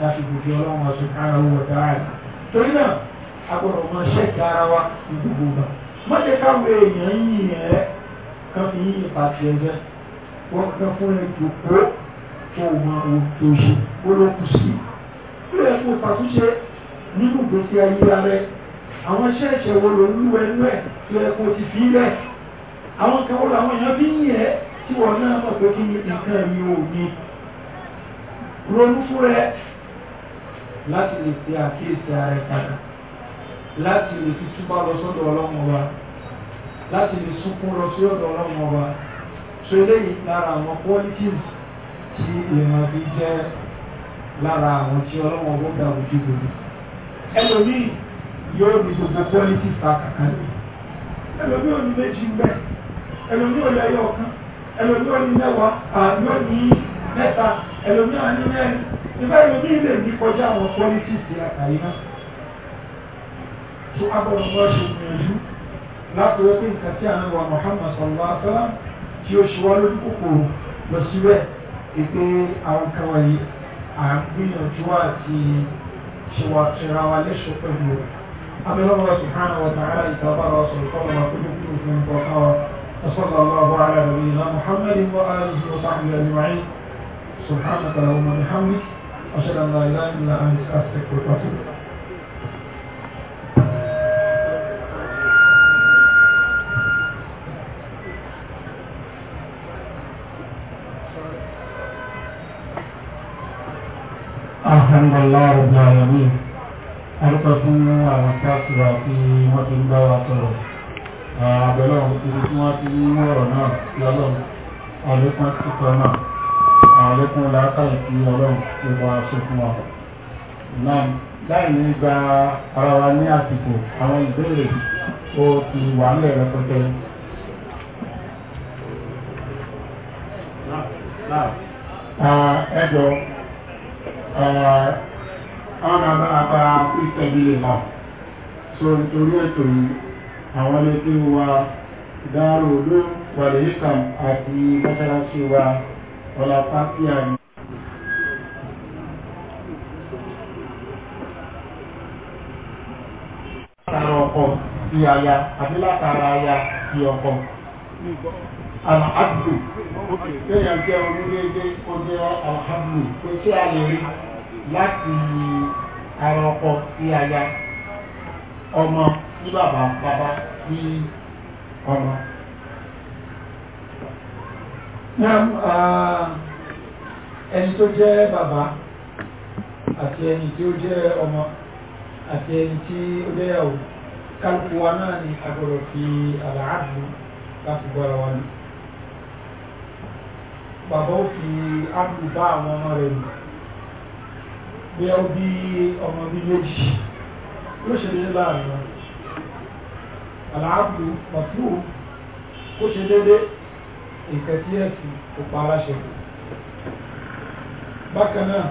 láti bòjì ọlọ́run ọ̀sùn ara owó ọ̀tá rẹ̀. torí náà a gbọ́dọ̀ mọ ṣẹ́ẹ̀kì ara wa ní gbogbo ìgbà. má ṣe káwọn èèyàn yìnyín rẹ̀ kan fi yíyìn pàtì ẹgbẹ́ wọ́n kan fún ẹ jòkó kó o mọ ohun tó ṣe kó ló kù sí. ó yẹ kó o fàtúnṣe nínú ìgbésí ayé ara àwọn ṣẹ́ẹ̀ṣẹ̀ wo ló ń lu ẹnu ẹ̀ tó yẹ kó ti fi lẹ̀ àwọn kan wo làwọn èèyàn fi ń yẹ tí wọn náà mọ̀ pé kí ni nǹkan mi ò ní ronú fún rẹ láti lè fi àkíyèsí ara ẹ̀ padà láti lè fi túbọ̀ lọ sọ́dọ̀ ọlọ́run wa láti lè sunkún lọ sí ọ̀dọ̀ ọlọ́run ọba so eléyìí lára àwọn qualities tí èèyàn fi jẹ́ lára àwọn tí ọlọ́run ọba dà ojú ẹlòmíì yóò ní gbogbo pọ́lítì pàkàkàn lè ẹlòmí ò ní méjì ń bẹ ẹlòmí ò lẹ́yọ ọ̀kan ẹlòmí ò ní mẹ́wàá àlọ́ ní mẹ́ta ẹlòmí ò ní mẹ́rin ìgbà ẹlòmí lè ní kọjá àwọn pọ́lítì sí àkàyè náà tó agbọ́dọ̀ mọ́ ṣe gbìyànjú láti wọ́n pé nǹkan tí a ń wa Muhammad sallallahu alaihi wa sallam tí ó ṣe wá lójú kòkòrò lọ síbẹ̀ ìpè àwọn kan wọ̀nyí à ń gbìyànjú àti ṣe wà tẹ̀ra wa léṣe pẹ̀lú rẹ̀. حمد الله سبحانه وتعالى كتاب رسول الله وكتبه من فوقها وصلى الله على نبينا محمد وآله وصحبه أجمعين سبحانك اللهم وبحمدك أشهد أن لا إله إلا أنت أستغفرك وأتوب إليك الحمد لله رب العالمين orúkọ fún àwọn káàkiri tí wọ́n ti ń bá wa sọ̀rọ̀ àbẹ̀lọ́ tí wọ́n ti ń mú ọ̀rọ̀ náà sí ọlọ́run àlékún títọ́ náà àlékún látàrí tí ọlọ́run tó bá ṣe fún wa náà láì ní gba ara wa ní àsìkò àwọn ìbéèrè ó ti wà ń bẹ̀rẹ̀ pẹ́pẹ́ ẹjọ́ àwọn bàbá bàbá ìtẹ̀bílé ma so nítorí ètò yìí àwọn ilé tí wa dáàrò ló wàlẹ̀ ìkàm àti mọ́ṣáláṣí wa ọlá pápíà ní látara ọkọ sí aya àti jẹ́ orílẹ̀-èdè ó jẹ́ alhadu pé kí láti ara ọkọ sí aya ọmọ sí bàbá bàbá sí ọmọ. ẹni tó jẹ́ bàbá àti ẹni tí ó jẹ́ ọmọ àti ẹni tí ó jẹ́ ìyàwó kálukú wa náà ni agbọ̀rọ̀ fi àlàáfù láti gbọ́ra wa ni bàbá ó fi áàpù bá àwọn ọmọ rẹ̀ ni. pé ó bí ọmọ bí méjì ló ṣe dédé láàrin wọn àlàáfù pàtó ó ṣe dédé ìkẹtí ẹ̀sìn kò pa aláṣẹ bákan náà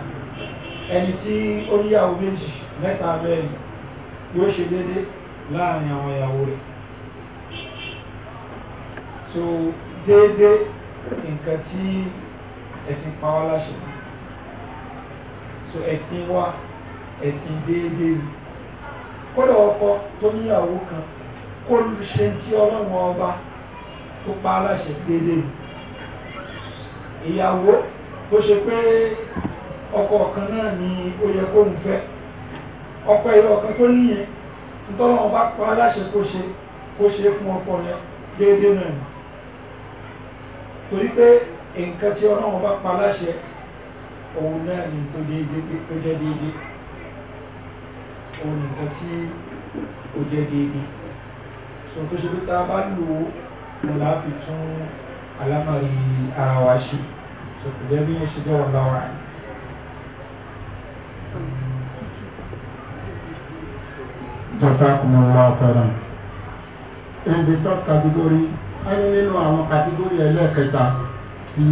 ẹni tí ó níyàwó méjì mẹ́ta bẹ́ẹ̀ yóò ṣe dédé láàrin àwọn ìyàwó rẹ̀ so déédéé nǹkan tí ẹ̀sìn pa wá láṣẹ so ẹ̀sìn wa ẹ̀sìn déédéé kódà ọkọ tó níyàwó kan kó ló ṣe tí ọlọ́run ọba tó pa aláṣẹ déédéé ìyàwó tó ṣe pé ọkọ kan náà ni ó yẹ kó ń ọkọ ìlú ọ̀kan tó níyẹn bá fún ọkọ yẹn déédéé náà torí pé nǹkan tí ọlọ́run bá pa òun náà ní di déédéé tó jẹ́ déédéé òun nìkan tí ó jẹ́ déédéé sọ tó ṣe pé tá a bá lò ó òun là á fi tún alámọ̀rí ara wa ṣe sọ kò jẹ́ bí yẹn khairan. In the third category, a nínú àwọn category ẹlẹ́ẹ̀kẹta tí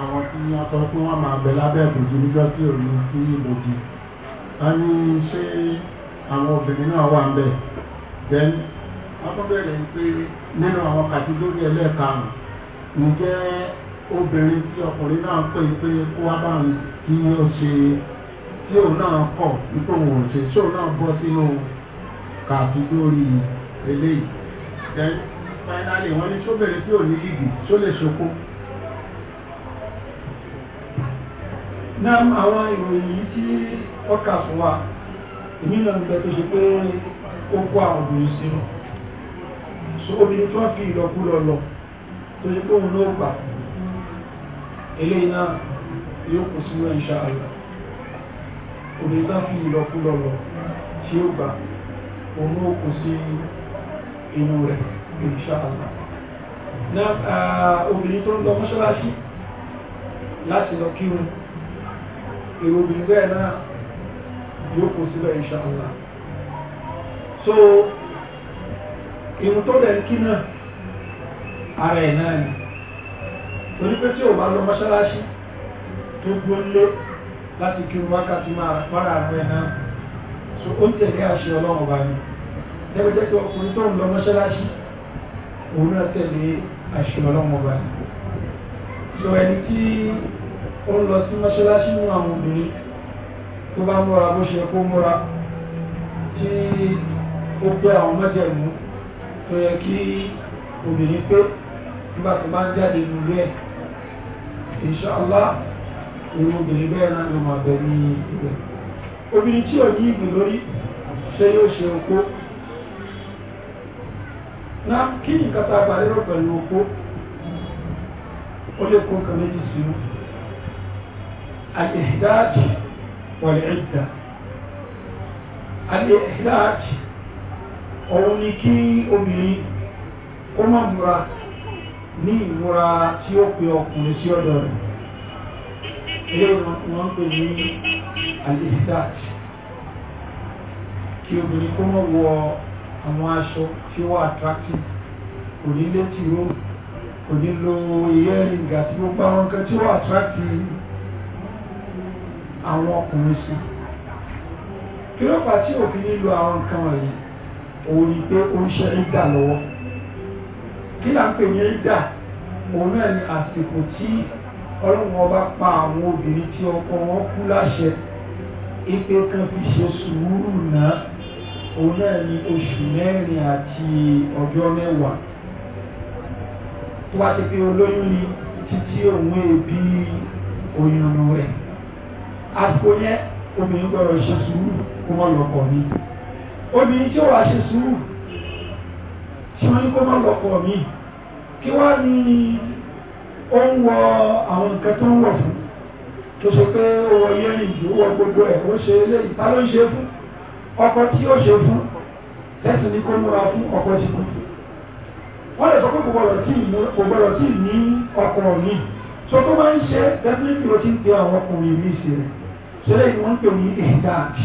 àwọn tí wọ́n sọ pé wọ́n máa bẹ lábẹ́ ìbòjì níjọ́ tí ò ní sí ìbòjì a ní ṣé àwọn obìnrin náà wà ń bẹ̀ then wọ́n tó bẹ̀rẹ̀ pé nínú àwọn kàtígórì ẹlẹ́ẹ̀karùn-ún ǹjẹ́ obìnrin tí ọkùnrin náà pè pé kó wá bá ń kí ó ṣe tí òun náà kọ̀ nípò òun ṣe tí òun náà bọ́ sínú kàtígórì eléyìí then finally wọ́n ní ṣóbìnrin tí ò ní yìgì ṣó lè ṣokó na àwọn ìròyìn yìí tí ọkà fún wa ìmìnà ìgbẹ́ tó ṣe pé ó kó àwọn obìnrin so obìnrin tó fi ìlọ́kúlọ lọ tó ṣe pé òun ló gbà eléyìí náà yóò kù sínú ìṣà àlọ́ obìnrin tó fi ìlọ́kúlọ lọ tí ó gbà òun ló kù sí inú rẹ̀ ìṣà àlọ́ náà obìnrin tó ń lọ mọ́ṣáláṣí láti ìròyìn bẹ́ẹ̀ náà yóò kó síbẹ̀ inṣàlá so ìrùn tó dẹ̀ ń kí náà ara ẹ̀ náà ni torí pé tí ò bá lọ mọ́ṣáláṣí tó gbóńlé láti kí wákàtí máa pàrà àwọn ẹ̀ náà so ó ń tẹ̀lé àṣẹ ọlọ́run bá ní lẹ́gbẹ̀ẹ́ pé ọkùnrin tó ń lọ mọ́ṣáláṣí òun náà tẹ̀lé àṣẹ ọlọ́run bá ní so ẹni tí ó ń lọ sí mọ́ṣáláṣí nínú àwọn obìnrin tó bá múra bó ṣe kó múra tí ó pé àwọn mọ́jẹ̀mú tó yẹ kí obìnrin pé nígbà tó bá ń jáde lórí ẹ̀ ìṣọ́lá ìlú obìnrin bẹ́ẹ̀ náà ló máa bẹ̀ ní ibẹ̀ obìnrin tí ò ní ìgbìn lórí ṣe yóò ṣe okó na kí nǹkan tá a gbà lérò pẹ̀lú okó ó lè kó nǹkan méjì sínú الإحداث والعدة الإحداث òun ni kí obìnrin kó má múra ní ìmúra tí ó pe ọkùnrin sí ọ̀dọ̀ rẹ̀ ilé wọn pè ní al-ihdat kí obìnrin kó má wọ àwọn aṣọ tí ó wà attractive kò ní létí ó kò ní lo iye ẹ̀rìngà tí ó gbá wọn kan tí ó wà attractive àwọn ọkùnrin sí kí ló fà òfin nílò àwọn nǹkan wọ̀nyí òun ni pé ó ń ṣe ìdà lọ́wọ́ kí là ń pè ní ìdà òun náà ni àsìkò tí ọlọ́run ọba pa àwọn obìnrin tí ọkọ wọn kú láṣẹ ipe kan fi ṣe sùúrù náà òun náà ni oṣù mẹ́rin àti ọjọ́ mẹ́wàá tó bá ti pé olóyún ni títí òun èbí oyún rẹ̀ àsìkò yẹn obìnrin gbọ́dọ̀ ṣe sùúrù kó mọ́ lọ́kọ mi obìnrin tí ó wà ṣe sùúrù tí wọ́n kó mọ́ lọ́kọ mi kí wá ní ó ń wọ àwọn nǹkan tó ń wọ̀ fún tó ṣe pé ó wọ yẹ́rìn jù ó wọ gbogbo ẹ̀ ó ṣe eléyìí ta ló ń ṣe fún ọkọ tí ó ṣe fún tẹ́sí ní kó múra fún ọkọ tí kú wọ́n lè sọ pé kò gbọ́dọ̀ tí ì ní ọkọ mi so tó máa ń ṣe definitely ó ti ń pe àwọn ọkùnrin mi sí rẹ̀ sọlẹ́ yìí wọ́n ń pè ní ihtaj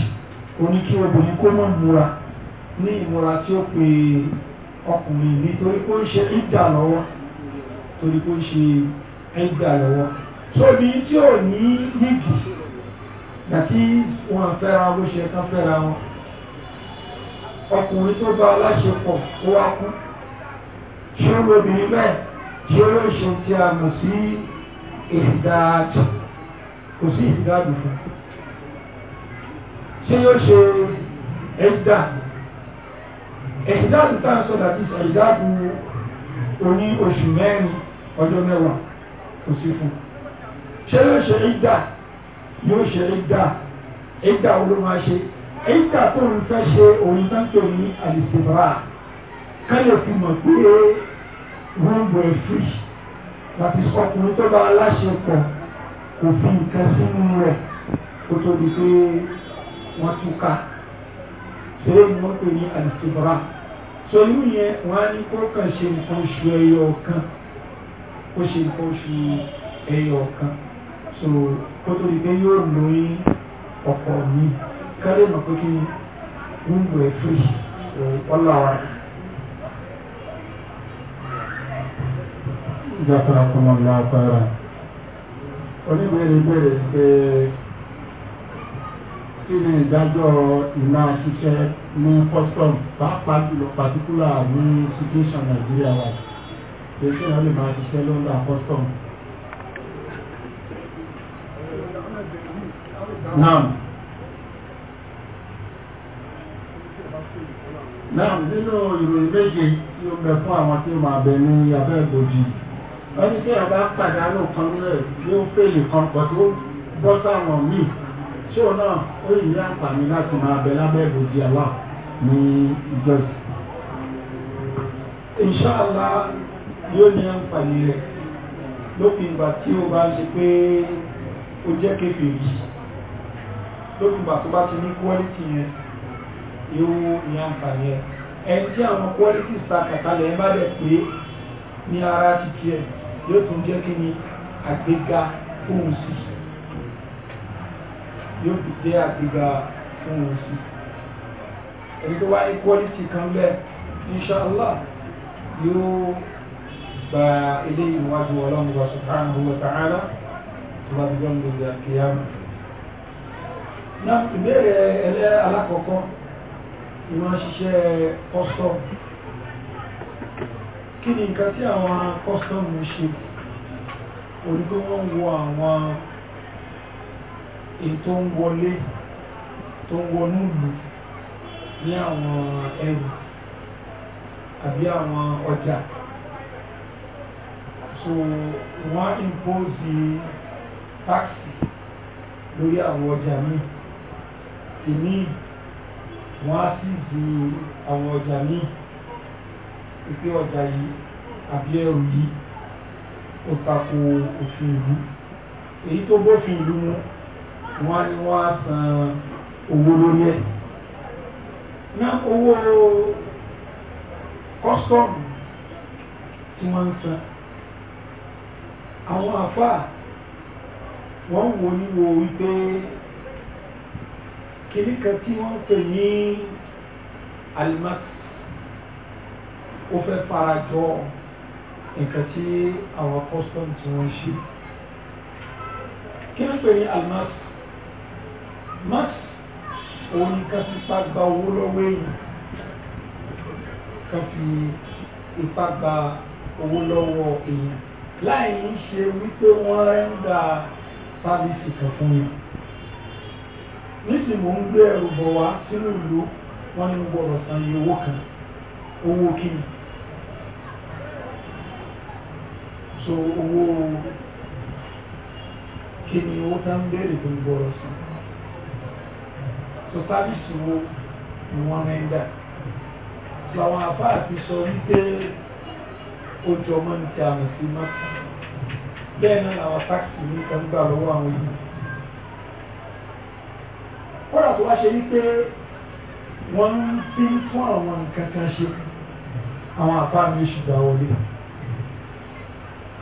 oní kí obìnrin kó mọ̀ múra ní ìmúra tí ó pe ọkùnrin nítorí kó ń ṣe ìdà lọ́wọ́ torí kó ń ṣe ìdà lọ́wọ́ tóbi tí ò ní nídìí àti wọn fẹ́ra bó ṣe kán fẹ́ra wọn ọkùnrin tó bá aláṣepọ̀ ó wá kú ṣé olóbìnrin bẹ́ẹ̀ ṣé olóṣèlú tí a mọ̀ sí ihtaj kò sí ihtaj fún tí yóò ṣe ẹ̀dá ẹ̀dá tá a sọ dàbí ẹ̀dá bu oní oṣù mẹ́rin ọjọ́ mẹ́wàá kò sí fún ṣé yóò ṣe ẹ̀dá yóò ṣe ẹ̀dá ẹ̀dá wo ló máa ṣe ẹ̀dá tó ń fẹ́ ṣe òun náà tó ní àlìsèbáà káyọ̀ fi mọ̀ pé wọ́n bọ̀ ẹ̀ fíì láti sọkùnrin tó bá aláṣepọ̀ kò fi nǹkan sínú rẹ̀ kó tó di pé wọ́n túká ṣeré ni wọ́n pè ní alìsibra so irú yẹn wọ́n á ní kó kàn ṣe nǹkan oṣù ẹyọ kan ó ṣe nǹkan oṣù ẹyọ kan so kó tó di pé yóò lóyún ọ̀pọ̀ mi kárẹ́ mọ̀ pé kí ń lò ẹ̀ fún yìí so wọ́n là wà. Jazakumullahu khairan. Oníbẹ̀rẹ̀ bẹ̀rẹ̀ pé kí ni ìdájọ́ ìná ṣiṣẹ́ ní custom pàápàá jùlọ particular ní situation Nigeria wa èsì ìyá lè máa ṣiṣẹ́ lọ́dà custom. Now, náà nínú ìròyìn méje tí ó bẹ fún àwọn tí ó máa bẹ ní abẹ́ ìbòjì ẹni tí ẹ bá pàdánù kan rẹ̀ yóò fèlè kan pọ̀ tó bọ́ sáwọn míì ṣé o náà ó yìí ní àǹfààní láti máa bẹ lábẹ́ ìbòjì àwa ní ìjọsìn ìṣáàlá yóò ní àǹfààní rẹ̀ lópin ìgbà tí o bá ń ṣe pé o jẹ́ kéfèèrè lópin ìgbà tó bá ti ní kúọ́lìtì yẹn yóò ní àǹfààní rẹ̀ ẹni tí àwọn kúọ́lìtì sàkàtàlẹ̀ bá bẹ̀ pé ní ara ti tiẹ̀ yóò tún jẹ́ kí ni àgbéga fóun sí i yóò fi jẹ́ àgbéga fún oṣù ẹni tó wá ní quality kan bẹ́ẹ̀ inṣàlá yóò gba ilé ìwájú ọlọ́run wa subhanahu wa ta'ala tó bá dúró ní ìgbà kìyàmù náà ìbéèrè ẹlẹ́ alákọ̀ọ́kọ́ ìwọ̀n ṣiṣẹ́ custom kí ni nǹkan tí àwọn custom ń ṣe orí tó wọ́n wo àwọn ètò ń wọlé tó ń wọnú ìlú ní àwọn ẹrù àbí àwọn ọjà so wọ́n impose taxi lórí àwọn ọjà míì ìní wọ́n á sì di àwọn ọjà míì pípé ọjà yìí àbí ẹrù yìí ó tako òfin ìlú èyí tó bófin ìlú mu wọ́n ní wọ́n á san owó lórí ẹ̀ ní owó kọ́sọ̀mù tí wọ́n ń san àwọn àfáà wọ́n wò ní wo wípé kìíní kan tí wọ́n pè ní alimak ó fẹ́ fara jọ nǹkan tí àwọn kọ́sọ̀mù tí wọ́n ṣe kí pè ní alimak mas o kan fi ipá gba owó lọ́wọ́ èèyàn kan fi ipá gba owó lọ́wọ́ èèyàn láì ń ṣe wípé wọ́n rẹ́ńdà sábìsì kan fún yàn nísì mò ń gbé ẹrù bọ̀ wá sínú ìlú wọn ni mo gbọ́dọ̀ san iye owó kan owó kíni so owó kíni owó tá ń béèrè tó gbọ́dọ̀ san tó sábìsì wo ni wọ́n rẹ́ńdà làwọn àbá ti sọ wípé ojú ọmọ ní ti àmì sí mọ́ bẹ́ẹ̀ náà làwọn táàkì ní kan gbà lọ́wọ́ àwọn yìí kọ́dà tó wá ṣe wípé wọ́n ń fi ń fún àwọn nǹkan kan ṣe àwọn àbá mi ṣùgbà wọlé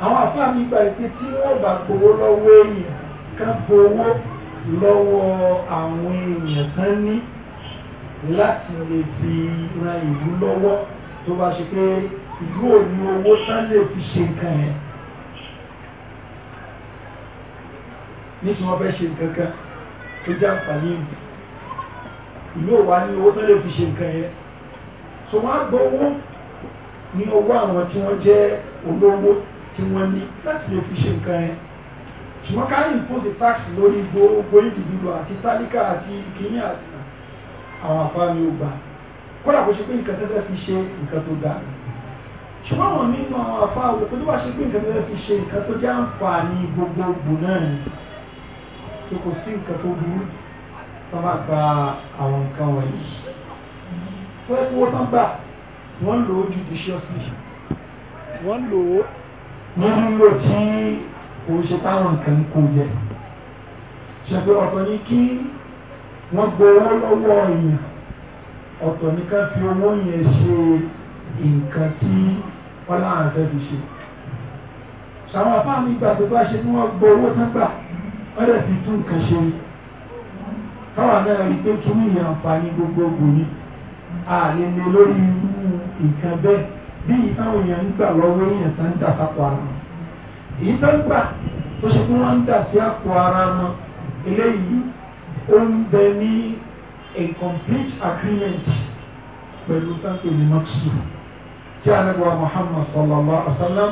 àwọn àbá mi gbà pé tí wọ́n bá gbowó lọ́wọ́ èèyàn kan gbowó lọ́wọ́ àwọn èèyàn tán ní láti lè fi ran ìlú lọ́wọ́ tó bá ṣe pé ìlú ò ní owó tán lè fi ṣe nǹkan yẹn ní tí wọ́n fẹ́ ṣe nǹkan kan tó jẹ́ àǹfààní ìlú ìlú ò wá ní owó tán lè fi ṣe nǹkan yẹn so wọ́n á gbowó ní owó àwọn tí wọ́n jẹ́ olówó tí wọ́n ní láti lè fi ṣe nǹkan yẹn ṣùgbọ́n ká impose tax lórí gbogbo ìdìdúró àti tálíkà àti ìkíní àti àwọn afáàmì ògbà kódà kó ṣe pé nǹkan tẹ́tẹ́ fi ṣe nǹkan tó dáa ṣùgbọ́n àwọn nínú àwọn afáàwò tó wá ṣe pé nǹkan tẹ́tẹ́ fi ṣe nǹkan tó jẹ́ àǹfààní gbogbogbò náà ni tó kò sí nǹkan tó burú tó máa gba àwọn nǹkan wọ̀nyí tó ẹ́ kó tán gbà wọ́n lò ó judiciously wọ́n lò ó nínú lò tí kò ṣe táwọn nǹkan kò yẹ ṣẹ̀fẹ̀ ọ̀tọ̀ ní kí wọ́n gbowó lọ́wọ́ èèyàn ọ̀tọ̀ ní ká fi owó yẹn ṣe nǹkan tí wọ́n láwọn fẹ́ fi ṣe àwọn afáà mi gbà tó bá ṣe ní wọ́n gbowó tán gbà wọ́n lè fi tún nǹkan ṣe káwọn náà rí pé kí ní àǹfààní gbogbogbò ni a lè lè lórí nǹkan bẹ́ẹ̀ bí ìtàwọn èèyàn ń gbà lọ́wọ́ tán dà sápò ara èyí tó ń gbà tó ṣe fún wọn ń dà sí àpò ara wọn eléyìí ó ń bẹ ní a complete agreement pẹ̀lú sáńpẹ̀ ní mọ́tò tí a nígbà Muhammad sallallahu alaihi wa sallam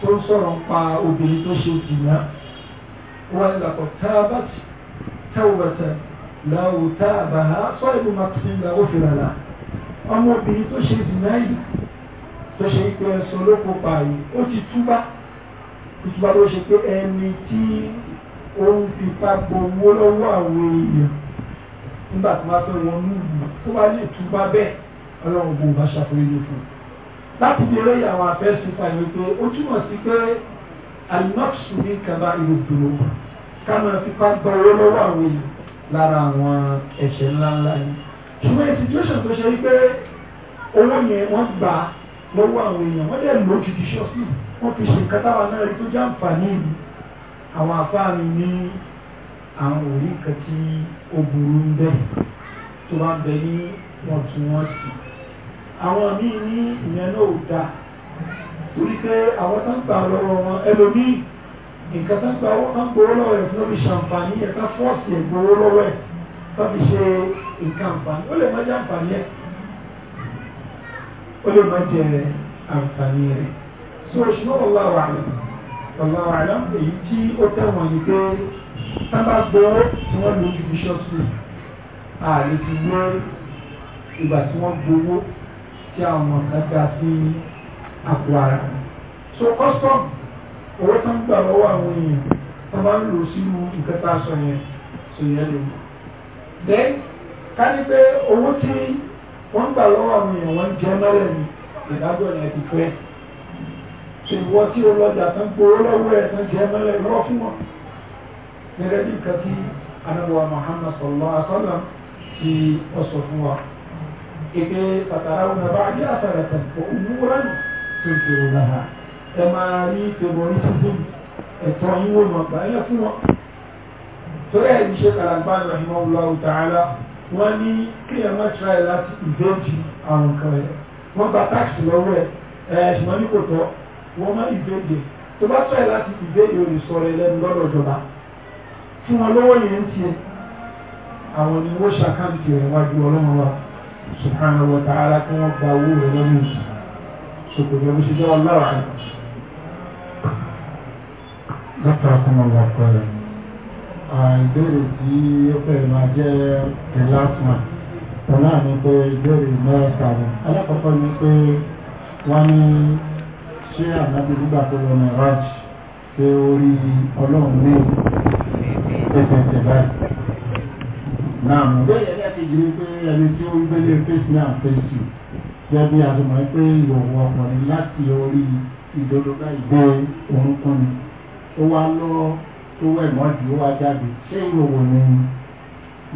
tó ń sọ̀rọ̀ ń pa obìnrin tó ṣe jìnnà wọn làkọ̀ tábàtì tẹ́wọ̀tẹ̀ lọ́wọ́ tábàá sọ ìlú mọ́tò ńlá ó fi rà láà ọmọbìnrin tó ṣe jìnnà yìí tó ṣe ìpẹ́ ẹ̀sọ́ ló kópa yìí ó ti túbá ìtura ló ṣe pé ẹni tí ó ń fi pápọ̀ owó lọ́wọ́ àwọn èèyàn nígbà tí wọ́n fẹ́ wọn lùlù tó bá lè túbá bẹ́ẹ̀ ọlọ́run kò bá ṣàforíjì fún un láti fi eré àwọn afẹ́sífà yìí pé ó túmọ̀ sí pé alinọ́ọ̀sù ní kaba ìròdùrò ká máa fipá gba owó lọ́wọ́ àwọn èèyàn lára àwọn ẹ̀ṣẹ̀ ńláńlá yìí ṣùgbọ́n situation tó ṣe wípé owó yẹn wọ́n gbà á lọ́wọ́ àwọn èèyàn wọ́n dẹ̀ lò judiciously wọ́n fi ṣe nǹkan táwa náà rí tó jẹ́ àǹfààní ìlú àwọn afáàmì ní àwọn òrí nǹkan tí ó burú ń bẹ tó bá ń bẹ ní wọ̀ntúnwọ̀nsì àwọn míì ní ìyẹn náà ò dáa torí pé àwọn tó ń gbà lọ́wọ́ wọn ẹlòmíì nǹkan tó ń gbà wọ́n kan gbowó lọ́wọ́ ẹ̀ fún omi ṣàǹfààní ẹ̀ ká fọ́ọ̀sì ẹ̀ gbowó lọ́wọ́ ẹ̀ ó lè má jẹ àǹfààní rẹ̀ so ṣùgbọ́n ọláwà àlọ́ ọláwà àlọ́ èyí tí ó tẹ̀wọ̀n yìí pé sábà gbọ́ tí wọ́n lò ju bishop ààrẹ ti gbọ́ ìgbà tí wọ́n gbowó tí àwọn kan dá sí àpò ara so custom owó tó ń gbà lọ́wọ́ àwọn èèyàn tó bá ń lò sínú nǹkan tá a sọ yẹn so yẹn lò then ká ní pé owó tí wọ́n gbà lọ́wọ́ àwọn èèyàn wọ́n jẹ́ mẹ́rẹ̀ ni ìdájọ́ yẹn ti fẹ́ ṣe ìwọ́ tí ó lọ́jà tán gbowó lọ́wọ́ ẹ̀ tán jẹ́ mẹ́rẹ̀ lọ́ fún wọn gẹ́gẹ́ bí nǹkan tí anábọ̀wá Muhammad sallallahu alaihi wasallam ti ọ̀sọ̀ fún wa èké pàtàkì àwọn bàbá àti àtàrà tán kò wúra nù tó ń ṣòro ẹ máa rí ìṣòro ní tuntun ẹ̀tọ́ yín wò wọn gbà ẹ̀ fún wọn torí ẹ̀ wọ́n ní kéèyàn má ṣe ráyè láti ìbéèjì àwọn nǹkan ẹ̀ wọ́n gba táàkì lọ́wọ́ ẹ̀ ẹ̀ ṣùgbọ́n ní kò tọ́ wọ́n má ìbéèjì tó bá ṣe láti ìbéèjì ò lè sọ̀rọ̀ ẹlẹ́nu lọ́dọ̀ ìjọba fún wọn lọ́wọ́ yẹn ń tiẹ̀ àwọn ni wọ́n ṣàkáǹtì rẹ̀ wájú ọlọ́run wa subhanahu wa ta'ala kí wọ́n gba owó rẹ̀ lọ́nà ìsìn ṣòkòtò ọmọ ṣiṣẹ́ ọlọ́run ìbéèrè tí ó fẹ́ máa jẹ́ the last one òun náà ni pé ìbéèrè mẹ́ta ni alákọ̀ọ́kọ́ ni pé wọ́n ní ṣé ànábì nígbà tó lọ ní raj pé orí ọlọ́run ní ẹ̀ẹ́dẹ̀ẹ̀dẹ̀ báyìí náà mú bẹ́ẹ̀ yẹ́ kejì ni pé ẹni tí ó ń gbélé face ní àfẹ́sì jẹ́ bí àdùnmọ́ pé ìwọ̀wọ̀ ọkùnrin láti orí ìdodo báyìí dé orúnkún ni ó wá tó wẹ̀ mọ́jú wá jáde ṣé ìròwò ni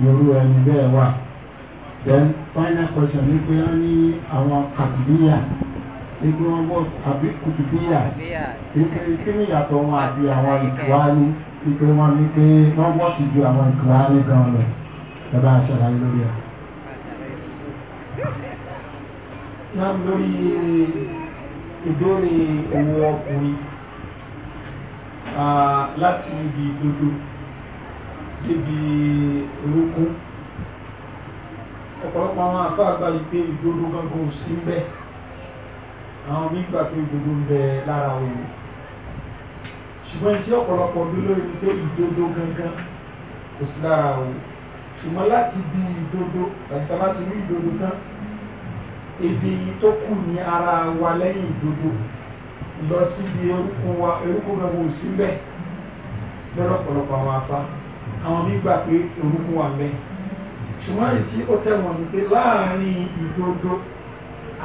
irú ẹni bẹ́ẹ̀ wà then final question ni pé wọ́n ní àwọn kàtìbíyà ní pé wọ́n bọ́ àbí kùtìbíyà ní pé kí ni ìyàtọ̀ wọn àti àwọn ìkùránì ní pé wọ́n ní pé wọ́n bọ́ sí ju àwọn ìkùránì gan lọ ẹ bá lórí ẹ̀. náà lórí ìdóni owó ọkùnrin láti ibi ìdodo débi orúkún ọ̀pọ̀lọpọ̀ àwọn àfáàgbà ìpé ìdodo gangan ò sí bẹ́ àwọn nígbà tó ìdodo ń bẹ lára òun ṣùgbọ́n tí ọ̀pọ̀lọpọ̀ bí lórí pé ìdodo gangan kò sí lára òun ṣùgbọ́n láti bí ìdodo àti láti rí ìdodo tán èdè yìí tó kù ní ara wa lẹ́yìn ìdodo lọ síbi erúkún wa erúkún gbogbo òsì bẹ́ẹ̀ lọ́lọ́pọ̀lọpọ̀ àwọn apá àwọn mi gbà pé orúkún wà bẹ́ẹ̀ ṣùgbọ́n èyí tí ó tẹ̀wọ̀n ni pé láàárín ìdodo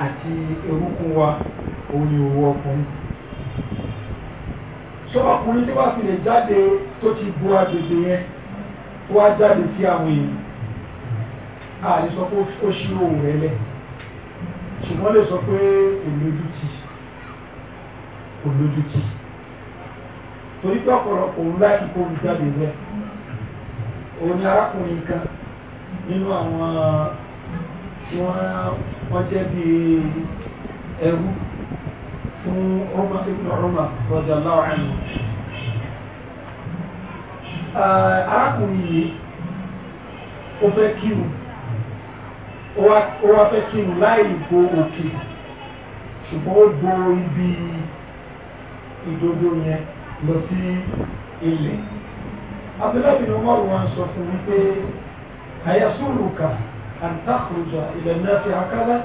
àti orúkún wa òun ni òwú ọkùnrin sọ ọkùnrin tí wàá fi lè jáde tó ti bu agbègbè yẹn tó wá jáde sí àwọn èèyàn a lè sọ pé ó ṣírò rẹ̀ lẹ̀ ṣùgbọ́n lè sọ pé èmi ojú ti ṣe. kò lójú tì torí pé ọ̀pọ̀lọpọ̀ òun láti kó omi jáde òun ni arákùnrin kan nínú àwọn tí wọ́n jẹ́ bí ẹrú fún Roma ibn Umar radiyallahu anhu arákùnrin yìí ó fẹ́ kírun ó wá fẹ́ kírun láì bo òkè ṣùgbọ́n ó bo ibi ìdodo yẹn lọ sí ilẹ̀ abdullahi bin umar wọn sọ fún mi pé àyàsúlùkà àtàkùrùjà ilẹ̀ náà fi àkàlà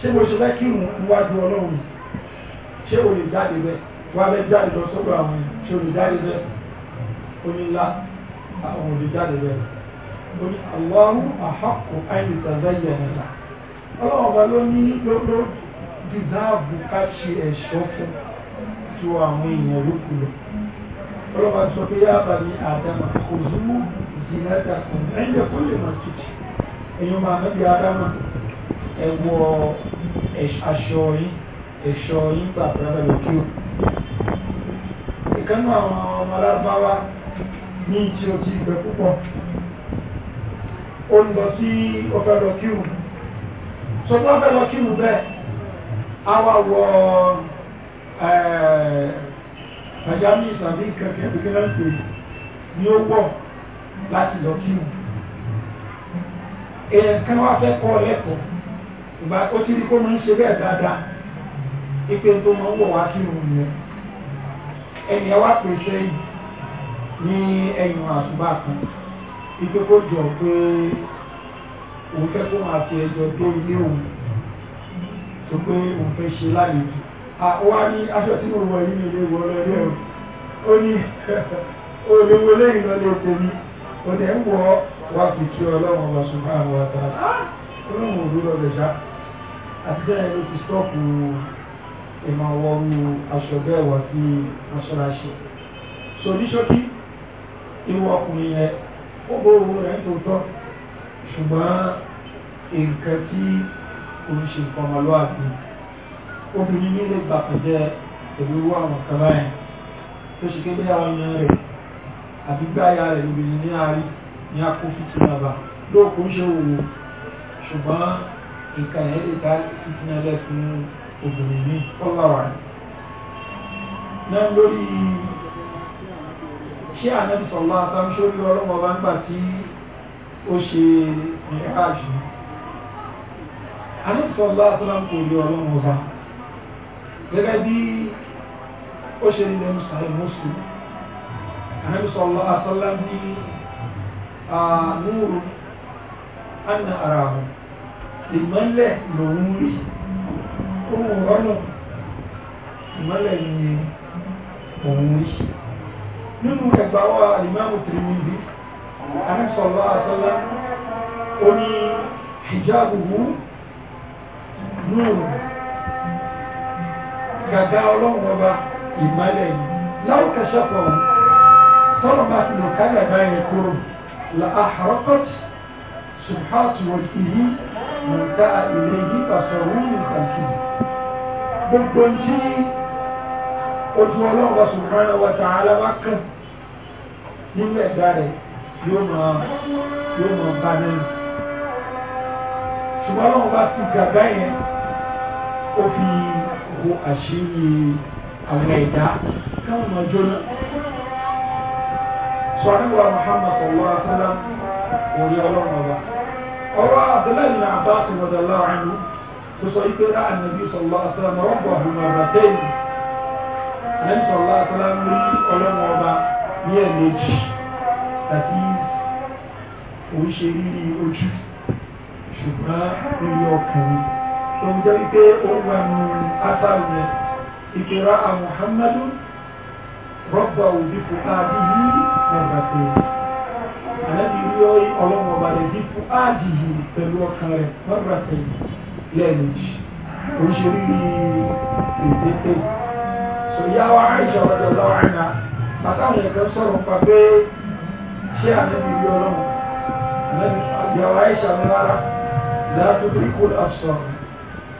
ṣé mo ṣe bẹ́ẹ̀ kí n wájú ọlọ́run ṣé o lè jáde bẹ́ẹ̀ wá bẹ́ẹ̀ jáde lọ sọ́dọ̀ àwọn ṣé o lè jáde bẹ́ẹ̀ onílá àwọn olè jáde bẹ́ẹ̀ oní àwọn àhàkù àìlùtàzáyà nìlá ọlọ́run ọba ló ní lọ́dọ̀ dìzáàbù ká ṣe ẹ̀ṣọ́ fún un ju àwọn èèyàn yòókù lọ ọlọ́wà sọ pé yá bà ní àdámà kò zúmú ìdínádà kò ní ẹ̀yẹ kó lè mọ̀ títì èyàn máa nẹ́bí àdámà ẹwọ aṣọ yìí ẹ̀ṣọ́ gbà o àwọn ọmọ ní tí ti gbẹ púpọ̀ pàjáwìrì tàbí kẹ̀kẹ́ kékeré ń pè ní ó pọ̀ láti lọ kí wọn. èèyàn kan wá fẹ́ kọ́ lẹ́kọ̀ọ́ ìgbà ó ti rí kó máa ń ṣe bẹ́ẹ̀ dáadáa ipe tó máa ń wọ̀ wá kí wọn nìyẹn. ẹnì ẹ wá pèsè ní ẹ̀yìn àtúbà kan ipe kó jọ pé òun fẹ́ kó máa fi ẹjọ́ tó ilé òun tó pé òun fẹ́ ṣe lálejò àwa ní aṣọ tí mo wọ̀ yìí lè wọ̀ lọ lẹ́wọ̀ ó ní olówó lẹ́yìn lọ lè tèmi ó ní ń wọ wá fi kí ọlọ́run ọba ṣùgbọ́n àwọn àtà olóhùn òdúró rẹ̀ ṣá àti bẹ́ẹ̀ ló ti stọ́ọ̀pù ìmọ̀ wọrú aṣọ bẹ́ẹ̀ wá sí aṣọ́raṣe so ní ṣókí ìwọ ọkùnrin yẹn ó bó owó rẹ̀ tó tọ́ ṣùgbọ́n nǹkan tí oríṣi nǹkan ọmọlúwàbí obìnrin ní lè gbà pẹ̀lẹ́ pẹ̀lú owó àwọn kan báyìí tó ṣe kébé àwọn èèyàn rẹ̀ àbí gbáyà rẹ̀ obìnrin ní àárín ní akó fìtì nàbà lóòkó ń ṣe òwò ṣùgbọ́n nǹkan yẹn lè dá fìtì nàbà fún obìnrin ní kọ́láwà rẹ̀ náà lórí ṣé ànẹ́bìsọ̀lá àtàmíṣórí ọlọ́mọ bá ń gbà tí ó ṣe ìrìnàjò ànẹ́bìsọ̀lá àtàmíṣórí ọlọ́mọ bá ń gbà gẹ́gẹ́ bí ó ṣe nílẹ̀ musaí musu ànábì sallallahu alaihi wasallam ní àánúrù anna ara hàn ìmọ́lẹ̀ lòun rí ohun rọ́nà ìmọ́lẹ̀ ni òun rí nínú ẹgbàwà ìmáàmù tìrìmìbí ànábì sallallahu alaihi ó ní hijabuhu nuru gàgá ọlọ́run ọba ìmọ́lẹ̀ yìí láwùjọ ṣọ́pọ̀ tọ́lọ̀ bá ti lò kálẹ̀ báyẹn kúrò la àhọ́rọ́kọ́t ṣùgbọ́n wọ̀tí yìí nǹka ilé yìí pàṣọwọ́ nǹkan kì í gbogbo tí ojú ọlọ́run ọba subhanahu wa ta'ala wá kàn nínú ẹ̀dá rẹ̀ yóò máa yóò máa bá náà ṣùgbọ́n ọlọ́run bá ti gàgá yẹn ó fi bo àṣírí àwọn ẹ̀dá káwọn máa jóná sọ àdúgbò Muhammad sallallahu alaihi wasallam orí ọlọ́run ọba ọ̀rọ̀ Abdullahi ibn Abbas radiyallahu anhu tó sọ ipe rá ànàbí sallallahu alaihi wasallam rọ́bù àhùnmọ̀ àbàtẹ́yìn ànàbí sallallahu alaihi wasallam rí ọlọ́run ọba ní ẹ̀mẹ́jì àti òun ṣe rírí ojú ṣùgbọ́n rírí ọkùnrin tó ń jẹ́ wípé ó ń wà nù asáru yẹn ìkìrá a muhammadu rọ́bà òbí fún áàdì yìí ọ̀gá pé àlẹ́bí rí ọlọ́run ọba rẹ̀ bí fún áàdì yìí pẹ̀lú ọkàn rẹ̀ ọ̀gá pé lẹ́ẹ̀mejì oríṣiríṣi ìdíkè sọ̀yáwá àìsàn ọ̀dọ̀ lọ́wọ́ àná àtàwọn ẹ̀kọ́ sọ̀rọ̀ pa pé ṣé àlẹ́bí rí ọlọ́run àlẹ́bí àgbẹ̀wá àìsàn rárá látòkè kó lọ́sọ̀rọ̀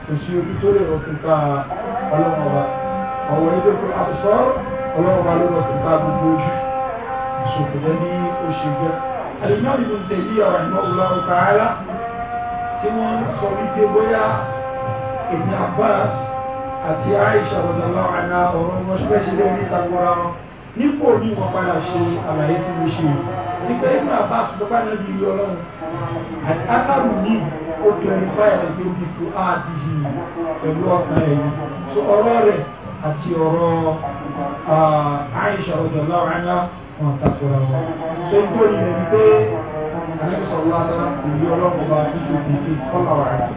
kò sí ojú tó lè rọ kíkà ọlọ́mọba ọ̀wọ́ ní pẹ̀lú àṣọ ọlọ́mọba ló rọ kíkà gbogbo ojú ìṣòkòjẹ́ ní oṣù jẹ́ àdìmọ́ ìlú tẹ̀ yí ọ̀rọ̀ ìmọ̀ ọlọ́run tààrà tí wọ́n sọ wípé bóyá ìpín àbá nípò ní wọ́n padà ṣe àlàyé tí mo ṣe ní pé inú àbá àtúntọ́pá náà di ọlọ́run àti átàrù ní ó clarify ẹ̀ tó di tó á di yìí pẹ̀lú ọkàn ẹ̀ yìí so ọ̀rọ̀ rẹ̀ àti ọ̀rọ̀ Aisha ọ̀dọ̀lá ọ̀rẹ́ná wọn takora wọn so igbó ni ẹni pé àlẹ́ sọ̀rọ̀ látara kò yí ọlọ́run bá nínú ìdíje kọ́lá wà rẹ̀.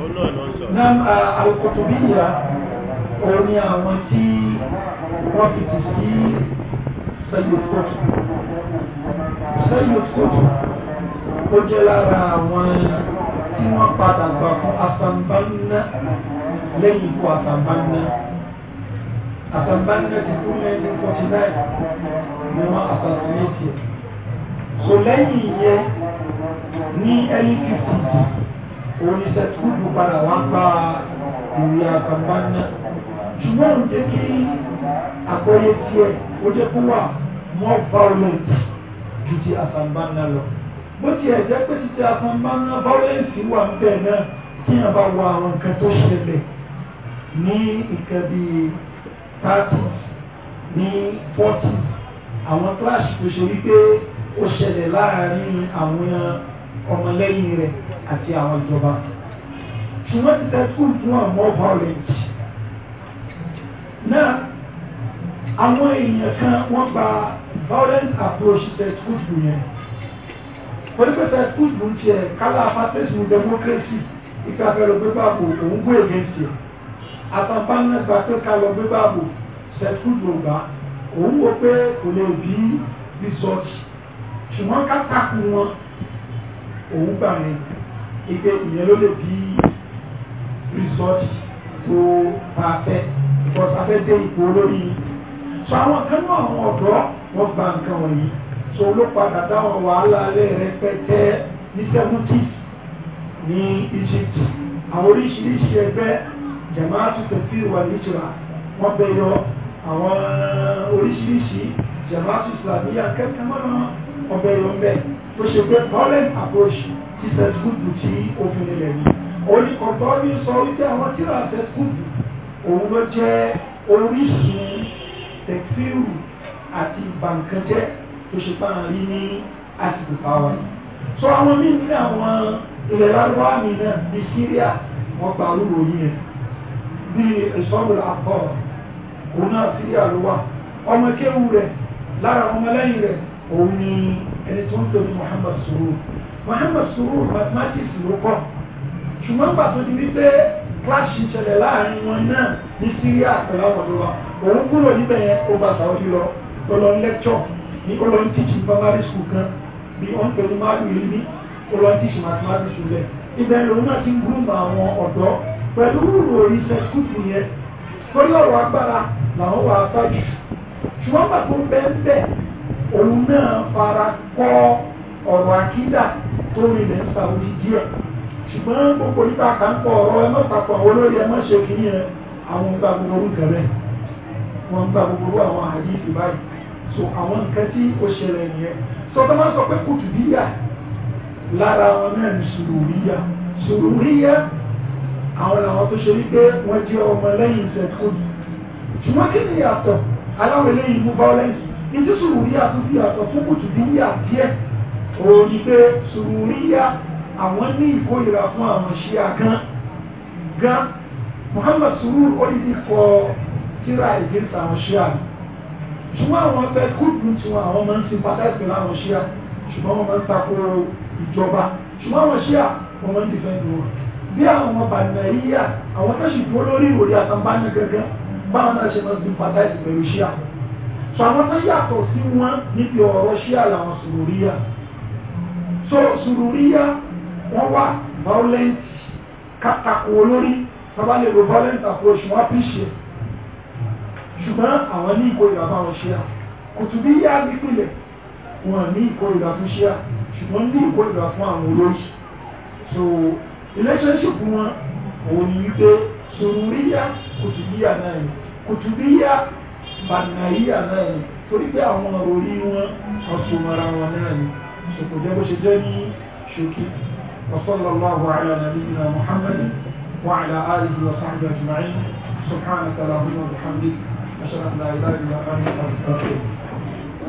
Olóòlù nam alukọtùbíyà òun ni àwọn tí wọ́n fi tì sí sẹ́yìn kóòtù sẹ́yìn kóòtù ó jẹ́ lára àwọn tí wọ́n padà gbà fún asambanna lẹ́yìn ikú asambanna asambanna ti kú lẹ́yìn forty nine ni wọ́n assassinate so lẹ́yìn yẹ ní ẹni fifty oníṣẹ́ tó ń padà wá gba ìrìn àgbàgbà náà ṣùgbọ́n ń jẹ́ kí àgbọ́yé tiẹ̀ ó jẹ́ kó wà more violent ju ti àgbàgbà náà lọ bó tiẹ̀ jẹ́ pé títí àgbàgbà náà violence wà ń bẹ̀ náà kí yẹn bá wo àwọn nǹkan tó ṣẹlẹ̀ ní nǹkan bíi thirties ní forties àwọn clash tó ṣe wípé ó ṣẹlẹ̀ láàárín àwọn ọmọlẹ́yìn rẹ̀ àti àwọn ìjọba ṣùgbọ́n ti tẹ skul fún àmọ́ violence náà àwọn èèyàn kan wọ́n gba violent approach tẹ skul fún yẹn onípẹ́ tẹ skul fún tiẹ̀ kálá afátẹ́sùn democracy ìkàfẹ́ lọ gbégbá àbò òun gbé ègéǹtì ẹ̀ àtàǹpá náà gbà pé ká lọ gbégbá àbò tẹ skul fún gbà òun wò pé kò lè bí resort ṣùgbọ́n ká takùn wọn òun gbà yẹn ìpé ìyẹn ló lè bí resort tó bá fẹ́ because a fẹ́ dé ipò olórí so àwọn kan náà àwọn ọ̀dọ́ wọ́n gba nǹkan wọ̀nyí so ló padà dáwọn wàhálà alẹ́ rẹpẹtẹ ní seventies ní Egypt àwọn oríṣiríṣi ẹgbẹ́ jamaatu tafsir wà nítura wọ́n bẹ yọ àwọn oríṣiríṣi jamaatu islamiyya kẹ́kẹ́ mọ́nà ọbẹ̀ yọ ń bẹ ṣe pé problem approach ìsẹ̀sùkùtù tí ó fi on yìí oníkọ̀tọ́ ní sọ wípé àwọn tíra ìsẹ̀sùkùtù òun ló jẹ́ orísun tẹ̀síwù àti ìbànkẹ́jẹ́ tó ṣe pa àrí ní àsìkò pàwọ̀ yìí sọ àwọn míì ní àwọn ilẹ̀ lárúbáwá mi náà ní Síríà wọ́n gba orúkọ yìí yẹn bí ìsọ́gbọ̀lá àpọ̀ òun náà Síríà ló wà ọmọ kéwù rẹ̀ là on rẹ̀ òun ni ẹni tó ń pè ní Mohamed Surur muhammed sùúrù mathematics ló kọ́ ṣùgbọ́n pàtó ni wípé kíláàsì ìṣẹ̀lẹ̀ láàrin wọn náà ní syria pẹ̀lú àwọn ọ̀dọ́ wa òun kúrò níbẹ̀ yẹn ó bá sàwọ́dí lọ ó lọ lẹ́kṣọ̀ ní ó lọ ń tíṣì primary school kan bí wọ́n ń pẹ̀lú máàlù yìí ní ó lọ ń tíṣì mathematics lẹ̀ ibẹ̀ lòun náà ti ń gúrùmọ̀ àwọn ọ̀dọ́ pẹ̀lú rúrù orí sẹ́kúùtù yẹn lórí ọ̀rọ̀ agbára làwọn wà á tọ́jú ṣùgbọ́n pàtó bẹ́ẹ̀ bẹ́ẹ̀ òun náà fara kọ́ ọ̀rọ̀ àkídà tó nílẹ̀ ń sa omi díẹ̀ ṣùgbọ́n gbogbo nípa àkàǹpọ̀ ọ̀rọ̀ ẹmọ́ papọ̀ àwọn olórí ẹmọ́ ṣe kìíní ẹ àwọn gba gbogbo orúkẹ rẹ wọn gba gbogbo àwọn àdìsí báyìí so àwọn nǹkan tí ó ṣẹlẹ̀ nìyẹn so tó máa sọ pé kùtù bíyà lára wọn náà ní sùrùríyà sùrùríyà àwọn làwọn tó ṣe wípé wọ́n jẹ́ ọmọ lẹ́yìn ìṣẹ̀kùnì ṣùgbọ́n kí ni yàtọ̀ aláwọ̀ eléyìí mú violence ìdí sùrùríyà tó fi yàtọ̀ fún kùtù bíyà díẹ̀ òun ni pé sùúríyà àwọn ní ìkórìíra fún àwọn ṣíà gan gan Muhammad sùúrù ó yìí kọ tíra against àwọn ṣíà ṣùgbọ́n àwọn ọbẹ̀ gúúpù tí wọn àwọn máa ń sympathize pẹ̀lú àwọn ṣíà ṣùgbọ́n wọn máa ń takò ìjọba ṣùgbọ́n àwọn ṣíà wọn máa ń defend wọn bí àwọn bàtà yíyà àwọn tó lórí ìròyìn àtàǹbáyé gẹ́gẹ́ báwọn náà ṣe máa ń sympathize pẹ̀lú ṣíà sọ àwọn tó yàtọ̀ sí wọn níbi ọ̀rọ̀ ṣíà làwọn sùúríyà so sùrùríyá wọ́n wá violent kátàkù olórí sábà lè lo violent approach wọ́n á fi ṣe ṣùgbọ́n àwọn ní ìkórìíra bá wọn ṣe à kùtùbíyá nípìnlẹ̀ wọn ní ìkórìíra fún ṣe à ṣùgbọ́n ní ìkórìíra fún àwọn olórí so relationship wọn òun ni wípé sùrùríyá kùtùbíyá náà ni kùtùbíyá bànàíyà náà ni torí pé àwọn òrí wọn ọ̀sùnmọ̀ra wọn náà ni. وصلى الله على نبينا محمد وعلى آله وصحبه أجمعين سبحانك اللهم وبحمدك أشهد أن لا إله إلا أنت أستغفرك